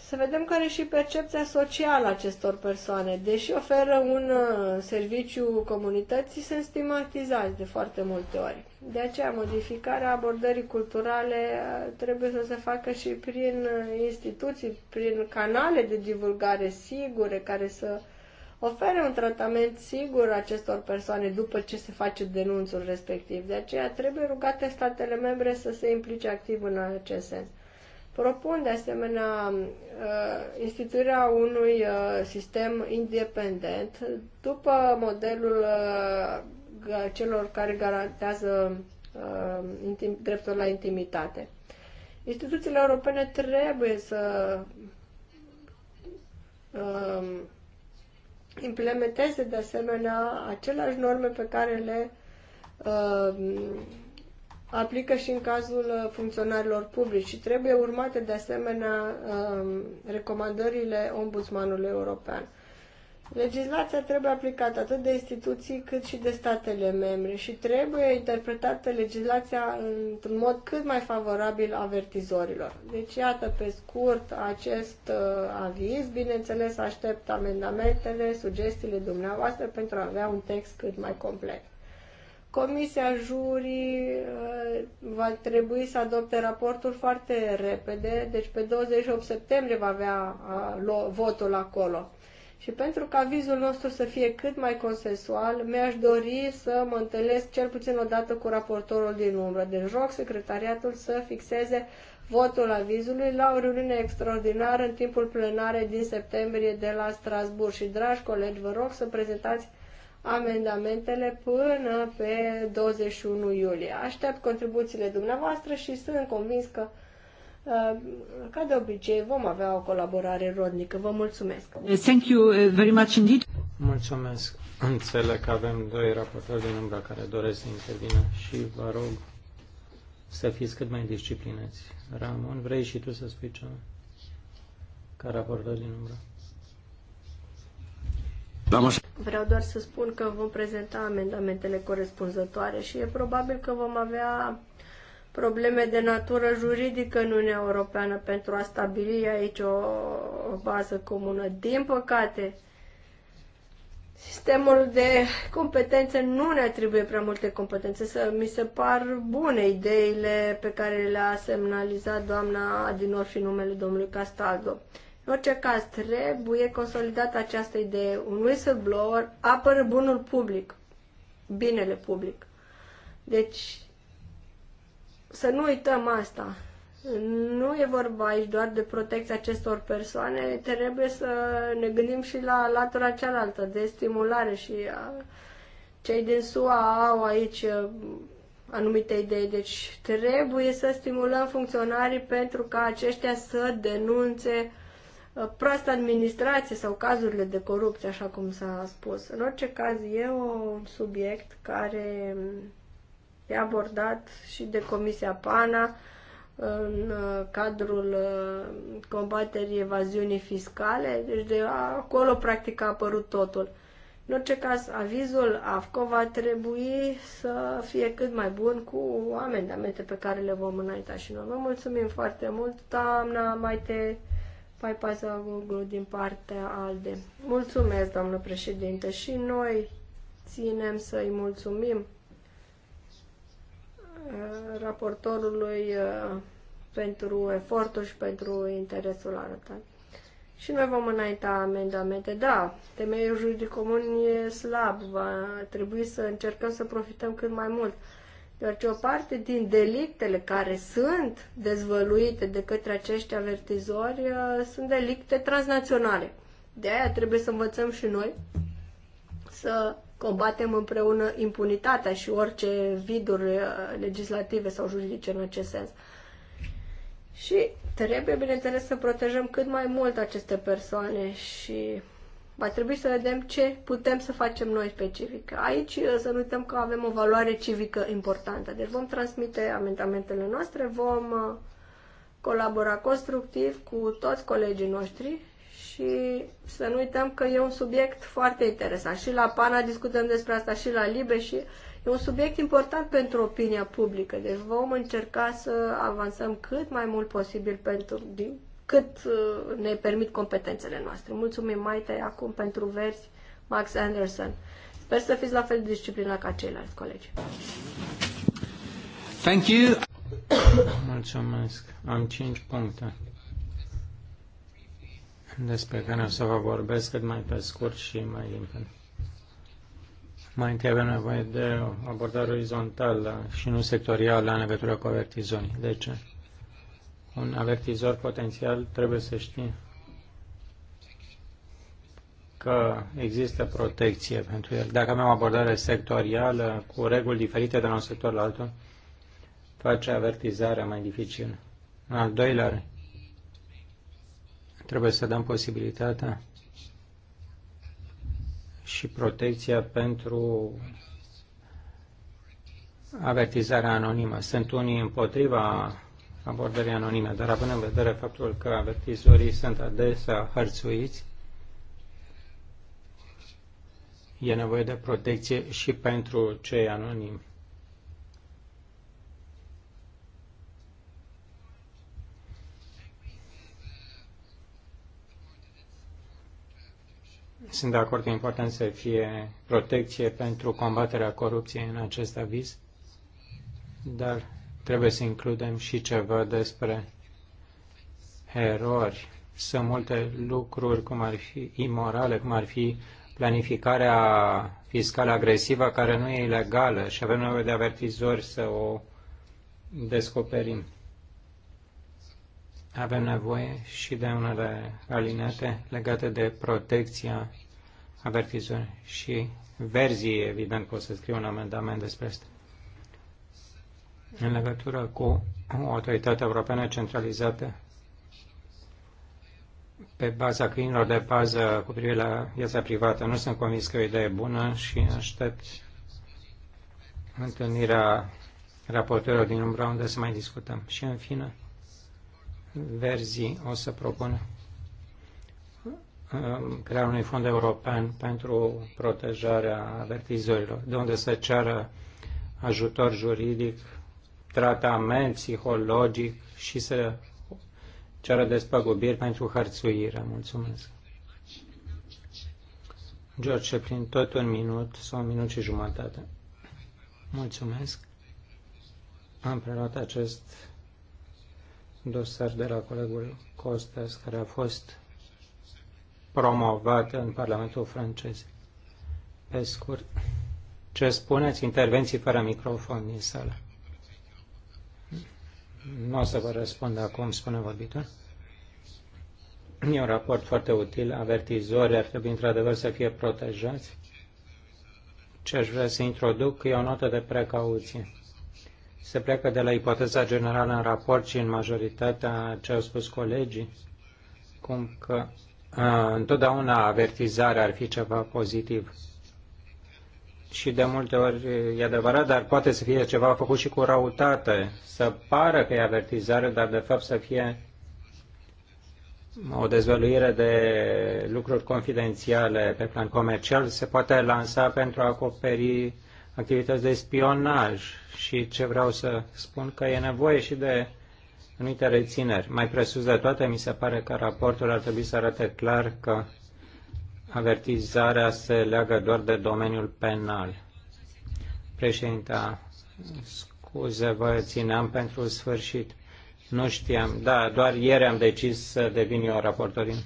Să vedem care și percepția socială a acestor persoane. Deși oferă un uh, serviciu comunității, sunt stigmatizați de foarte multe ori. De aceea, modificarea abordării culturale uh, trebuie să se facă și prin instituții, prin canale de divulgare sigure care să ofere un tratament sigur acestor persoane după ce se face denunțul respectiv. De aceea trebuie rugate statele membre să se implice activ în acest sens. Propun de asemenea uh, instituirea unui uh, sistem independent după modelul uh, celor care garantează dreptul la intimitate. Instituțiile europene trebuie să um, implementeze de asemenea aceleași norme pe care le uh, aplică și în cazul uh, funcționarilor publici și trebuie urmate de asemenea uh, recomandările Ombudsmanului European. Legislația trebuie aplicată atât de instituții cât și de statele membre și trebuie interpretată legislația într-un mod cât mai favorabil avertizorilor. Deci, iată pe scurt acest uh, aviz. Bineînțeles, aștept amendamentele, sugestiile dumneavoastră pentru a avea un text cât mai complet. Comisia jurii uh, va trebui să adopte raportul foarte repede, deci pe 28 septembrie va avea uh, votul acolo. Și pentru ca vizul nostru să fie cât mai consensual, mi-aș dori să mă întâlnesc cel puțin o dată cu raportorul din umbră. Deci rog secretariatul să fixeze votul avizului la o reuniune extraordinară în timpul plenare din septembrie de la Strasburg. Și, dragi colegi, vă rog să prezentați amendamentele până pe 21 iulie. Aștept contribuțiile dumneavoastră și sunt convins că Uh, ca de obicei, vom avea o colaborare rodnică. Vă mulțumesc! Thank you uh, very much indeed! Mulțumesc! Înțeleg că avem doi raportori din umbra care doresc să intervină și vă rog să fiți cât mai disciplinați. Ramon, vrei și tu să spui ceva? Ca raportor din umbra. Da, Vreau doar să spun că vom prezenta amendamentele corespunzătoare și e probabil că vom avea probleme de natură juridică în Uniunea Europeană pentru a stabili aici o, bază comună. Din păcate, sistemul de competențe nu ne atribuie prea multe competențe. Să mi se par bune ideile pe care le-a semnalizat doamna Adinor și numele domnului Castaldo. În orice caz, trebuie consolidată această idee. Un whistleblower apără bunul public, binele public. Deci, să nu uităm asta. Nu e vorba aici doar de protecția acestor persoane, trebuie să ne gândim și la latura cealaltă, de stimulare și a, uh, cei din SUA au aici uh, anumite idei. Deci trebuie să stimulăm funcționarii pentru ca aceștia să denunțe uh, proastă administrație sau cazurile de corupție, așa cum s-a spus. În orice caz, e un subiect care E abordat și de Comisia PANA în uh, cadrul uh, combaterii evaziunii fiscale, deci de acolo practic a apărut totul. În orice caz, avizul AFCO va trebui să fie cât mai bun cu amendamente pe care le vom înainta și noi. Vă mulțumim foarte mult, doamna Maite Google din partea ALDE. Mulțumesc, doamnă președinte, și noi ținem să-i mulțumim Uh, raportorului uh, pentru efortul și pentru interesul arătat. Și noi vom înainta amendamente. Da, temeiul juridic comun e slab, va trebui să încercăm să profităm cât mai mult. Deoarece o parte din delictele care sunt dezvăluite de către acești avertizori uh, sunt delicte transnaționale. De aia trebuie să învățăm și noi să combatem împreună impunitatea și orice viduri uh, legislative sau juridice în acest sens. Și trebuie, bineînțeles, să protejăm cât mai mult aceste persoane și va trebui să vedem ce putem să facem noi specific. Aici uh, să nu uităm că avem o valoare civică importantă. Deci vom transmite amendamentele noastre, vom uh, colabora constructiv cu toți colegii noștri și să nu uităm că e un subiect foarte interesant. Și la PANA discutăm despre asta și la LIBE și e un subiect important pentru opinia publică. Deci vom încerca să avansăm cât mai mult posibil pentru din, cât uh, ne permit competențele noastre. Mulțumim, Maite, acum pentru versi, Max Anderson. Sper să fiți la fel de disciplinat ca ceilalți colegi. Thank you. Mulțumesc. Am 5 puncte despre care o să vă vorbesc cât mai pe scurt și mai limpede. Mai întâi avem nevoie de o abordare orizontală și nu sectorială în legătură cu avertizorii. De ce? Un avertizor potențial trebuie să știe că există protecție pentru el. Dacă avem o abordare sectorială cu reguli diferite de la un sector la altul, face avertizarea mai dificilă. În al doilea rând, Trebuie să dăm posibilitatea și protecția pentru avertizarea anonimă. Sunt unii împotriva abordării anonime, dar având în vedere faptul că avertizorii sunt adesea hărțuiți, e nevoie de protecție și pentru cei anonimi. Sunt de acord că e important să fie protecție pentru combaterea corupției în acest aviz, dar trebuie să includem și ceva despre erori. Sunt multe lucruri, cum ar fi imorale, cum ar fi planificarea fiscală agresivă, care nu e ilegală și avem nevoie de avertizori să o descoperim. Avem nevoie și de unele alinate legate de protecția avertizorilor și verzii, evident, pot să scriu un amendament despre asta. În legătură cu o autoritate europeană centralizată pe baza câinilor de bază cu privire la viața privată. Nu sunt convins că e o idee bună și aștept întâlnirea raportorilor din umbra unde să mai discutăm. Și în fine, Verzii o să propună um, crearea unui fond european pentru protejarea avertizorilor, de unde să ceară ajutor juridic, tratament psihologic și să ceară despăgubiri pentru hărțuire. Mulțumesc. George, prin tot un minut sau un minut și jumătate. Mulțumesc. Am preluat acest dosar de la colegul Costas, care a fost promovat în Parlamentul francez. Pe scurt, ce spuneți? Intervenții fără microfon din sală. Nu o să vă răspund acum, spune vorbitor. E un raport foarte util. Avertizorii ar trebui într-adevăr să fie protejați. Ce aș vrea să introduc e o notă de precauție se pleacă de la ipoteza generală în raport și în majoritatea ce au spus colegii, cum că a, întotdeauna avertizarea ar fi ceva pozitiv. Și de multe ori e adevărat, dar poate să fie ceva făcut și cu răutate, să pară că e avertizare, dar de fapt să fie o dezvăluire de lucruri confidențiale pe plan comercial, se poate lansa pentru a acoperi uh, activități de spionaj și ce vreau să spun că e nevoie și de anumite rețineri. Mai presus de toate, mi se pare că raportul ar trebui să arate clar că avertizarea se leagă doar de domeniul penal. Președinta, scuze, vă țineam pentru sfârșit. Nu știam, da, doar ieri am decis să devin eu raportorin.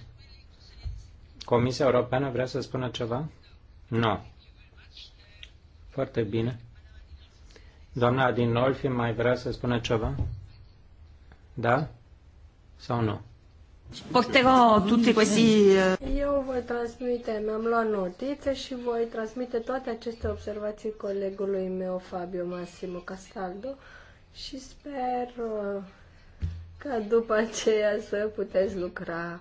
Comisia Europeană vrea să spună ceva? Nu. Foarte bine. Doamna din Olfi mai vrea să spună ceva? Da? Sau nu? Porterò tutti questi... Io eh, voi transmite, mi-am luat notițe și voi transmite toate aceste observații colegului meu Fabio Massimo Castaldo și sper eh, ca după aceea să puteți lucra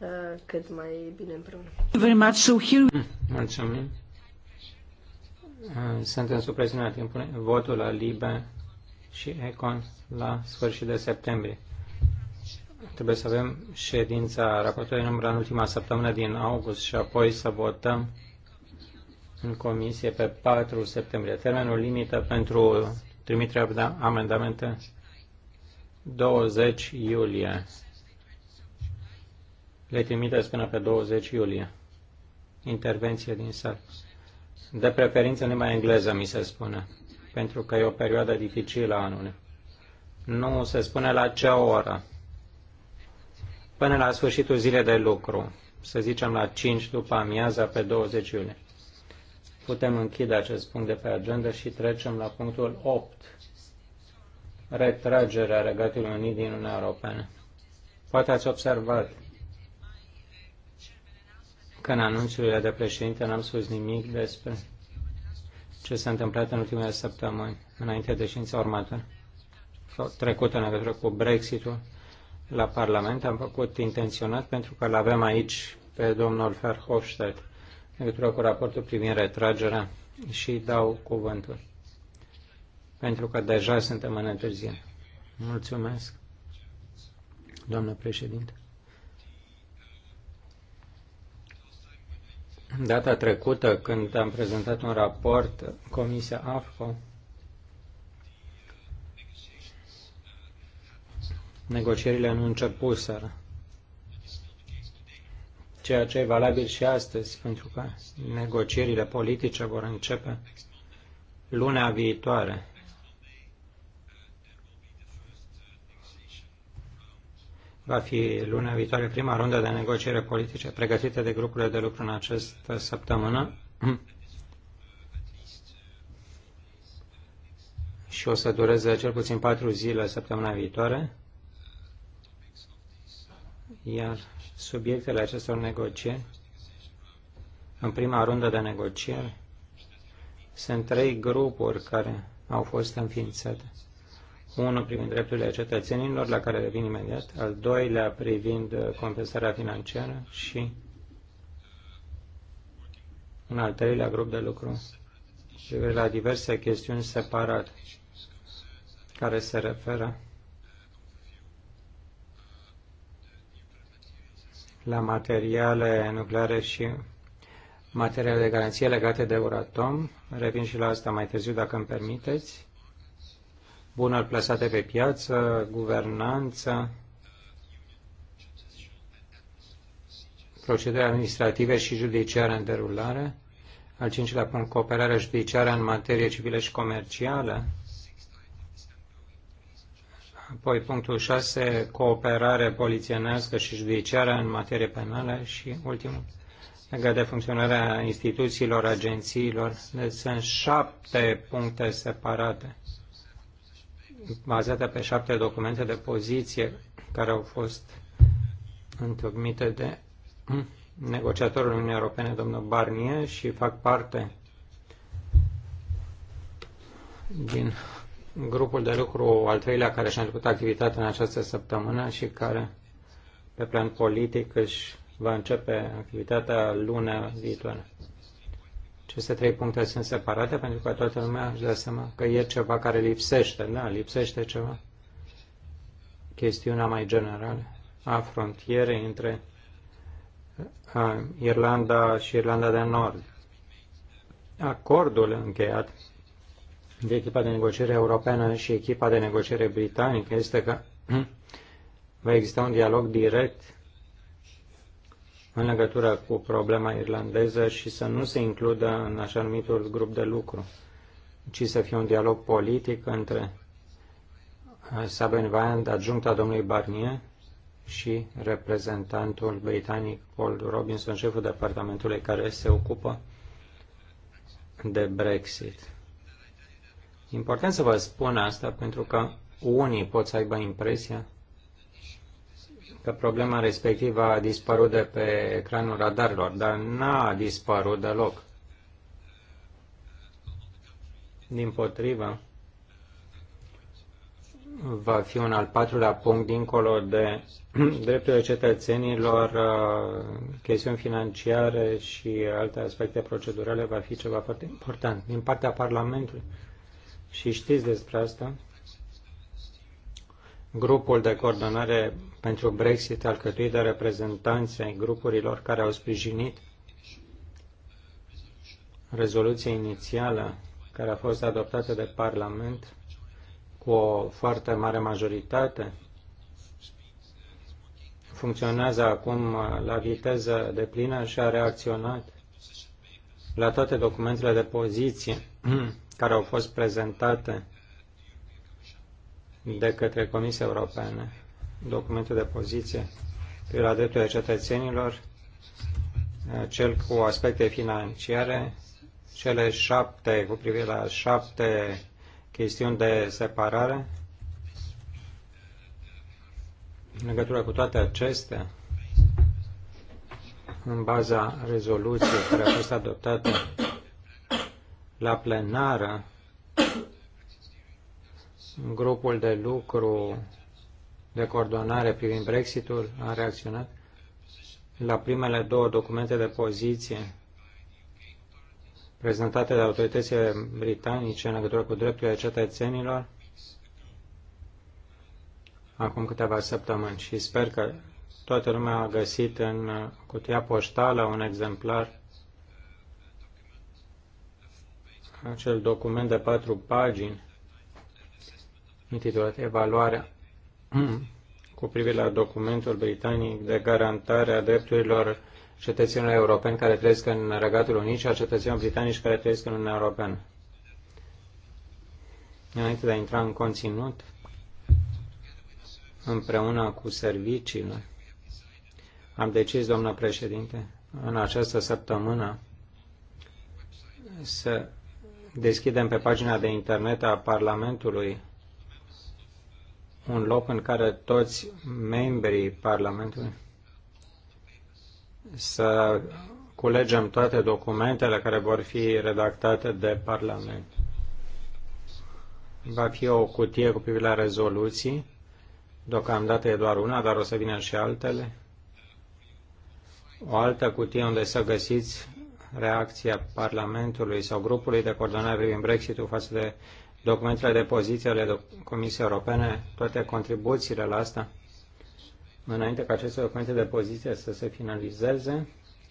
eh, cât mai bine împreună. Very much Mulțumim suntem sub presiunea timpului. Votul la Libe și Econ la sfârșit de septembrie. Trebuie să avem ședința raportului număr în ultima săptămână din august și apoi să votăm în comisie pe 4 septembrie. Termenul limită pentru trimiterea amendamente 20 iulie. Le trimiteți până pe 20 iulie. Intervenție din sală de preferință în limba engleză, mi se spune, pentru că e o perioadă dificilă anului. Nu se spune la ce oră. Până la sfârșitul zilei de lucru, să zicem la 5 după amiaza pe 20 iulie. Putem închide acest punct de pe agenda și trecem la punctul 8. Retragerea Regatului Unit din Uniunea Europeană. Poate ați observat că în anunțurile de președinte n-am spus nimic despre ce s-a întâmplat în ultimele săptămâni, înainte de ședința următoare, trecută în legătură cu Brexitul la Parlament. Am făcut intenționat pentru că l-avem aici pe domnul Verhofstadt în legătură cu raportul privind retragerea și dau cuvântul. Pentru că deja suntem în întârziere. Mulțumesc, doamnă președinte. Data trecută, când am prezentat un raport, Comisia AFCO, negocierile nu începuseră. Ceea ce e valabil și astăzi, pentru că negocierile politice vor începe lunea viitoare. va fi luna viitoare prima rundă de negociere politice pregătite de grupurile de lucru în această săptămână. și o să dureze cel puțin patru zile săptămâna viitoare, iar subiectele acestor negocieri, în prima rundă de negocieri, sunt trei grupuri care au fost înființate. Unul privind drepturile cetățenilor, la care revin imediat, al doilea privind uh, compensarea financiară și un al treilea grup de lucru privire la diverse chestiuni separate care se referă la materiale nucleare și materiale de garanție legate de Euratom. Revin și la asta mai târziu, dacă îmi permiteți bunuri plasate pe piață, guvernanța, proceduri administrative și judiciare în derulare, al cincilea punct, cooperarea judiciară în materie civilă și comercială, apoi punctul 6, cooperare polițienească și judiciară în materie penală și ultimul, legat de funcționarea instituțiilor, agențiilor. Deci sunt șapte puncte separate bazată pe șapte documente de poziție care au fost întocmite de negociatorul Uniunii Europene, domnul Barnier, și fac parte din grupul de lucru al treilea care și-a început activitatea în această săptămână și care, pe plan politic, își va începe activitatea luna viitoare. Aceste trei puncte sunt separate pentru că toată lumea își dă seama că e ceva care lipsește, da, lipsește ceva. Chestiunea mai generală a frontierei între a, Irlanda și Irlanda de Nord. Acordul încheiat de echipa de negociere europeană și echipa de negociere britanică este că va exista un dialog direct în legătură cu problema irlandeză și să nu se includă în așa numitul grup de lucru, ci să fie un dialog politic între uh, Saben Vand, adjuncta domnului Barnier, și reprezentantul britanic Paul Robinson, șeful departamentului care se ocupă de Brexit. Important să vă spun asta pentru că unii pot să aibă impresia că problema respectivă a dispărut de pe ecranul radarilor, dar n-a dispărut deloc. Din potrivă, va fi un al patrulea punct dincolo de drepturile cetățenilor, uh, chestiuni financiare și alte aspecte procedurale va fi ceva foarte important din partea Parlamentului. Și știți despre asta, Grupul de coordonare pentru Brexit alcătuit de reprezentanți ai grupurilor care au sprijinit rezoluția inițială care a fost adoptată de Parlament cu o foarte mare majoritate funcționează acum la viteză de plină și a reacționat la toate documentele de poziție care au fost prezentate de către Comisia Europeană, documentul de poziție pe la drepturile cetățenilor, cel cu aspecte financiare, cele șapte cu privire la șapte chestiuni de separare. În legătură cu toate acestea, în baza rezoluției care a fost adoptată la plenară grupul de lucru de coordonare privind Brexitul a reacționat la primele două documente de poziție prezentate de autoritățile britanice în legătură cu drepturile cetățenilor acum câteva săptămâni și sper că toată lumea a găsit în cutia poștală un exemplar acel document de patru pagini intitulat Evaluarea cu privire la documentul britanic de garantare a drepturilor cetățenilor europeni care trăiesc în Regatul Unit și a cetățenilor britanici care trăiesc în Uniunea Europeană. Înainte de a intra în conținut, împreună cu serviciile, am decis, domnul președinte, în această săptămână să deschidem pe pagina de internet a Parlamentului un loc în care toți membrii Parlamentului să culegem toate documentele care vor fi redactate de Parlament. Va fi o cutie cu privire la rezoluții. Deocamdată e doar una, dar o să vină și altele. O altă cutie unde să găsiți reacția Parlamentului sau grupului de coordonare privind Brexit-ul față de documentele de poziție ale Comisiei Europene, toate contribuțiile la asta, înainte ca aceste documente de poziție să se finalizeze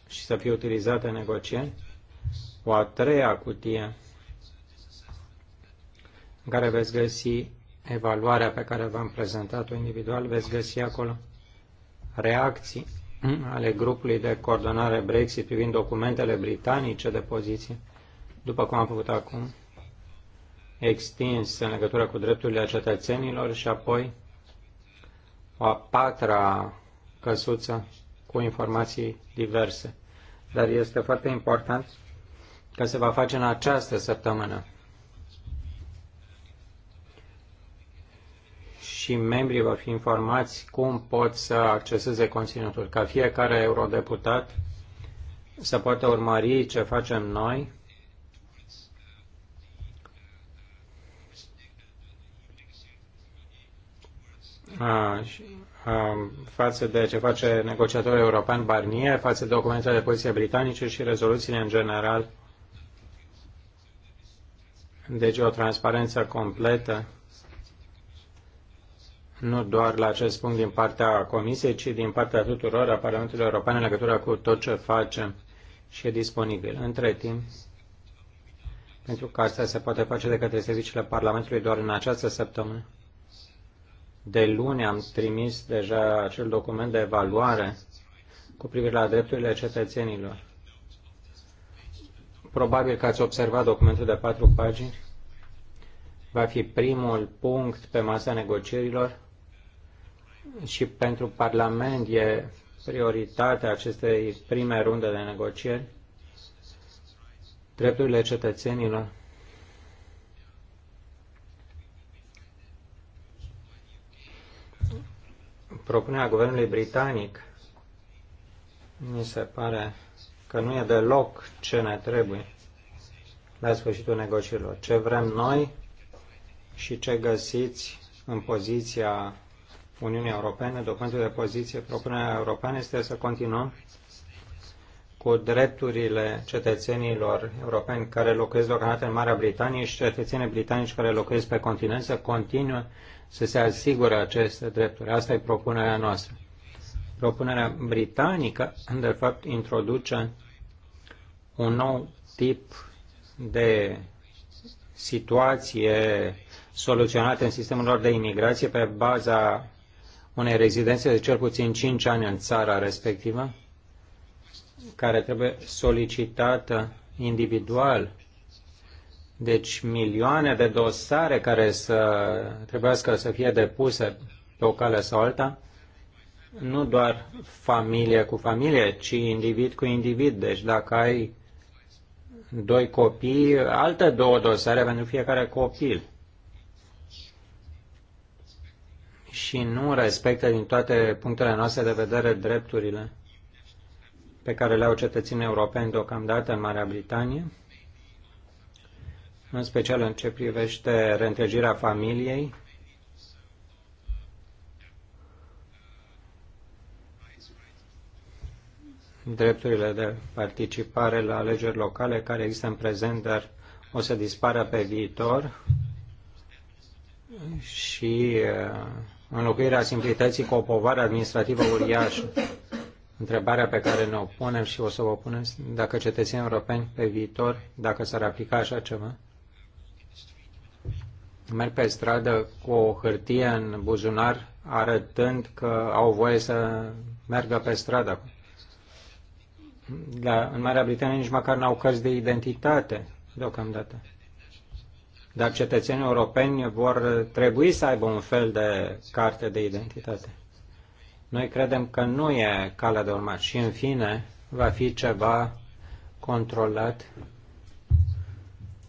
și să fie utilizate în negocieri, o a treia cutie în care veți găsi evaluarea pe care v-am prezentat-o individual, veți găsi acolo reacții ale grupului de coordonare Brexit privind documentele britanice de poziție, după cum am făcut acum extins în legătură cu drepturile cetățenilor și apoi o a patra căsuță cu informații diverse. Dar este foarte important că se va face în această săptămână. Și membrii vor fi informați cum pot să acceseze conținutul, ca fiecare eurodeputat să poată urmări ce facem noi a, a, față de ce face negociatorul european Barnier, față de documentele de poziție britanice și rezoluțiile în general. Deci o transparență completă, nu doar la acest punct din partea Comisiei, ci din partea tuturor a Parlamentului European în legătură cu tot ce facem și e disponibil. Între timp, pentru că asta se poate face de către serviciile Parlamentului doar în această săptămână. De luni am trimis deja acel document de evaluare cu privire la drepturile cetățenilor. Probabil că ați observat documentul de patru pagini. Va fi primul punct pe masa negocierilor și pentru Parlament e prioritatea acestei prime runde de negocieri. Drepturile cetățenilor propunerea guvernului britanic mi se pare că nu e deloc ce ne trebuie la sfârșitul negocierilor. Ce vrem noi și ce găsiți în poziția Uniunii Europene, documentul de poziție, propunerea europeană este să continuăm cu drepturile cetățenilor europeni care locuiesc deocamdată în Marea Britanie și cetățenii britanici care locuiesc pe continent să continue să se asigură aceste drepturi. Asta e propunerea noastră. Propunerea britanică, de fapt, introduce un nou tip de situație soluționată în sistemul lor de imigrație pe baza unei rezidențe de cel puțin 5 ani în țara respectivă, care trebuie solicitată individual deci milioane de dosare care să trebuiască să fie depuse pe o cale sau alta, nu doar familie cu familie, ci individ cu individ. Deci dacă ai doi copii, alte două dosare pentru fiecare copil. Și nu respectă din toate punctele noastre de vedere drepturile pe care le au cetățenii europeni deocamdată în Marea Britanie în special în ce privește reîntregirea familiei, drepturile de participare la alegeri locale care există în prezent, dar o să dispară pe viitor și uh, înlocuirea simplității cu o povară administrativă uriașă. Întrebarea pe care ne-o punem și o să vă punem, dacă cetățenii europeni pe viitor, dacă s-ar aplica așa ceva, merg pe stradă cu o hârtie în buzunar arătând că au voie să meargă pe stradă. Dar în Marea Britanie nici măcar n-au cărți de identitate deocamdată. Dar cetățenii europeni vor trebui să aibă un fel de carte de identitate. Noi credem că nu e calea de urmat și, în fine, va fi ceva controlat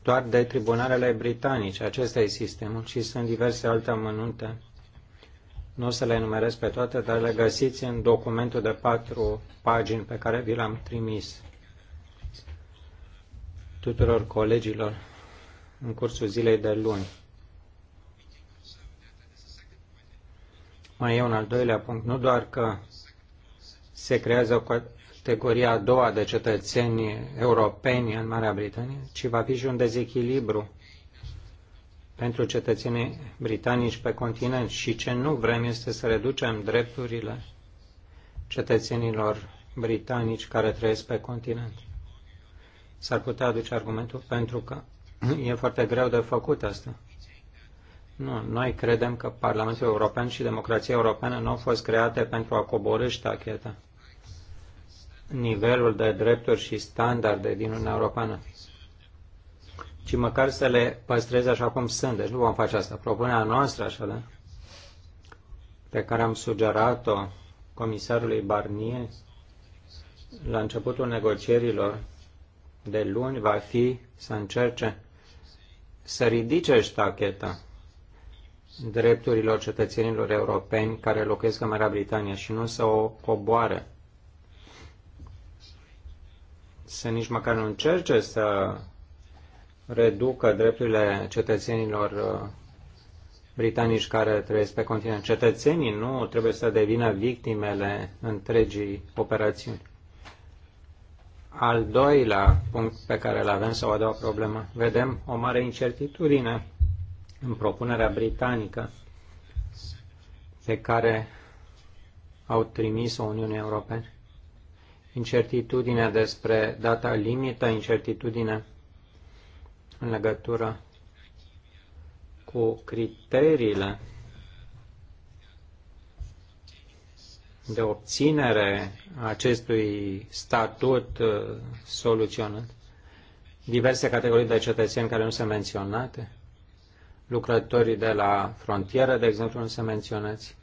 doar de tribunalele britanice. Acesta e sistemul și sunt diverse alte amănunte. Nu o să le enumerez pe toate, dar le găsiți în documentul de patru pagini pe care vi l-am trimis tuturor colegilor în cursul zilei de luni. Mai e un al doilea punct. Nu doar că se creează o categoria a doua de cetățeni europeni în Marea Britanie, ci va fi și un dezechilibru pentru cetățenii britanici pe continent și ce nu vrem este să reducem drepturile cetățenilor britanici care trăiesc pe continent. S-ar putea aduce argumentul pentru că e foarte greu de făcut asta. Nu, noi credem că Parlamentul European și democrația europeană nu au fost create pentru a coborâ tacheta nivelul de drepturi și standarde din Uniunea Europeană, ci măcar să le păstreze așa cum sunt. Deci nu vom face asta. Propunerea noastră, așa, da? pe care am sugerat-o comisarului Barnier la începutul negocierilor de luni va fi să încerce să ridice ștacheta drepturilor cetățenilor europeni care locuiesc în Marea Britanie și nu să o coboare să nici măcar nu încerce să reducă drepturile cetățenilor uh, britanici care trăiesc pe continent. Cetățenii nu trebuie să devină victimele întregii operațiuni. Al doilea punct pe care îl avem sau a doua problemă, vedem o mare incertitudine în propunerea britanică pe care au trimis-o Uniunea Europeană incertitudine despre data limită, incertitudine în legătură cu criteriile de obținere a acestui statut uh, soluționat. Diverse categorii de cetățeni care nu sunt menționate, lucrătorii de la frontieră, de exemplu, nu sunt menționați,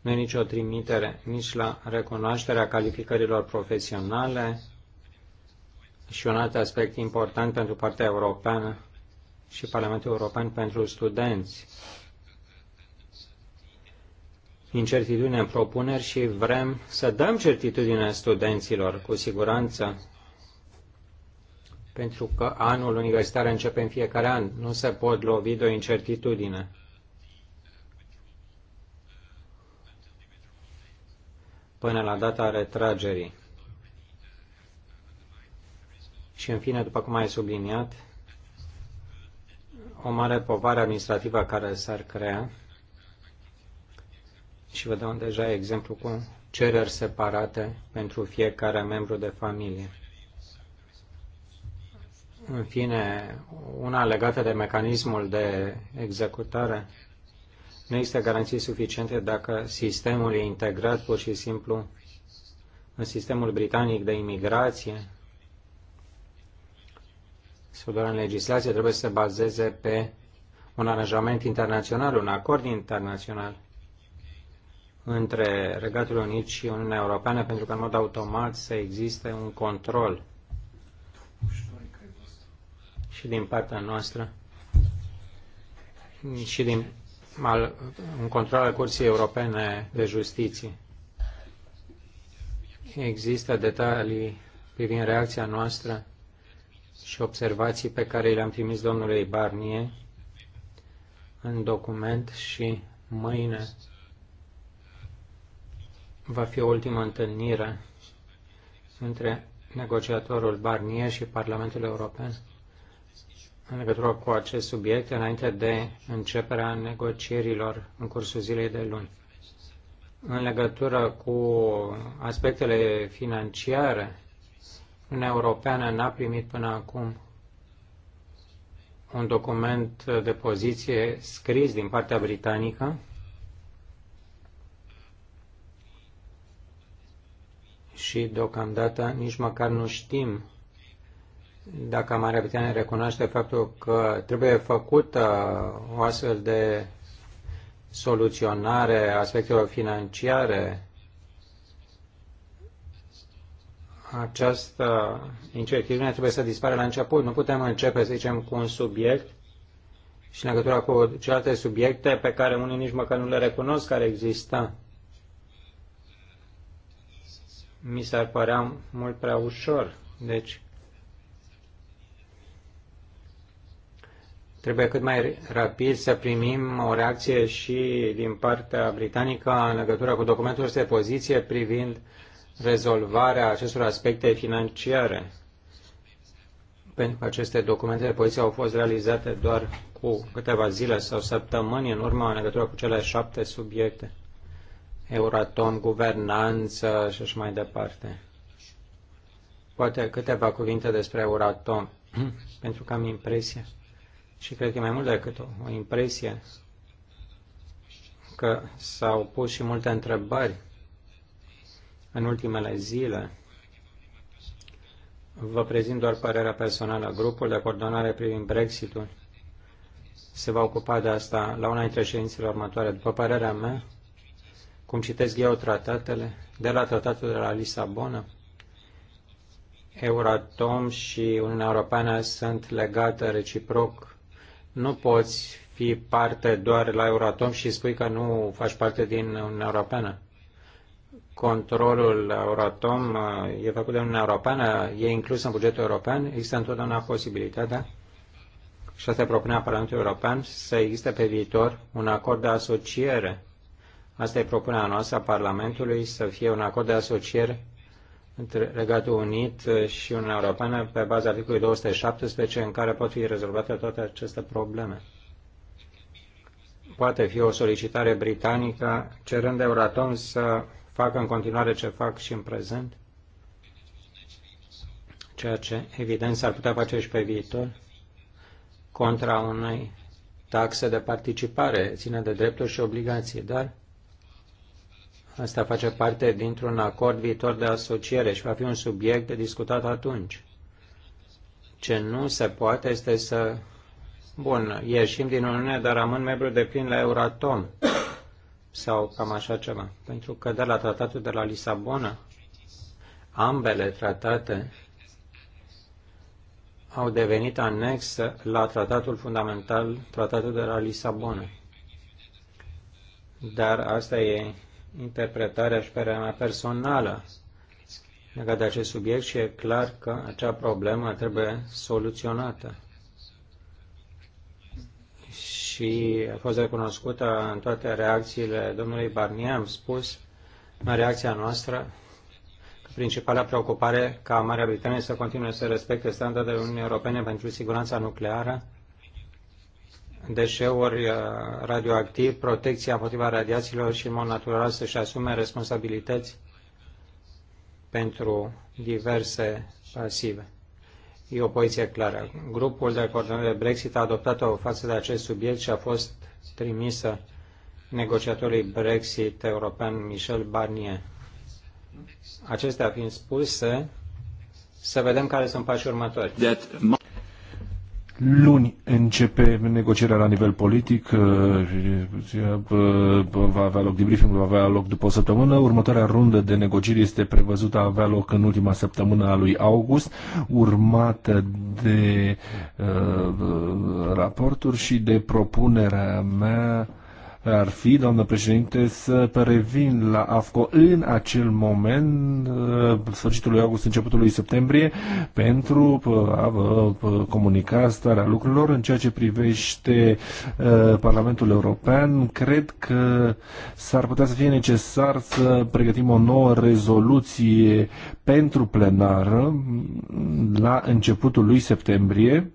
nu e nicio trimitere nici la recunoașterea calificărilor profesionale și un alt aspect important pentru partea europeană și Parlamentul European pentru studenți. Incertitudine în propuneri și vrem să dăm certitudine studenților, cu siguranță, pentru că anul universitar începe în fiecare an. Nu se pot lovi de o incertitudine. până la data retragerii. Și în fine, după cum ai subliniat, o mare povară administrativă care s-ar crea și vă dau deja exemplu cu cereri separate pentru fiecare membru de familie. În fine, una legată de mecanismul de executare nu există garanții suficiente dacă sistemul e integrat pur și simplu în sistemul britanic de imigrație sau doar în legislație, trebuie să se bazeze pe un aranjament internațional, un acord internațional între Regatul Unit și Uniunea Europeană, pentru că în mod automat să existe un control și din partea noastră și din al, în control al Curții Europene de Justiție. Există detalii privind reacția noastră și observații pe care le-am trimis domnului Barnier în document și mâine va fi o ultimă întâlnire între negociatorul Barnier și Parlamentul European în legătură cu acest subiect înainte de începerea negocierilor în cursul zilei de luni. În legătură cu aspectele financiare, Uniunea Europeană n-a primit până acum un document de poziție scris din partea britanică și deocamdată nici măcar nu știm dacă Marea Britanie recunoaște faptul că trebuie făcută o astfel de soluționare aspectelor financiare, această incertitudine trebuie să dispare la început. Nu putem începe, să zicem, cu un subiect și în legătură cu celelalte subiecte pe care unii nici măcar nu le recunosc care există. Mi s-ar părea mult prea ușor. Deci, Trebuie cât mai rapid să primim o reacție și din partea britanică în legătură cu documentul de poziție privind rezolvarea acestor aspecte financiare. Pentru că aceste documente de poziție au fost realizate doar cu câteva zile sau săptămâni în urmă în legătură cu cele șapte subiecte. Euratom, guvernanță și așa mai departe. Poate câteva cuvinte despre Euratom, pentru că am impresia și cred că e mai mult decât o, o impresie că s-au pus și multe întrebări în ultimele zile. Vă prezint doar părerea personală. Grupul de coordonare privind Brexitul se va ocupa de asta la una dintre ședințele următoare. După părerea mea, cum citesc eu tratatele, de la tratatul de la Lisabona, Euratom și Uniunea Europeană sunt legate reciproc nu poți fi parte doar la Euratom și spui că nu faci parte din Uniunea Europeană. Controlul Euratom uh, e făcut de Uniunea Europeană, e inclus în bugetul european, există întotdeauna posibilitatea și asta propunea Parlamentul European să existe pe viitor un acord de asociere. Asta e propunerea noastră a Parlamentului, să fie un acord de asociere între Regatul Unit și Uniunea Europeană pe baza articolului 217 în care pot fi rezolvate toate aceste probleme. Poate fi o solicitare britanică cerând Euratom să facă în continuare ce fac și în prezent, ceea ce evident s-ar putea face și pe viitor, contra unei taxe de participare, ține de drepturi și obligații, dar Asta face parte dintr-un acord viitor de asociere și va fi un subiect discutat atunci. Ce nu se poate este să... Bun, ieșim din Uniune, dar rămân membru de plin la Euratom sau cam așa ceva. Pentru că de la tratatul de la Lisabona, ambele tratate au devenit anexă la tratatul fundamental, tratatul de la Lisabona. Dar asta e interpretarea și părerea mea personală legat de acest subiect și e clar că acea problemă trebuie soluționată. Și a fost recunoscută în toate reacțiile domnului Barnier, am spus în reacția noastră că principala preocupare ca Marea Britanie să continue să respecte standardele Uniunii Europene pentru siguranța nucleară deșeuri uh, radioactivi, protecția împotriva radiațiilor și, în mod natural, să-și asume responsabilități pentru diverse pasive. E o poziție clară. Grupul de coordonare Brexit a adoptat-o față de acest subiect și a fost trimisă negociatorului Brexit european Michel Barnier. Acestea fiind spuse, să vedem care sunt pașii următori. Luni începe negocierea la nivel politic, uh, uh, va avea loc debriefing, va avea loc după o săptămână. Următoarea rundă de negocieri este prevăzută a avea loc în ultima săptămână a lui august, urmată de uh, raporturi și de propunerea mea ar fi, doamnă președinte, să revin la AFCO în acel moment, uh, sfârșitul lui august, începutul lui septembrie, pentru uh, a vă uh, comunica starea lucrurilor în ceea ce privește Parlamentul European. Cred că s-ar putea să fie necesar să pregătim o nouă rezoluție pentru plenară la începutul lui septembrie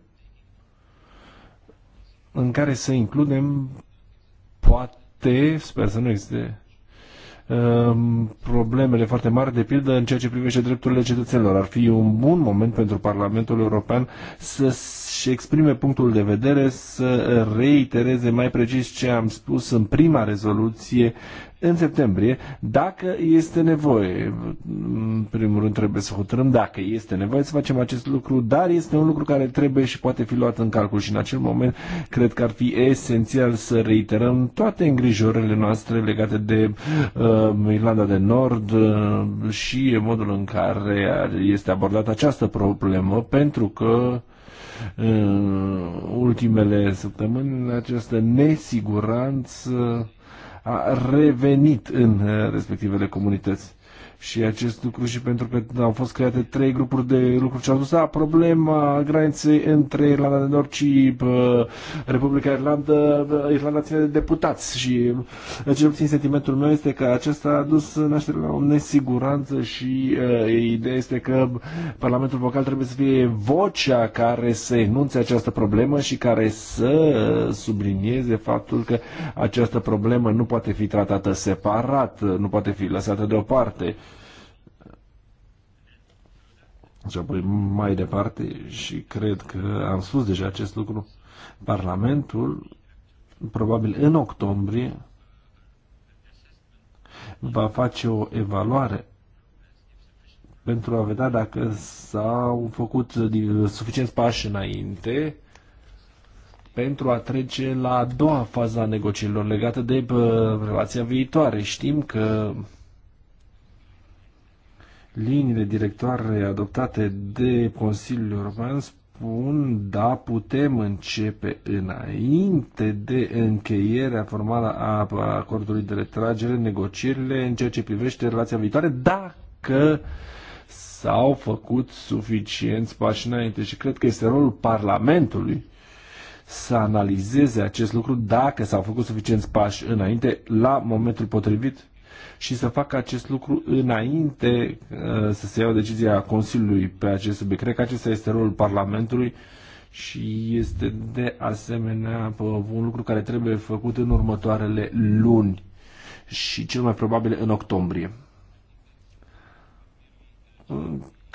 în care să includem poate, sper să nu existe um, problemele foarte mari, de pildă în ceea ce privește drepturile cetățenilor. Ar fi un bun moment pentru Parlamentul European să-și exprime punctul de vedere, să reitereze mai precis ce am spus în prima rezoluție în septembrie, dacă este nevoie. În primul rând trebuie să hotărâm dacă este nevoie să facem acest lucru, dar este un lucru care trebuie și poate fi luat în calcul și în acel moment cred că ar fi esențial să reiterăm toate îngrijorările noastre legate de uh, Irlanda de Nord uh, și modul în care este abordată această problemă, pentru că în uh, ultimele săptămâni această nesiguranță a revenit în uh, respectivele comunități și acest lucru și pentru că au fost create trei grupuri de lucruri ce au dus la problema graniței între Irlanda de Nord și Republica Irlanda, Irlanda ține de deputați și cel puțin sentimentul meu este că acesta a dus naștere la o nesiguranță și uh, ideea este că Parlamentul Vocal trebuie să fie vocea care să enunțe această problemă și care să ă, sublinieze faptul că această problemă nu poate fi tratată separat, nu poate fi lăsată deoparte și apoi mai departe și cred că am spus deja acest lucru, Parlamentul probabil în octombrie va face o evaluare pentru a vedea dacă s-au făcut suficient pași înainte pentru a trece la a doua fază a negocierilor legată de uh, relația viitoare. Știm că Liniile directoare adoptate de Consiliul European spun, da, putem începe înainte de încheierea formală a acordului de retragere, negocierile în ceea ce privește relația viitoare, dacă s-au făcut suficienți pași înainte și cred că este rolul Parlamentului să analizeze acest lucru dacă s-au făcut suficienți pași înainte la momentul potrivit și să facă acest lucru înainte uh, să se ia o decizie a Consiliului pe acest subiect. Cred că acesta este rolul Parlamentului și este de asemenea uh, un lucru care trebuie făcut în următoarele luni și cel mai probabil în octombrie.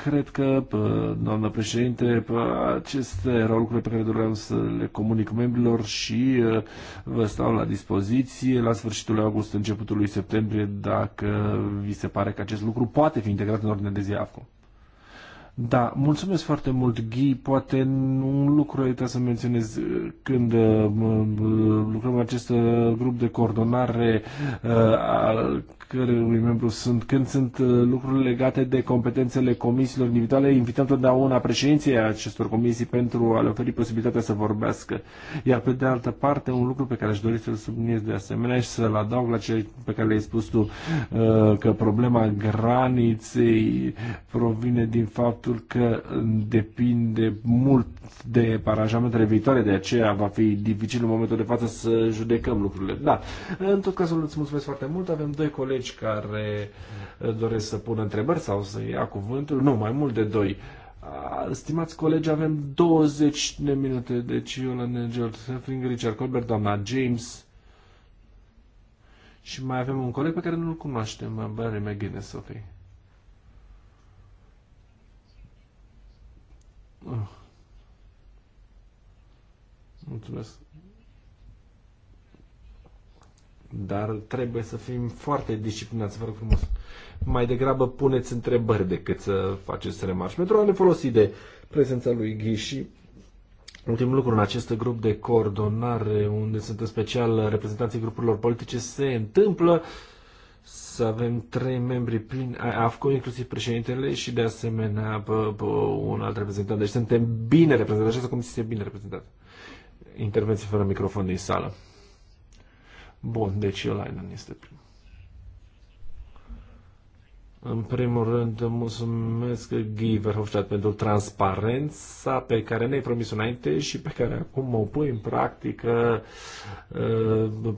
Cred că, doamnă președinte, aceste erau lucruri pe care doream să le comunic membrilor și vă stau la dispoziție la sfârșitul august, începutul lui septembrie, dacă vi se pare că acest lucru poate fi integrat în ordinea de zi AFCO. Da, mulțumesc foarte mult, Ghi. Poate un lucru ai să menționez când lucrăm în acest grup de coordonare al care membru sunt când sunt uh, lucruri legate de competențele comisiilor individuale. Invităm totdeauna președinția acestor comisii pentru a le oferi posibilitatea să vorbească. Iar pe de altă parte, un lucru pe care aș dori să-l subliniez de asemenea și să-l adaug la ce pe care le-ai spus tu, uh, că problema graniței provine din faptul că depinde mult de parajamentele viitoare, de aceea va fi dificil în momentul de față să judecăm lucrurile. Da, în tot cazul îți mulțumesc foarte mult, avem doi colegi colegi care eh, doresc să pună întrebări sau să ia cuvântul. Nu, mai mult de doi. Stimați colegi, avem 20 de minute. Deci la Nigel Suffering, Richard Colbert, doamna James și mai avem un coleg pe care nu-l cunoaștem, Barry McGuinness, Sophie. Uh. Oh. Mulțumesc dar trebuie să fim foarte disciplinați, vă rog frumos. Mai degrabă puneți întrebări decât să faceți remarci. Pentru a ne folosi de prezența lui Ghiși, ultimul lucru în acest grup de coordonare, unde sunt în special reprezentanții grupurilor politice, se întâmplă să avem trei membri plini AFCO, inclusiv președintele și de asemenea pă, pă, un alt reprezentant. Deci suntem bine reprezentați, această comisie este bine reprezentată. Intervenție fără microfon din sală. Bun, deci Iolainen este primul. În primul rând, mulțumesc Guy Verhofstadt pentru transparența pe care ne-ai promis înainte și pe care acum o pui în practică uh,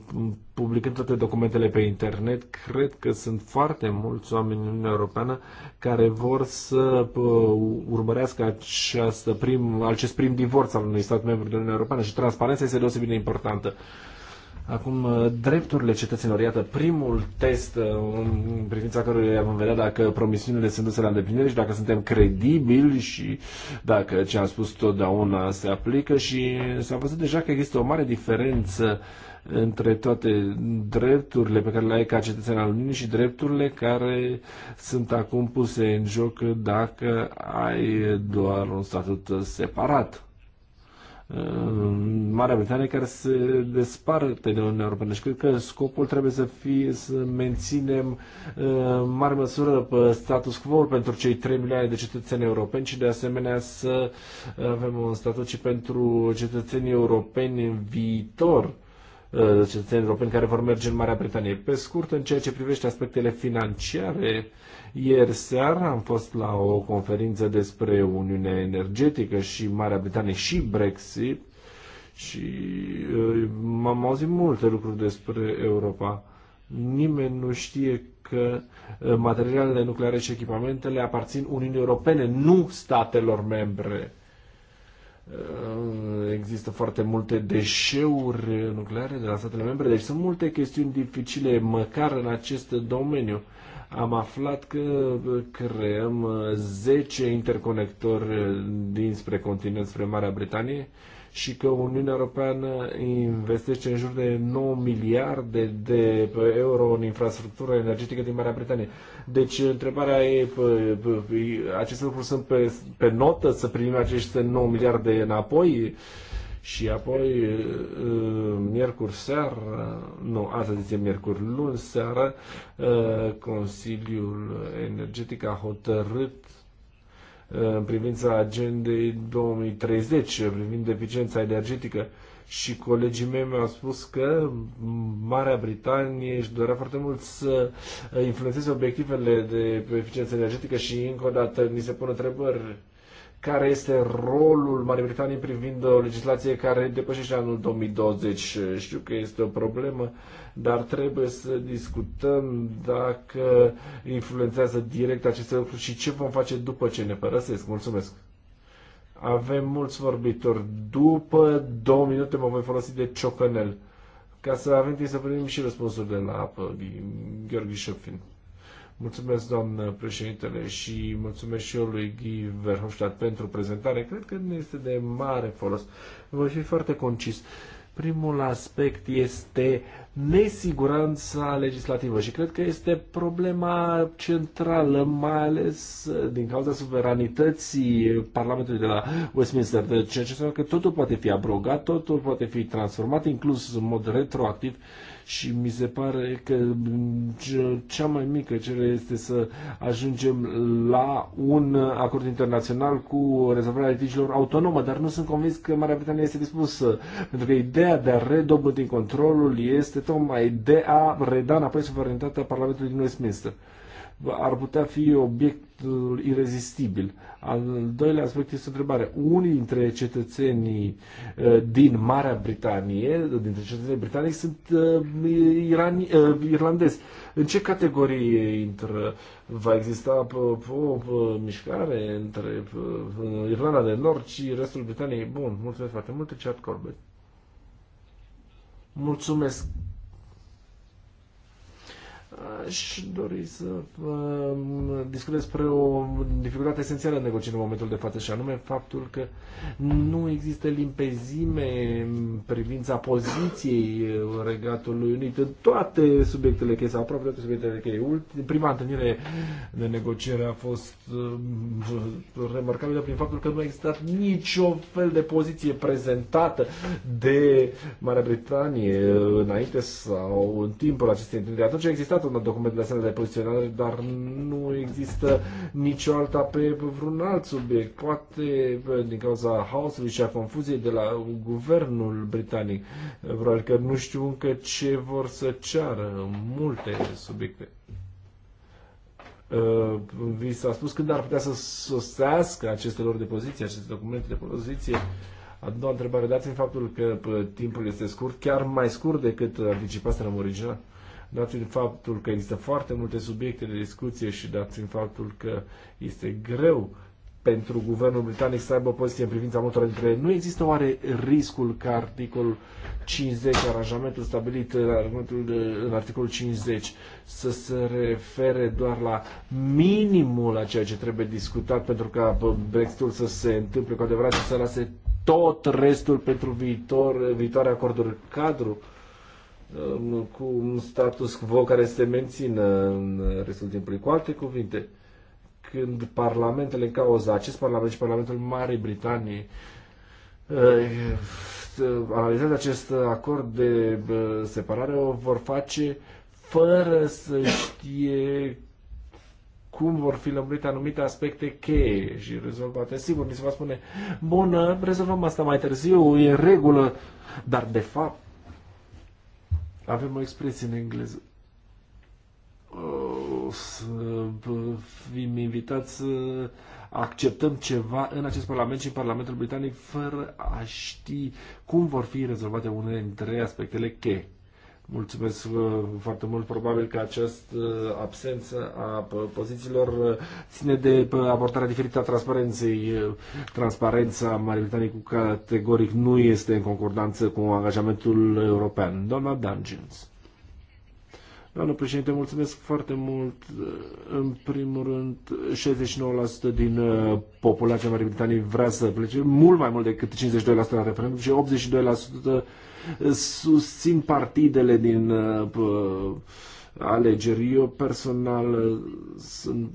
publicând toate documentele pe internet. Cred că sunt foarte mulți oameni în Uniunea Europeană care vor să uh, urmărească această prim, acest prim divorț al unui stat membru din Uniunea Europeană și transparența este deosebit de importantă. Uh, Acum, uh, drepturile cetățenilor, iată, primul test uh, în privința căruia vom vedea dacă promisiunile sunt duse la îndeplinire și dacă suntem credibili și dacă ce am spus totdeauna se aplică și s-a văzut deja că există o mare diferență între toate drepturile pe care le ai ca cetățean al Uniunii și drepturile care sunt acum puse în joc dacă ai doar un statut separat Marea Britanie care se desparte de Uniunea Europeană și cred că scopul trebuie să fie să menținem uh, în mare măsură status quo pentru cei 3 milioane de cetățeni europeni și de asemenea să avem un statut și pentru cetățenii europeni în viitor uh, cetățenii europeni care vor merge în Marea Britanie. Pe scurt, în ceea ce privește aspectele financiare, uh, ieri seara am fost la o conferință despre Uniunea Energetică și Marea Britanie și Brexit și uh, m-am auzit multe lucruri despre Europa. Nimeni nu știe că uh, materialele nucleare și echipamentele aparțin Uniunii Europene, nu statelor membre. Uh, există foarte multe deșeuri nucleare de la statele membre, deci sunt multe chestiuni dificile, măcar în acest domeniu am aflat că creăm 10 uh, interconectori uh, dinspre continent, spre Marea Britanie și că Uniunea Europeană investește în jur de 9 miliarde de euro în infrastructură energetică din Marea Britanie. Deci întrebarea e, aceste lucruri sunt pe, pe notă să primim aceste 9 miliarde înapoi? Uh, și apoi miercuri seara, nu, asta zice miercuri, luni seara, Consiliul Energetic a hotărât în privința agendei 2030, privind eficiența energetică și colegii mei mi-au spus că Marea Britanie își dorea foarte mult să influențeze obiectivele de eficiență energetică și încă o dată ni se pun întrebări care este rolul Marii Britanii privind o legislație care depășește anul 2020. Știu că este o problemă, dar trebuie să discutăm dacă influențează direct aceste lucruri și ce vom face după ce ne părăsesc. Mulțumesc! Avem mulți vorbitori. După două minute mă voi folosi de ciocănel ca să avem timp să primim și răspunsuri de la Gheorghe Șofin. Mulțumesc, doamnă președintele, și mulțumesc și eu lui Guy Verhofstadt pentru prezentare. Cred că nu este de mare folos. Voi fi foarte concis. Primul aspect este nesiguranța legislativă și cred că este problema centrală, mai ales uh, din cauza suveranității Parlamentului de la Westminster, deci ce înseamnă că totul poate fi abrogat, totul poate fi transformat, inclus în mod retroactiv și mi se pare că cea mai mică cerere este să ajungem la un acord internațional cu rezolvarea litigilor autonomă, dar nu sunt convins că Marea Britanie este dispusă, pentru că ideea de a redobândi controlul este tocmai de a reda înapoi suverenitatea Parlamentului din Westminster ar putea fi obiectul irezistibil. Al doilea aspect este întrebare Unii dintre cetățenii eh, din Marea Britanie, dintre cetățenii britanici, sunt eh, irani, eh, irlandezi. În ce categorie intră? Va exista o mișcare între Irlanda de Nord și restul Britaniei? Bun, mulțumesc foarte mult, Richard Corbett. Mulțumesc Aș dori să mm, discut despre o dificultate esențială în negocieri în momentul de față, și anume faptul că nu există limpezime în privința poziției Regatului Unit în toate subiectele cheie, sau aproape toate subiectele cheie. Prima întâlnire de negociere a fost mm, remarcabilă prin faptul că nu a existat nicio fel de poziție prezentată de Marea Britanie înainte sau în timpul acestei întâlniri. Atunci a existat menționat în documentele sale de poziționare, dar nu există nicio alta pe vreun alt subiect. Poate din cauza haosului și a confuziei de la guvernul britanic. Probabil că nu știu încă ce vor să ceară multe subiecte. Uh, vi s-a spus când ar putea să sosească aceste lor de poziție, aceste documente de poziție. A doua întrebare, dați în faptul că timpul este scurt, chiar mai scurt decât anticipați în original dat fiind faptul că există foarte multe subiecte de discuție și dat fiind faptul că este greu pentru guvernul britanic să aibă o poziție în privința multor dintre ele. Nu există oare riscul ca articolul 50, aranjamentul stabilit în articolul 50, să se refere doar la minimul a ceea ce trebuie discutat pentru ca Brexitul să se întâmple cu adevărat și să lase tot restul pentru viitor, viitoare acorduri cadru? Uh, cu un status quo care se mențină în restul timpului. Cu alte cuvinte, când parlamentele în cauza acest parlament și Parlamentul Marii Britanii uh, analizează acest acord de uh, separare, o vor face fără să știe cum vor fi lămurite anumite aspecte cheie și rezolvate. Sigur, mi se va spune, bună, rezolvăm asta mai târziu, e în regulă, dar de fapt avem o expresie în engleză. O să fim invitați să acceptăm ceva în acest Parlament și în Parlamentul Britanic fără a ști cum vor fi rezolvate unele dintre aspectele cheie. Mulțumesc uh, foarte mult. Probabil că această uh, absență a uh, pozițiilor ține de abordarea diferită a transparenței. Transparența Marii Britanii cu categoric nu este în concordanță cu angajamentul european. Doamna Dungeons. Doamna președinte, mulțumesc foarte mult. În primul rând, 69% din populația Marii Britanii vrea să plece, mult mai mult decât 52% la referendum și 82% susțin partidele din uh, alegeri. Eu personal uh, sunt,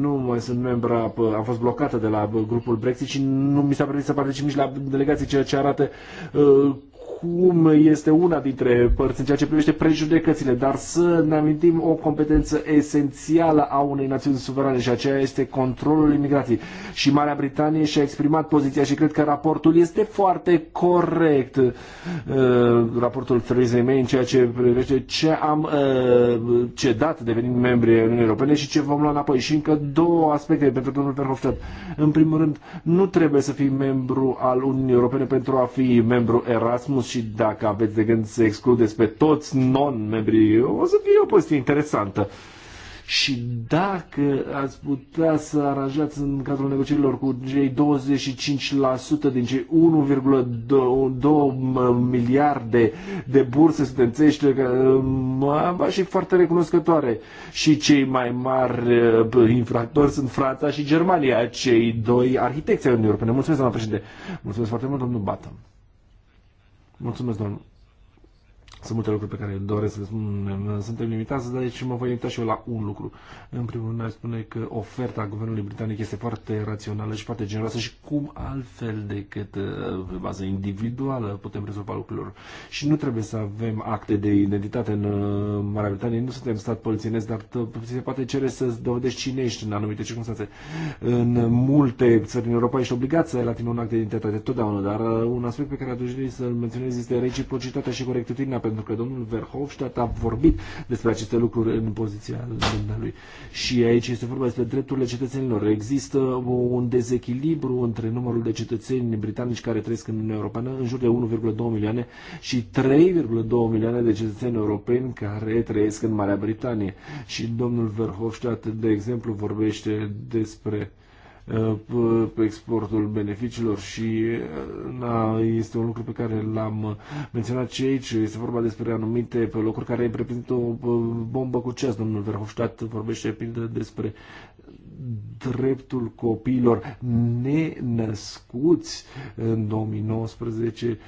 nu mai sunt membra, uh, am fost blocată de la grupul Brexit și nu mi s-a permis să particip nici la delegații, ceea ce arată uh, cum este una dintre părți în ceea ce privește prejudecățile, dar să ne amintim o competență esențială a unei națiuni suverane și aceea este controlul imigrației. Și Marea Britanie și-a exprimat poziția și cred că raportul este foarte corect, uh, raportul Theresa May în ceea ce privește ce am uh, cedat devenind membri în Uniunii Europene și ce vom lua înapoi. Și încă două aspecte pentru domnul Verhofstadt. În primul rând, nu trebuie să fii membru al Uniunii Europene pentru a fi membru Erasmus și dacă aveți de gând să excludeți pe toți non-membrii, o să fie o poziție interesantă. Și dacă ați putea să aranjați în cadrul negocierilor cu cei 25% din cei 1,2 miliarde de burse studențești, um, v-aș fi foarte recunoscătoare. Și cei mai mari uh, infractori sunt Franța și Germania, cei doi arhitecți ai Uniunii Europene. Mulțumesc, doamna președinte. Mulțumesc foarte mult, domnul Batam. Mulțumesc, domnule. Sunt multe lucruri pe care doresc să le spun. Suntem limitați, dar aici mă voi limita și eu la un lucru. În primul rând, spune că oferta guvernului britanic este foarte rațională și foarte generoasă și cum altfel decât uh, pe bază individuală putem rezolva lucrurilor. Și nu trebuie să avem acte de identitate în uh, Marea Britanie. Nu suntem stat polițienesc, dar se poate cere să dovedești cine ești în anumite circunstanțe. În multe țări din Europa ești obligat să ai la tine un act de identitate totdeauna, dar uh, un aspect pe care aș să-l menționez este reciprocitatea și corectitudinea pentru pentru că domnul Verhofstadt a vorbit despre aceste lucruri în poziția lui, Și aici este vorba despre drepturile cetățenilor. Există un dezechilibru între numărul de cetățeni britanici care trăiesc în Uniunea Europeană, în jur de 1,2 milioane și 3,2 milioane de cetățeni europeni care trăiesc în Marea Britanie. Și domnul Verhofstadt, de exemplu, vorbește despre uh, Uh, exportul beneficiilor și uh, na, este un lucru pe care l-am menționat și aici. Este vorba despre anumite locuri care reprezintă o uh, bombă cu ceas. Domnul Verhofstadt vorbește despre dreptul copiilor nenăscuți în 2019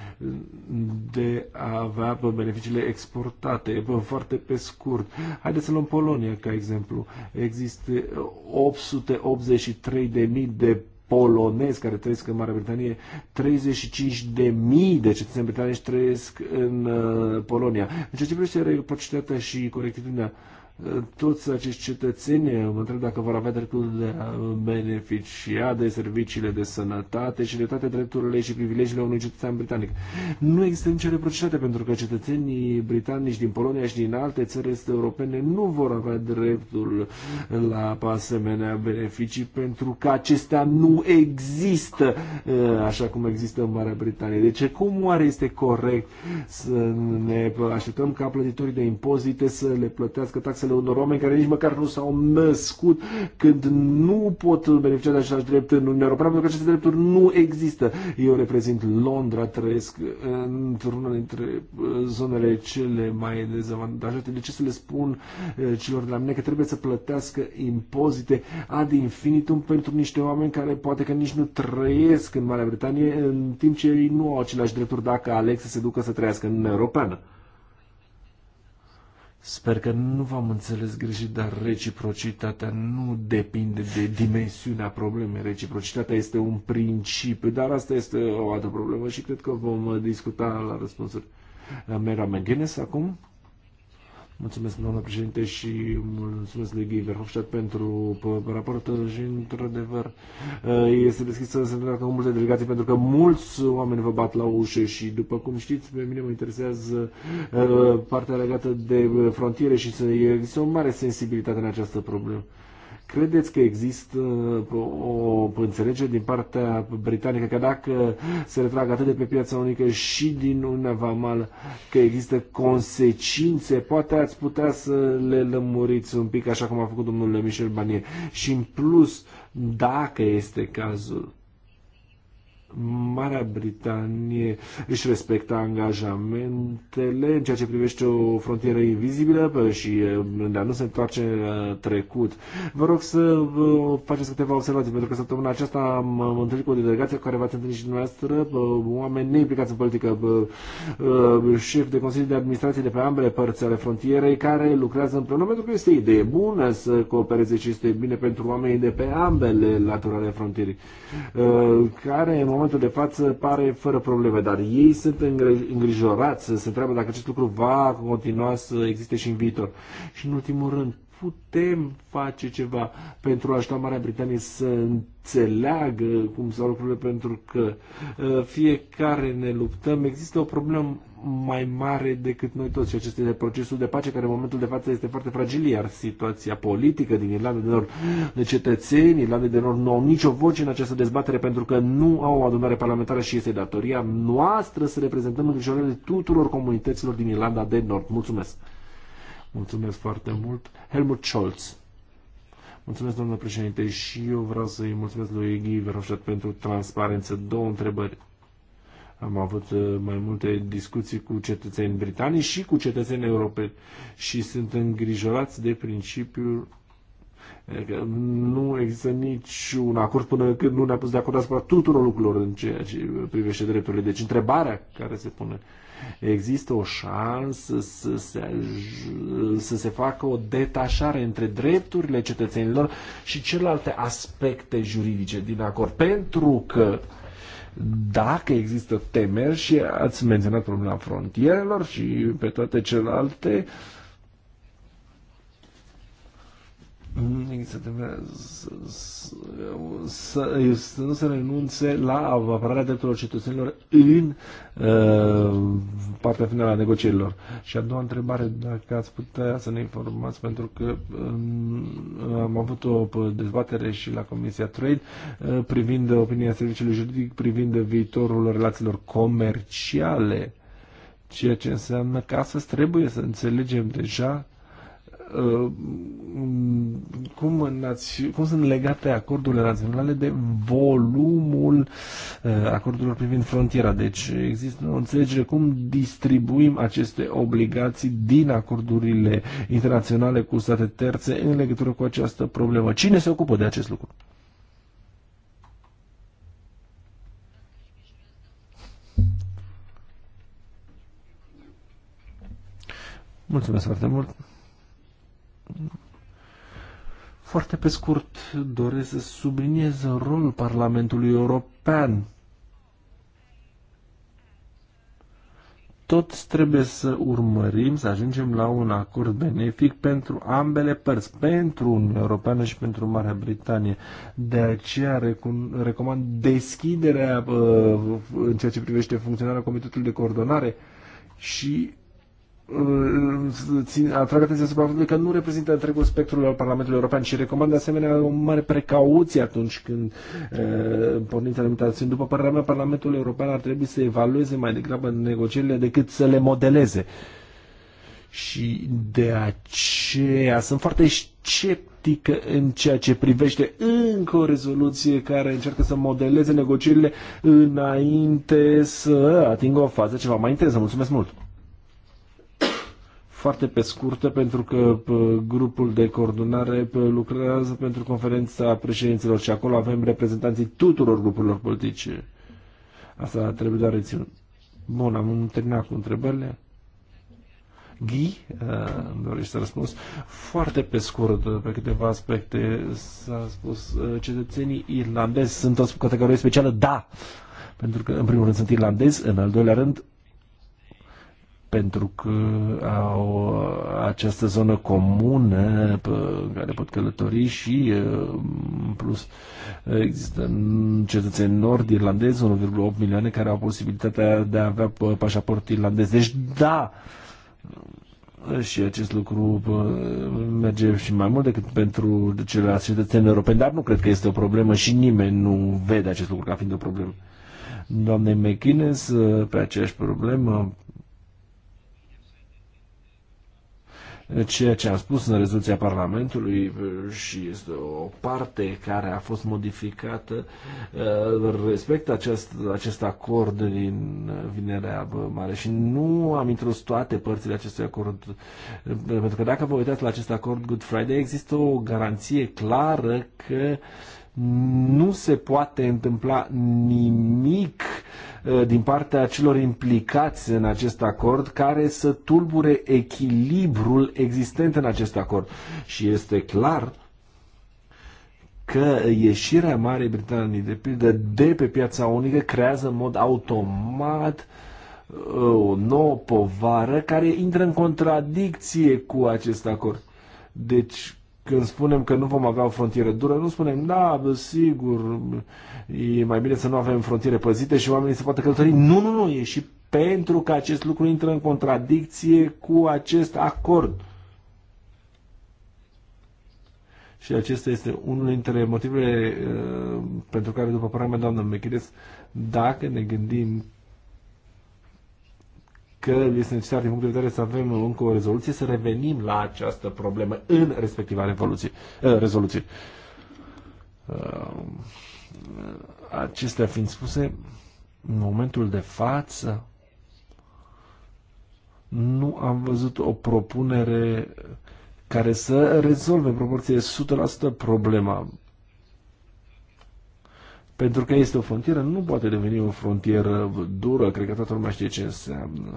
de a avea beneficiile exportate. Foarte pe scurt, haideți să luăm Polonia ca exemplu. Există 883.000 de de polonezi care trăiesc în Marea Britanie, 35 de mii de cetățeni britanici trăiesc în uh, Polonia. În ceea ce privește reciprocitatea și corectitudinea, uh, toți acești cetățeni, mă întreb dacă vor avea dreptul de a beneficia de serviciile de sănătate și de toate drepturile și privilegiile unui cetățean britanic. Nu există nicio reprocitate pentru că cetățenii britanici din Polonia și din alte țări este europene nu vor avea dreptul la asemenea beneficii pentru că acestea nu există eh, așa cum există în Marea Britanie. Deci cum oare este corect să ne așteptăm ca plătitorii de impozite să le plătească taxele casele unor oameni care nici măcar nu s-au născut, când nu pot beneficia de același drept în Uniunea Europeană, pentru că aceste drepturi nu există. Eu reprezint Londra, trăiesc într-una dintre uh, zonele cele mai dezavantajate. De ce să le spun uh, celor de la mine că trebuie să plătească impozite ad infinitum pentru niște oameni care poate că nici nu trăiesc în Marea Britanie, în timp ce ei nu au aceleași drepturi dacă aleg să se ducă să trăiască în Uniunea Europeană. Sper că nu v-am înțeles greșit, dar reciprocitatea nu depinde de dimensiunea problemei. Reciprocitatea este un principiu, dar asta este o altă problemă și cred că vom uh, discuta la răspunsuri. Uh, Mera McGuinness acum? Mulțumesc, doamnă președinte, și mulțumesc lui Guy Verhofstadt pentru raport și, într-adevăr, eh, este deschis să se întâlnească cu multe delegații pentru că mulți oameni vă bat la ușă și, după cum știți, pe mine mă interesează eh, partea legată de frontiere și există o mare sensibilitate în această problemă. Credeți că există uh, o înțelegere din partea britanică că dacă se retrag atât de pe piața unică și din Uniunea Vamală, că există consecințe? Poate ați putea să le lămuriți un pic, așa cum a făcut domnul Michel Barnier. Și în plus, dacă este cazul, Marea Britanie își respectă angajamentele în ceea ce privește o frontieră invizibilă și de a nu se întoarce trecut. Vă rog să faceți câteva observații, pentru că săptămâna aceasta am întâlnit cu o delegație cu care v-ați întâlnit și dumneavoastră, oameni neimplicați în politică, șef de Consiliu de Administrație de pe ambele părți ale frontierei, care lucrează împreună, pentru că este idee bună să coopereze și este bine pentru oamenii de pe ambele laturi ale frontierii, care în momentul de față pare fără probleme, dar ei sunt îngrijorați, se întreabă dacă acest lucru va continua să existe și în viitor. Și în ultimul rând, putem face ceva pentru a da ajuta Marea Britanie să înțeleagă cum stau lucrurile, pentru că uh, fiecare ne luptăm. Există o problemă mai mare decât noi toți și acest este procesul de pace care în momentul de față este foarte fragil, iar situația politică din Irlanda de Nord, de cetățeni Irlanda de Nord nu au nicio voce în această dezbatere pentru că nu au o adunare parlamentară și este datoria noastră să reprezentăm îngrijorările tuturor comunităților din Irlanda de Nord. Mulțumesc! Mulțumesc foarte mult. Helmut Scholz. Mulțumesc, domnule președinte, și eu vreau să-i mulțumesc lui Ghi Verhofstadt pentru transparență. Două întrebări. Am avut uh, mai multe discuții cu cetățeni britanici și cu cetățeni europeni și sunt îngrijorați de principiul eh, că nu există niciun acord până când nu ne-a pus de acord asupra tuturor lucrurilor în ceea ce privește drepturile. Deci întrebarea care se pune există o șansă să se, să se facă o detașare între drepturile cetățenilor și celelalte aspecte juridice din acord. Pentru că dacă există temeri și ați menționat problema frontierelor și pe toate celelalte, uh, Ei, să, să, să nu se renunțe la apărarea drepturilor cetățenilor în uh, partea finală a negocierilor. Și a doua întrebare, dacă ați putea să ne informați, pentru că um, am avut o dezbatere și la Comisia Trade uh, privind opinia serviciului juridic, privind viitorul relațiilor comerciale, ceea ce înseamnă că astăzi trebuie să înțelegem deja Uh, um, cum, cum sunt legate acordurile naționale de volumul uh, acordurilor privind frontiera. Deci există o înțelegere cum distribuim aceste obligații din acordurile internaționale cu state terțe în legătură cu această problemă. Cine se ocupă de acest lucru? Mulțumesc foarte mult. Foarte pe scurt, doresc să subliniez rolul Parlamentului European. Toți trebuie să urmărim, să ajungem la un acord benefic pentru ambele părți, pentru Uniunea Europeană și pentru Marea Britanie. De aceea recomand deschiderea uh, în ceea ce privește funcționarea Comitetului de Coordonare și Uh, atrag atenția asupra faptului că nu reprezintă întregul spectrul al Parlamentului European și recomand de asemenea o mare precauție atunci când uh, pornim anumite acțiuni. După părerea mea, Parlamentul European ar trebui să evalueze mai degrabă negocierile decât să le modeleze. Și de aceea sunt foarte sceptică în ceea ce privește încă o rezoluție care încearcă să modeleze negocierile înainte să atingă o fază ceva mai intensă. Mulțumesc mult! foarte pe scurtă, pentru că grupul de coordonare lucrează pentru conferința președinților și acolo avem reprezentanții tuturor grupurilor politice. Asta trebuie doar reținut. Bun, am terminat cu întrebările. Ghi, uh, îmi dorești să răspuns. Foarte pe scurt, pe câteva aspecte, s-a spus, uh, cetățenii irlandezi sunt o categorie specială? Da! Pentru că, în primul rând, sunt irlandezi, în al doilea rând, pentru că au această zonă comună pe care pot călători și în plus există cetățeni nord-irlandezi, 1,8 milioane care au posibilitatea de a avea pașaport irlandez. Deci da, și acest lucru merge și mai mult decât pentru celelalți cetățeni europeni, dar nu cred că este o problemă și nimeni nu vede acest lucru ca fiind o problemă. Doamne McInnes, pe aceeași problemă, ceea ce am spus în rezoluția Parlamentului uh, și este o parte care a fost modificată uh, respectă acest, acest acord din Vinerea Mare și nu am introdus toate părțile acestui acord uh, pentru că dacă vă uitați la acest acord Good Friday există o garanție clară că uh, nu se poate întâmpla nimic uh, din partea celor implicați în acest acord care să tulbure echilibrul existent în acest acord. Și este clar că ieșirea Marii Britanii de pildă de pe piața unică creează în mod automat uh, o nouă povară care intră în contradicție cu acest acord. Deci când spunem că nu vom avea o frontieră dură, nu spunem, da, sigur, e mai bine să nu avem frontiere păzite și oamenii se poată călători. Nu, nu, nu, e și pentru că acest lucru intră în contradicție cu acest acord. Și acesta este unul dintre motivele uh, pentru care, după părerea mea, doamnă Mechides, dacă ne gândim că este necesar din punct de vedere să avem încă o rezoluție, să revenim la această problemă în respectiva revoluție, uh, rezoluție. Uh, acestea fiind spuse, în momentul de față nu am văzut o propunere care să rezolve în proporție 100% problema pentru că este o frontieră, nu poate deveni o frontieră dură, cred că toată lumea știe ce înseamnă.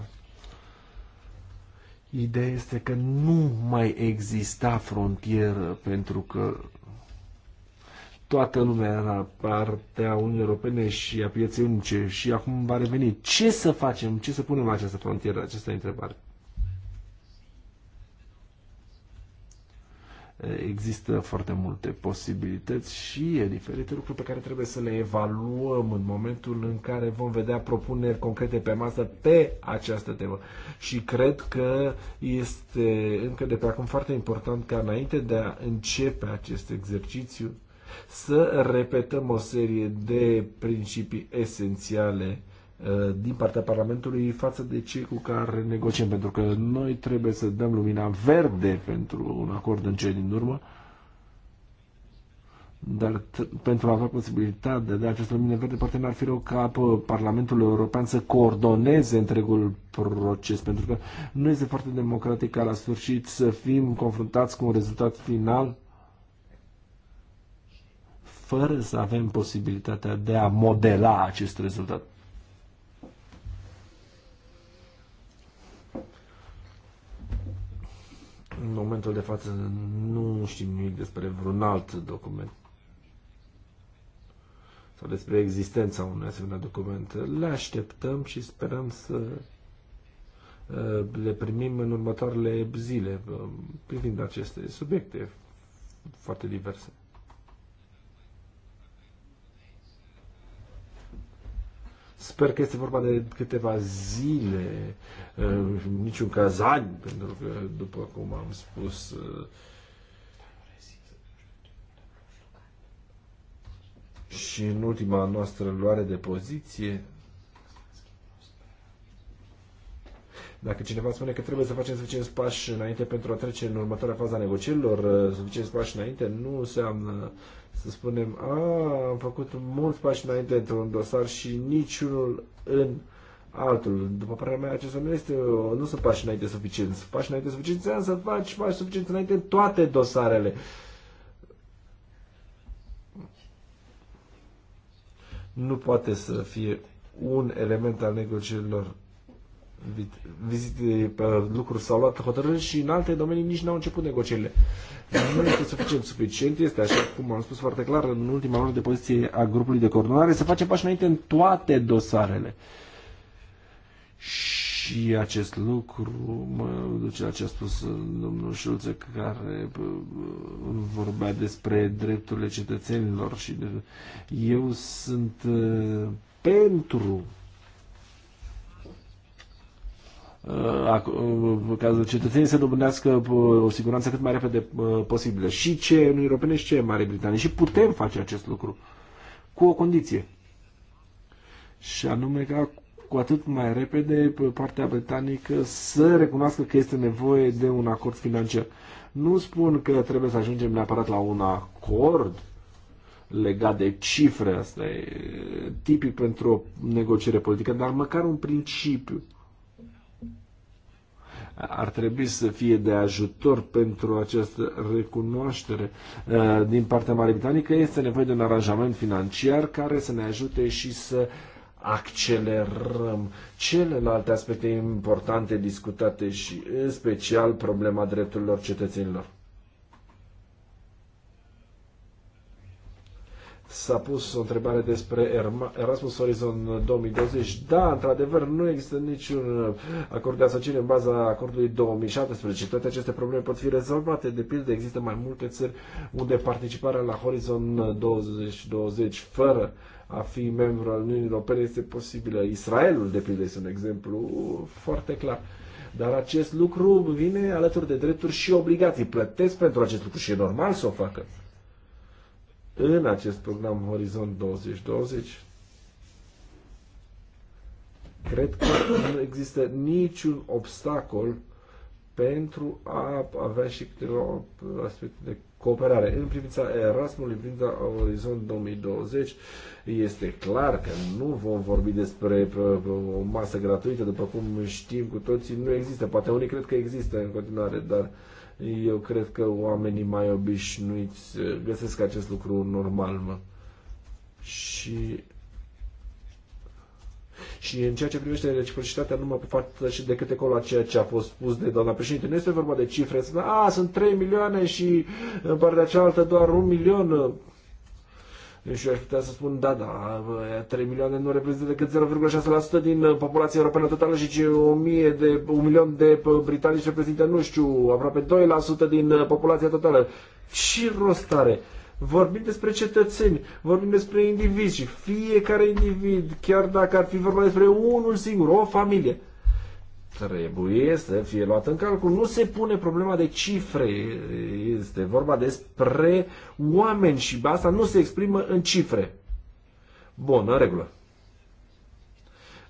Ideea este că nu mai exista frontieră pentru că toată lumea era partea Uniunii Europene și a pieței unice și acum va reveni. Ce să facem? Ce să punem la această frontieră? Aceasta e întrebare. Există foarte multe posibilități și e diferite lucruri pe care trebuie să le evaluăm în momentul în care vom vedea propuneri concrete pe masă pe această temă. Și cred că este încă de pe acum foarte important ca înainte de a începe acest exercițiu să repetăm o serie de principii esențiale Uh, din partea Parlamentului față de cei cu care negociem, pentru că noi trebuie să dăm lumina verde pentru un acord în cei din urmă, dar pentru a avea posibilitatea de a da această lumină verde, poate n-ar fi rău ca Parlamentul European să coordoneze întregul proces, pentru că nu este foarte democratic ca la sfârșit să fim confruntați cu un rezultat final fără să avem posibilitatea de a modela acest rezultat. În momentul de față nu știm nimic despre vreun alt document sau despre existența unui asemenea document. Le așteptăm și sperăm să eh, le primim în următoarele zile eh, privind aceste subiecte foarte diverse. Sper că este vorba de câteva zile, în niciun caz ani, pentru că, după cum am spus, și în ultima noastră luare de poziție, dacă cineva spune că trebuie să facem suficient pași înainte pentru a trece în următoarea fază a negocierilor, suficient pași înainte, nu înseamnă uh, să spunem, a, am făcut mulți pași înainte într-un dosar și niciunul în altul. După părerea mea, acesta nu este, nu sunt pași înainte suficienți. Pași înainte suficient, înseamnă să faci pași suficient înainte în toate dosarele. Nu poate să fie un element al negocierilor vizite, lucruri s-au luat hotărâri și în alte domenii nici n-au început negocierile. Nu este suficient. Suficient este, așa cum am spus foarte clar în ultima lună de poziție a grupului de coordonare, să facem pași înainte în toate dosarele. Și acest lucru mă duce la ce a spus domnul Șulță, care uh, vorbea despre drepturile cetățenilor și de... eu sunt uh, pentru Uh, uh, ca cetățenii să dobândească uh, o siguranță cât mai repede posibilă. Și ce în Europene și ce Marea Britanie. Și putem face acest lucru cu o condiție. Și anume ca cu atât mai repede partea britanică să recunoască că este nevoie de un acord financiar. Nu spun că trebuie să ajungem neapărat la un acord legat de cifre, asta e tipic pentru o negociere politică, dar măcar un principiu ar trebui să fie de ajutor pentru această recunoaștere uh, din partea Marii Britanică, este nevoie de un aranjament financiar care să ne ajute și să accelerăm celelalte aspecte importante discutate și în special problema drepturilor cetățenilor. S-a pus o întrebare despre Erasmus Horizon 2020. Da, într-adevăr, nu există niciun acord de asociere în baza acordului 2017. Toate aceste probleme pot fi rezolvate. De pildă, există mai multe țări unde participarea la Horizon 2020 fără a fi membru al Uniunii Europene este posibilă. Israelul, de pildă, este un exemplu foarte clar. Dar acest lucru vine alături de drepturi și obligații. Plătesc pentru acest lucru și e normal să o facă în acest program Horizont 2020 cred că nu există niciun obstacol pentru a avea și câteva aspecte de cooperare. În privința Erasmusului, în privința Orizont 2020, este clar că nu vom vorbi despre uh, o masă gratuită, după cum știm cu toții, nu există. Poate unii cred că există în continuare, dar uh, eu cred că oamenii mai obișnuiți eh, găsesc acest lucru normal, mă. Și și în ceea ce privește reciprocitatea, nu mă fac și decât acolo ceea ce a fost spus de doamna președinte. Nu este vorba de cifre, spune, a, sunt 3 milioane și în partea cealaltă doar 1 milion și aș putea să spun, da, da, 3 milioane nu reprezintă decât 0,6% din uh, populația europeană totală și ce 1000 de, 1 milion de uh, britanici reprezintă, nu știu, aproape 2% din uh, populația totală. Ce rost are? Vorbim despre cetățeni, vorbim despre indivizi și fiecare individ, chiar dacă ar fi vorba despre unul singur, o familie, trebuie să fie luată în calcul. Nu se pune problema de cifre, este vorba despre oameni și asta nu se exprimă în cifre. Bun, în regulă.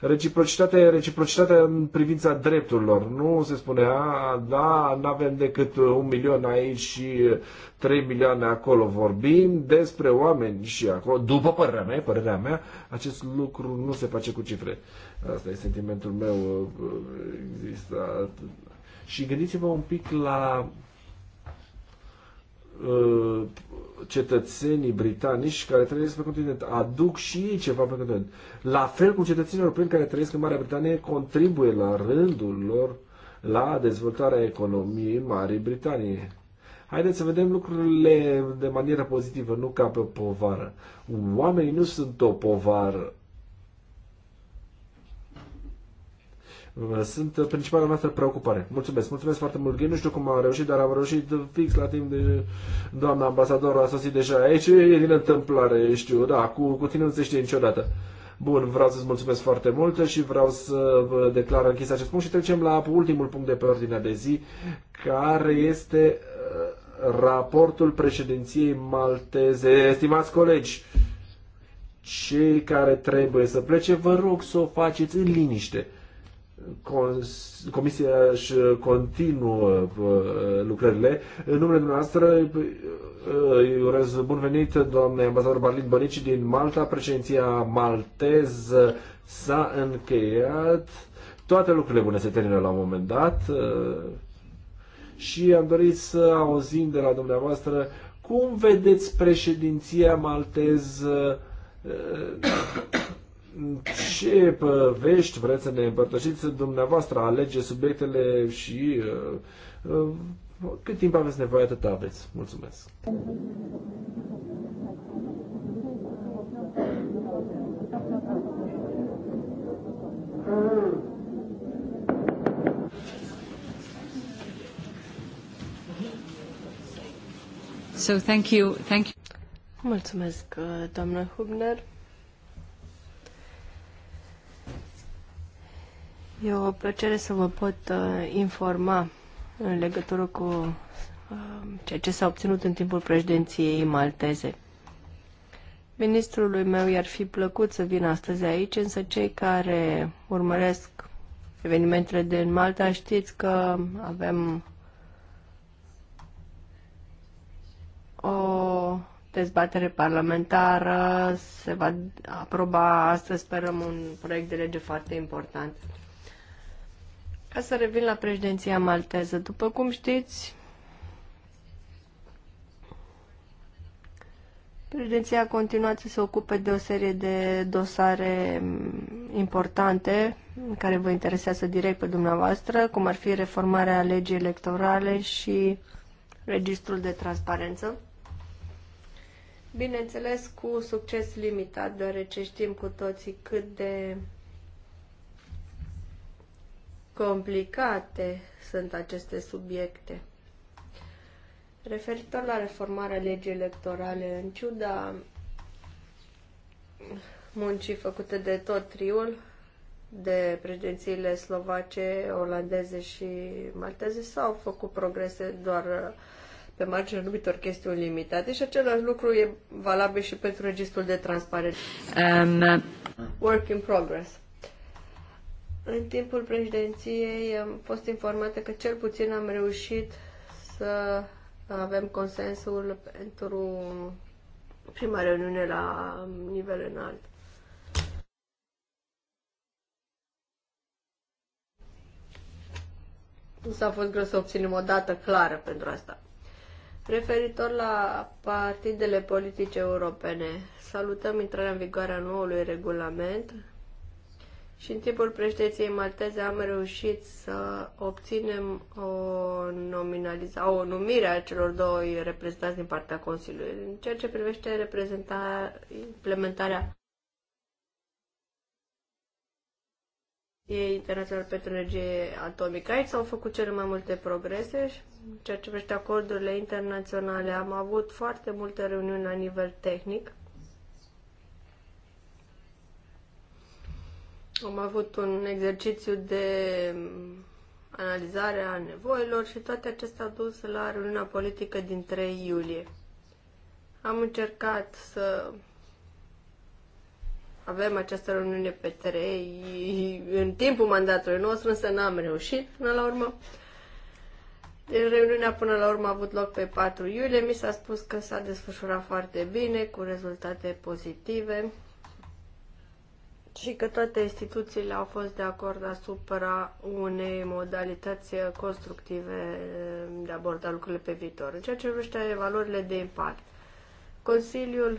Reciprocitate, reciprocitate în privința drepturilor. Nu se spune, a, da, nu avem decât un milion aici și trei milioane acolo. Vorbim despre oameni și acolo. După părerea mea, părerea mea, acest lucru nu se face cu cifre. Asta e sentimentul meu. Există. Și gândiți-vă un pic la Uh, cetățenii britanici care trăiesc pe continent. Aduc și ei ceva pe continent. La fel cum cetățenii europeni care trăiesc în Marea Britanie contribuie la rândul lor la dezvoltarea economiei Marii Britanie. Haideți să vedem lucrurile de manieră pozitivă, nu ca pe o povară. Oamenii nu sunt o povară. sunt principala noastră preocupare. Mulțumesc, mulțumesc foarte mult, Ghi. Nu știu cum am reușit, dar am reușit fix la timp de doamna ambasador a sosit deja aici. E din întâmplare, știu, da, cu, cu tine nu se știe niciodată. Bun, vreau să-ți mulțumesc foarte mult și vreau să vă declar închis acest punct și trecem la ultimul punct de pe ordinea de zi, care este uh, raportul președinției malteze. Estimați colegi, cei care trebuie să plece, vă rog să o faceți în liniște. Comisia își continuă uh, lucrările. În numele dumneavoastră uh, îi urez bun venit doamnei ambasador Barlin Bănici din Malta. Președinția malteză s-a încheiat. Toate lucrurile bune se termină la un moment dat uh, și am dorit să auzim de la dumneavoastră cum vedeți președinția malteză ce vești vreți să ne împărtășiți dumneavoastră? Alege subiectele și uh, uh, cât timp aveți nevoie, atât aveți. Mulțumesc! So thank you, thank you. Mulțumesc, uh, doamnă Hubner. E o plăcere să vă pot uh, informa în legătură cu uh, ceea ce s-a obținut în timpul președinției malteze. Ministrului meu i-ar fi plăcut să vină astăzi aici, însă cei care urmăresc evenimentele din Malta știți că avem o dezbatere parlamentară, se va aproba astăzi, sperăm, un proiect de lege foarte important. Ca să revin la președinția malteză, după cum știți, președinția a continuat să se ocupe de o serie de dosare importante care vă interesează direct pe dumneavoastră, cum ar fi reformarea legii electorale și registrul de transparență. Bineînțeles, cu succes limitat, deoarece știm cu toții cât de complicate sunt aceste subiecte. Referitor la reformarea legii electorale, în ciuda muncii făcute de tot triul, de președințiile slovace, olandeze și malteze, s-au făcut progrese doar pe marginea anumitor chestiuni limitate și același lucru e valabil și pentru registrul de transparență. Um, Work in progress. În timpul președinției am fost informată că cel puțin am reușit să avem consensul pentru prima reuniune la nivel înalt. Nu s-a fost greu să obținem o dată clară pentru asta. Referitor la partidele politice europene, salutăm intrarea în vigoare a noului regulament și în timpul președinției malteze am reușit să obținem o, nominalizare, o numire a celor doi reprezentanți din partea Consiliului. În ceea ce privește reprezentarea implementarea ei internațional pentru energie atomică. Aici s-au făcut cele mai multe progrese și în ceea ce privește acordurile internaționale am avut foarte multe reuniuni la nivel tehnic Am avut un exercițiu de analizare a nevoilor și toate acestea duse la reuniunea politică din 3 iulie. Am încercat să avem această reuniune pe 3 în timpul mandatului nostru, însă n-am reușit până la urmă. Deci reuniunea până la urmă a avut loc pe 4 iulie. Mi s-a spus că s-a desfășurat foarte bine, cu rezultate pozitive și că toate instituțiile au fost de acord asupra unei modalități constructive de a aborda lucrurile pe viitor. În ceea ce vrește valorile de impact, Consiliul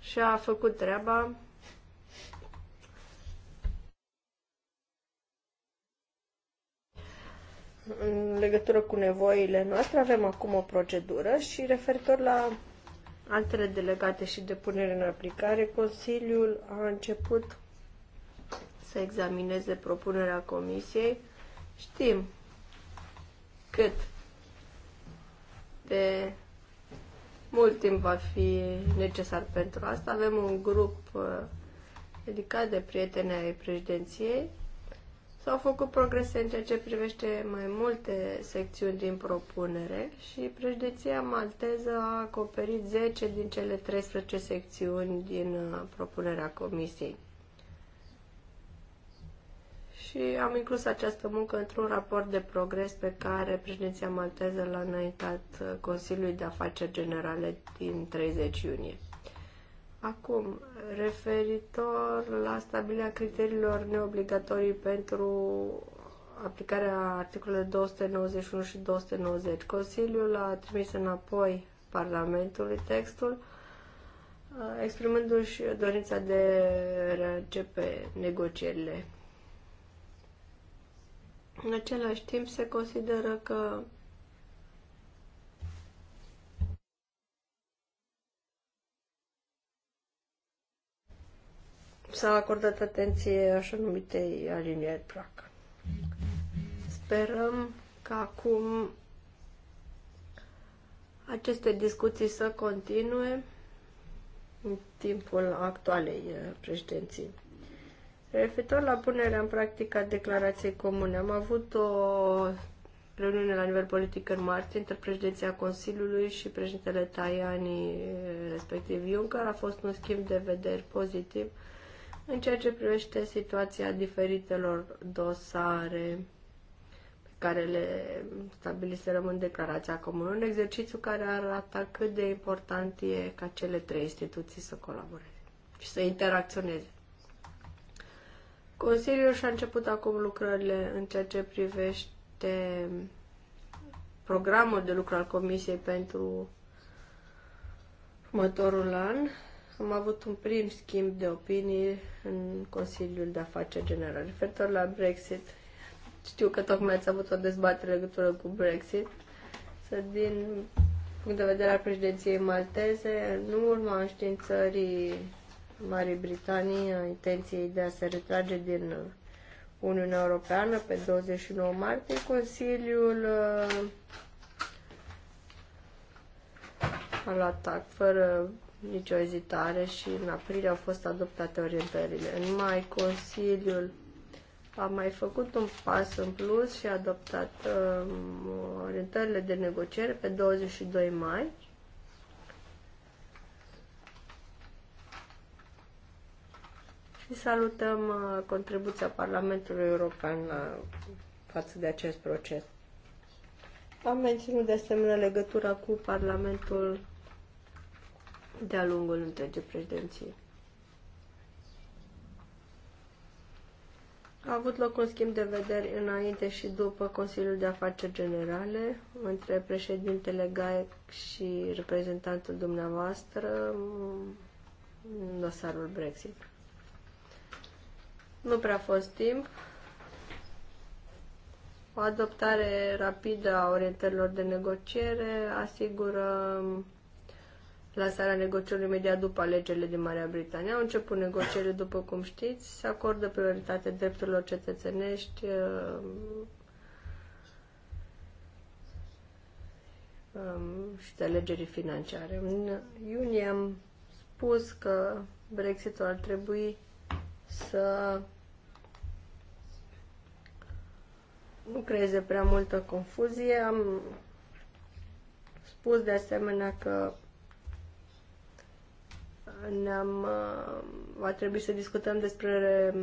și-a făcut treaba în legătură cu nevoile noastre. Avem acum o procedură și referitor la Altele delegate și de punere în aplicare, Consiliul a început să examineze propunerea Comisiei. Știm cât de mult timp va fi necesar pentru asta. Avem un grup uh, dedicat de prieteni ai președinției S-au făcut progrese în ceea ce privește mai multe secțiuni din propunere și președinția malteză a acoperit 10 din cele 13 secțiuni din uh, propunerea comisiei. Și am inclus această muncă într-un raport de progres pe care președinția malteză l-a înaintat uh, Consiliului de Afaceri Generale din 30 iunie. Acum, referitor la stabilirea criteriilor neobligatorii pentru aplicarea articolelor 291 și 290, Consiliul a trimis înapoi Parlamentului textul, uh, exprimându-și dorința de a începe negocierile. În același timp, se consideră că s-a acordat atenție așa numitei alinieri plac. Sperăm că acum aceste discuții să continue în timpul actualei eh, președinții. Referitor la punerea în practică a declarației comune, am avut o reuniune la nivel politic în martie între președinția Consiliului și președintele Tajani, eh, respectiv Juncker. A fost un schimb de vederi pozitiv în ceea ce privește situația diferitelor dosare pe care le stabiliserăm în declarația comună, un exercițiu care arată cât de important e ca cele trei instituții să colaboreze și să interacționeze. Consiliul și-a început acum lucrările în ceea ce privește programul de lucru al Comisiei pentru următorul an am avut un prim schimb de opinii în Consiliul de Afaceri general referitor la Brexit. Știu că tocmai ați avut o dezbatere legătură cu Brexit, să din punct de vedere al președinției malteze, în urma înștiințării Marii Britanii a intenției de a se retrage din Uniunea Europeană pe 29 martie, Consiliul uh, a luat act fără nicio ezitare și în aprilie au fost adoptate orientările. În mai, Consiliul a mai făcut un pas în plus și a adoptat um, orientările de negociere pe 22 mai. Și salutăm uh, contribuția Parlamentului European la, față de acest proces. Am menținut de asemenea legătura cu Parlamentul de-a lungul întregii președinții. A avut loc un schimb de vederi înainte și după Consiliul de Afaceri Generale între președintele GAEC și reprezentantul dumneavoastră în dosarul Brexit. Nu prea a fost timp. O adoptare rapidă a orientărilor de negociere asigură lansarea negocierilor imediat după alegerile din Marea Britanie. Au început negocierile, după cum știți, se acordă prioritate drepturilor cetățenești, uh, um, și de alegerii financiare. În iunie am spus că Brexitul ar trebui să nu creeze prea multă confuzie. Am spus de asemenea că ne-am, uh, va trebui să discutăm despre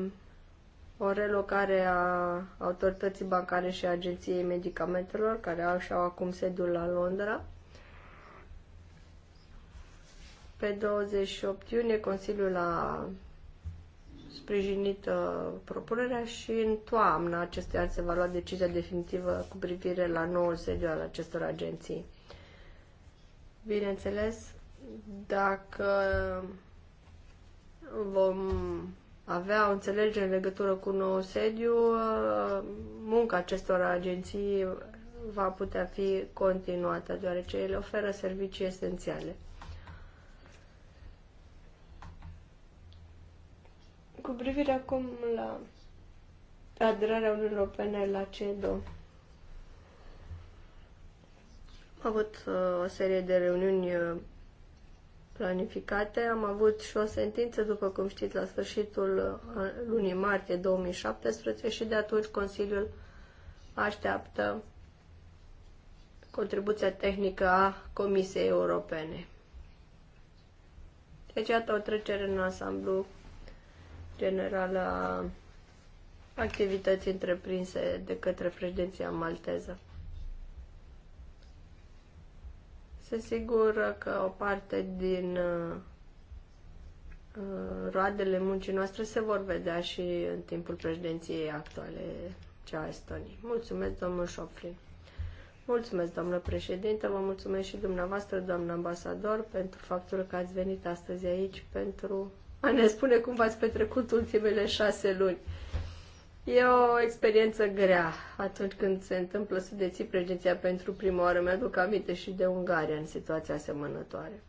o relocare a autorității bancare și agenției medicamentelor, care au și au acum sediul la Londra. Pe 28 iunie, Consiliul a sprijinit uh, propunerea și în toamna acestui an se va lua decizia definitivă cu privire la noul sediu al acestor agenții. Bineînțeles, dacă vom avea o înțelegere în legătură cu nou sediu, munca acestor agenții va putea fi continuată, deoarece ele oferă servicii esențiale. Cu privire acum la aderarea Uniunii Europene la CEDO, am avut uh, o serie de reuniuni uh, planificate. Am avut și o sentință, după cum știți, la sfârșitul uh, lunii martie 2017 și de atunci Consiliul așteaptă contribuția tehnică a Comisiei Europene. Deci, iată o trecere în ansamblu generală a activității întreprinse de către președinția malteză. se asigură că o parte din uh, uh, roadele muncii noastre se vor vedea și în timpul președinției actuale, cea a Estoniei. Mulțumesc, domnul Șoflin. Mulțumesc, domnule președinte, vă mulțumesc și dumneavoastră, doamnă ambasador, pentru faptul că ați venit astăzi aici pentru a ne spune cum v-ați petrecut ultimele șase luni. E o experiență grea atunci când se întâmplă să deții președinția pentru prima oară. Mi-aduc aminte și de Ungaria în situația asemănătoare.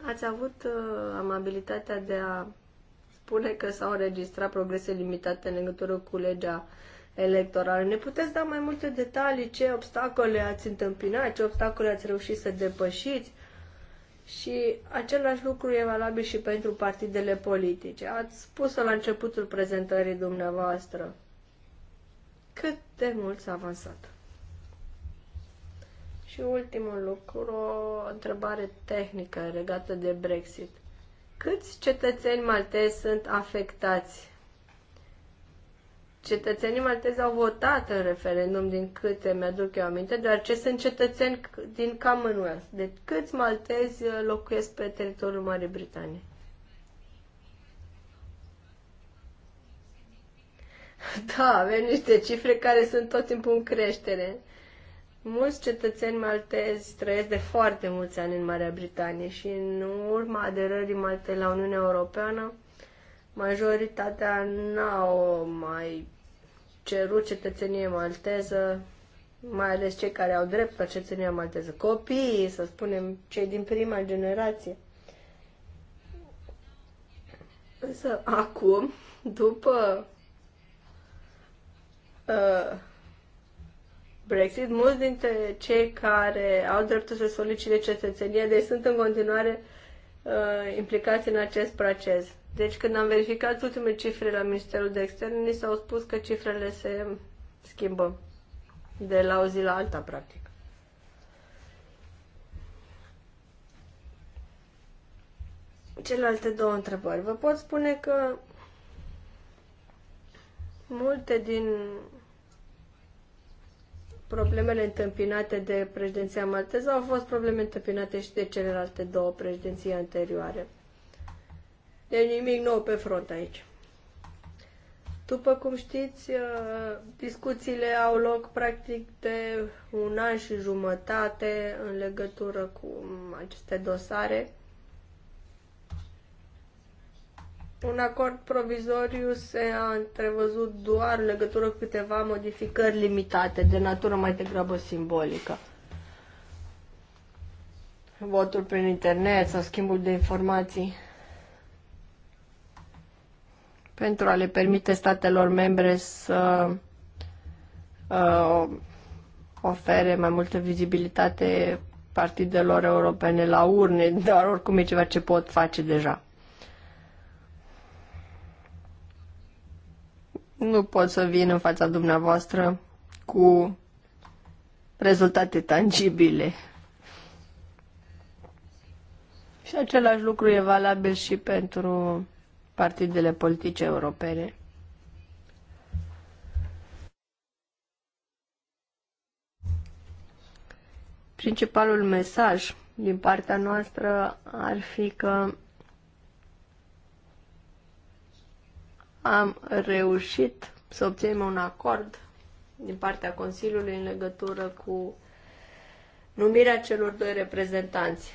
Ați avut uh, amabilitatea de a spune că s-au înregistrat progrese limitate în legătură cu legea electorală. Ne puteți da mai multe detalii? Ce obstacole ați întâmpinat? Ce obstacole ați reușit să depășiți? Și același lucru e valabil și pentru partidele politice. Ați spus-o la începutul prezentării dumneavoastră. Cât de mult s-a avansat? Și ultimul lucru, o întrebare tehnică legată de Brexit. Câți cetățeni maltezi sunt afectați cetățenii maltezi au votat în referendum, din câte mi-aduc eu aminte, deoarece sunt cetățeni din Commonwealth. De deci, câți maltezi uh, locuiesc pe teritoriul Marii Britanii? Da, avem niște cifre care sunt tot timpul în creștere. Mulți cetățeni maltezi trăiesc de foarte mulți ani în Marea Britanie și în urma aderării Maltei la Uniunea Europeană, majoritatea n-au mai cerut cetățenie malteză, mai ales cei care au drept la cetățenia malteză, copiii, să spunem, cei din prima generație. Însă acum, după uh, Brexit, mulți dintre cei care au dreptul să solicite cetățenie, deci sunt în continuare uh, uh, implicați în acest proces. Deci când am verificat ultimele cifre la Ministerul de Externe, ni s-au spus că cifrele se schimbă de la o zi la alta, practic. Celelalte două întrebări. Vă pot spune că multe din problemele întâmpinate de președinția malteză au fost probleme întâmpinate și de celelalte două președinții anterioare. Deci nimic nou pe front aici. După cum știți, uh, discuțiile au loc practic de un an și jumătate în legătură cu aceste dosare. Un acord provizoriu se a întrevăzut doar în legătură cu câteva modificări limitate, de natură mai degrabă simbolică. Votul prin internet sau schimbul de informații pentru a le permite statelor membre să uh, ofere mai multă vizibilitate partidelor europene la urne, dar oricum e ceva ce pot face deja. nu pot să vin în fața dumneavoastră cu rezultate tangibile. Și același lucru e valabil și pentru partidele politice europene. Principalul mesaj din partea noastră ar fi că am reușit să obținem un acord din partea Consiliului în legătură cu numirea celor doi reprezentanți.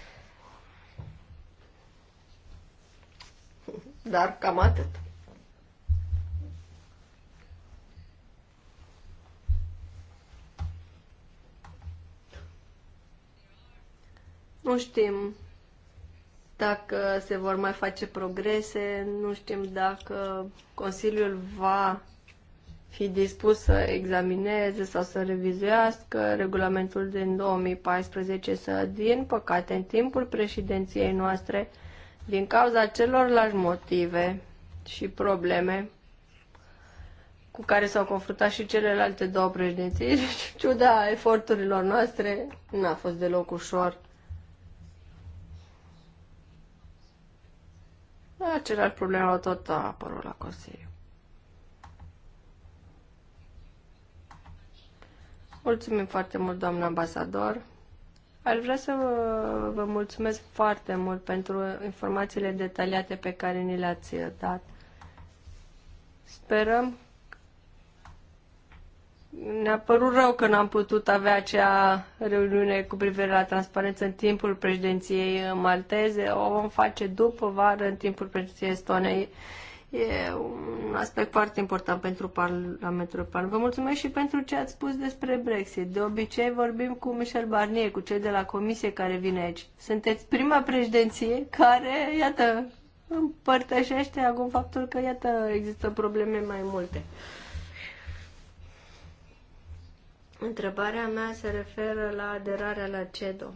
Dar cam atât. Nu știm dacă se vor mai face progrese, nu știm dacă Consiliul va fi dispus să examineze sau să revizuiască regulamentul din 2014, să, din păcate, în timpul președinției noastre, din cauza celorlalți motive și probleme cu care s-au confruntat și celelalte două președinții, ciuda eforturilor noastre, n-a fost deloc ușor Același problemă tot a apărut la Consiliu. Mulțumim foarte mult, doamnă ambasador. Aș vrea să vă, vă mulțumesc foarte mult pentru informațiile detaliate pe care ni le-ați dat. Sperăm ne-a părut rău că n-am putut avea acea reuniune cu privire la transparență în timpul președinției malteze. O vom face după vară, în timpul președinției Estonei. E un aspect foarte important pentru Parlamentul European. Vă mulțumesc și pentru ce ați spus despre Brexit. De obicei vorbim cu Michel Barnier, cu cei de la comisie care vine aici. Sunteți prima președinție care, iată, împărtășește acum faptul că, iată, există probleme mai multe. Întrebarea mea se referă la aderarea la CEDO.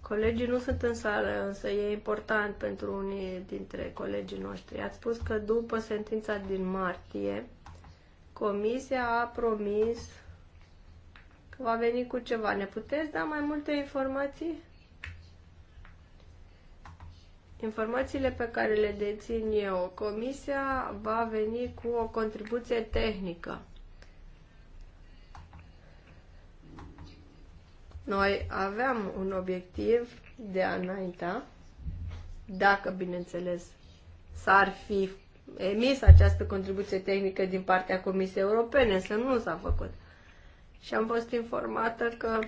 Colegii nu sunt în sală, însă e important pentru unii dintre colegii noștri. Ați spus că după sentința din martie, Comisia a promis că va veni cu ceva. Ne puteți da mai multe informații? Informațiile pe care le dețin eu, Comisia va veni cu o contribuție tehnică Noi aveam un obiectiv de a înainta, dacă, bineînțeles, s-ar fi emis această contribuție tehnică din partea Comisiei Europene, însă nu s-a făcut. Și am fost informată că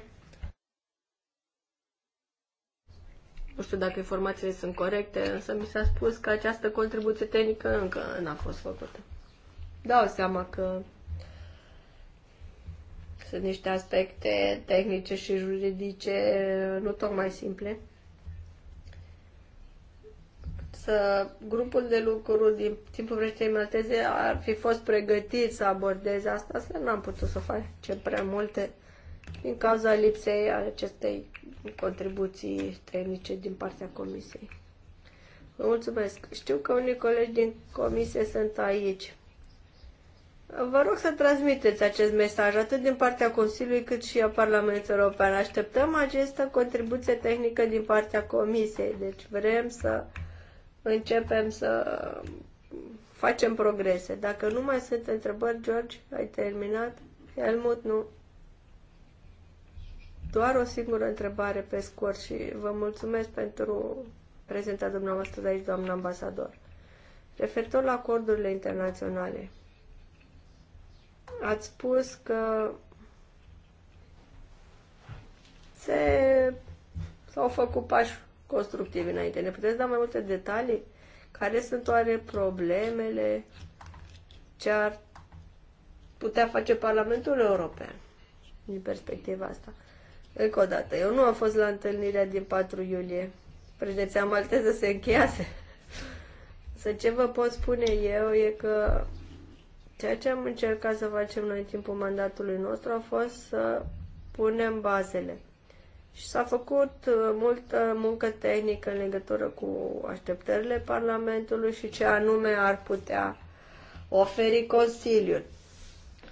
nu știu dacă informațiile sunt corecte, însă mi s-a spus că această contribuție tehnică încă n-a fost făcută. Dau seama că sunt niște aspecte tehnice și juridice nu tocmai simple. Să grupul de lucru din timpul președinției malteze ar fi fost pregătit să abordeze asta, să n-am putut să facem prea multe din cauza lipsei acestei contribuții tehnice din partea comisiei. Vă mulțumesc. Știu că unii colegi din comisie sunt aici. Vă rog să transmiteți acest mesaj atât din partea Consiliului cât și a Parlamentului European. Așteptăm această contribuție tehnică din partea Comisiei, deci vrem să începem să facem progrese. Dacă nu mai sunt întrebări, George, ai terminat? Helmut, nu. Doar o singură întrebare pe scurt și vă mulțumesc pentru prezentarea dumneavoastră de aici, doamnă ambasador. Referitor la acordurile internaționale, ați spus că se s-au făcut pași constructivi înainte. Ne puteți da mai multe detalii? Care sunt oare problemele? Ce ar putea face Parlamentul European din perspectiva asta? Încă o dată, eu nu am fost la întâlnirea din 4 iulie. alte să se încheiase. Să ce vă pot spune eu e că Ceea ce am încercat să facem noi în timpul mandatului nostru a fost să punem bazele. Și s-a făcut uh, multă muncă tehnică în legătură cu așteptările Parlamentului și ce anume ar putea oferi Consiliul.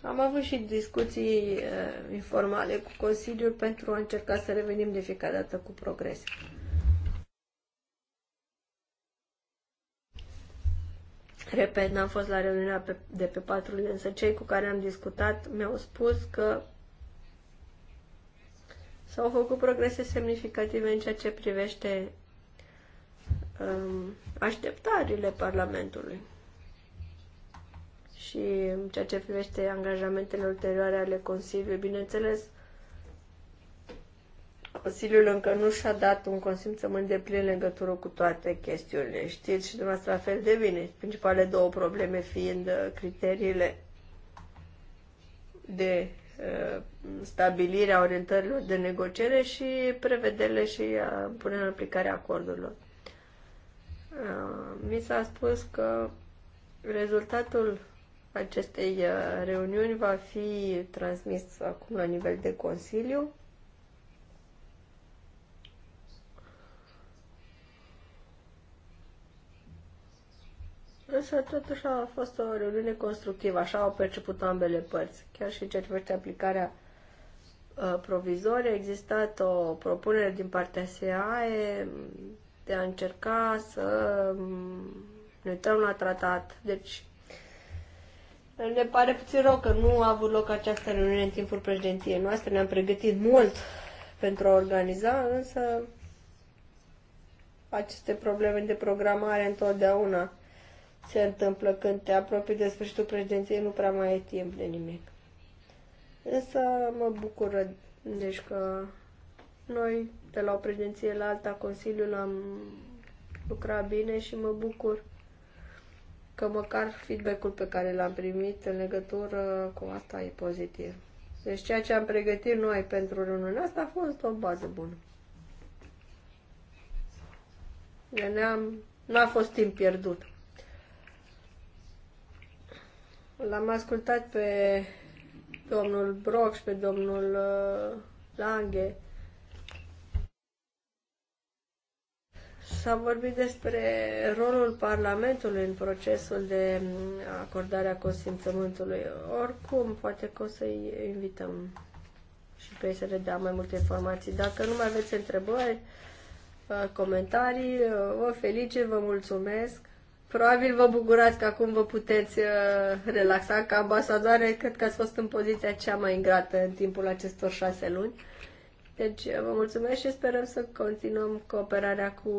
Am avut și discuții uh, informale cu Consiliul pentru a încerca să revenim de fiecare dată cu progrese. Repet, n-am fost la reuniunea pe, de pe patru luni, însă cei cu care am discutat mi-au spus că s-au făcut progrese semnificative în ceea ce privește um, așteptările Parlamentului și în ceea ce privește angajamentele ulterioare ale Consiliului, bineînțeles, Consiliul încă nu și-a dat un consimțământ de plin legătură cu toate chestiunile. Știți și dumneavoastră la fel de bine. Principale două probleme fiind uh, criteriile de uh, stabilire a orientărilor de negociere și prevederile și punerea în aplicare acordurilor. Uh, mi s-a spus că rezultatul acestei uh, reuniuni va fi transmis acum la nivel de Consiliu Însă, totuși, a fost o reuniune constructivă, așa au perceput ambele părți. Chiar și în ce privește aplicarea uh, provizorie, a existat o propunere din partea SEAE de a încerca să mm, ne uităm la tratat. Deci, ne pare puțin rău că nu a avut loc această reuniune în timpul președinției noastre. Ne-am pregătit mult pentru a organiza, însă aceste probleme de programare întotdeauna se întâmplă când te apropii de sfârșitul președinției, nu prea mai ai timp de nimic. Însă mă bucură, deci că noi de la o președinție la alta Consiliul am lucrat bine și mă bucur că măcar feedback-ul pe care l-am primit în legătură cu asta e pozitiv. Deci ceea ce am pregătit noi pentru reuniunea asta a fost o bază bună. Deci Ne-am, n-a fost timp pierdut. L-am ascultat pe domnul Brox, pe domnul uh, Lange. S-a vorbit despre rolul Parlamentului în procesul de mm, acordare a consimțământului. Oricum, poate că o să-i invităm și pe ei să le dea mai multe informații. Dacă nu mai aveți întrebări, uh, comentarii, uh, vă felicit, vă mulțumesc Probabil vă bucurați că acum vă puteți uh, relaxa ca ambasadoare. Cred că ați fost în poziția cea mai ingrată în timpul acestor șase luni. Deci uh, vă mulțumesc și sperăm să continuăm cooperarea cu,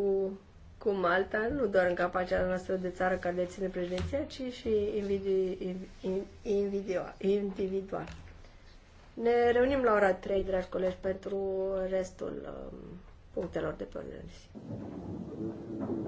cu Malta, nu doar în capacitatea noastră de țară care deține președinția, ci și individual. Ne reunim la ora 3, dragi colegi, pentru restul um, punctelor de pe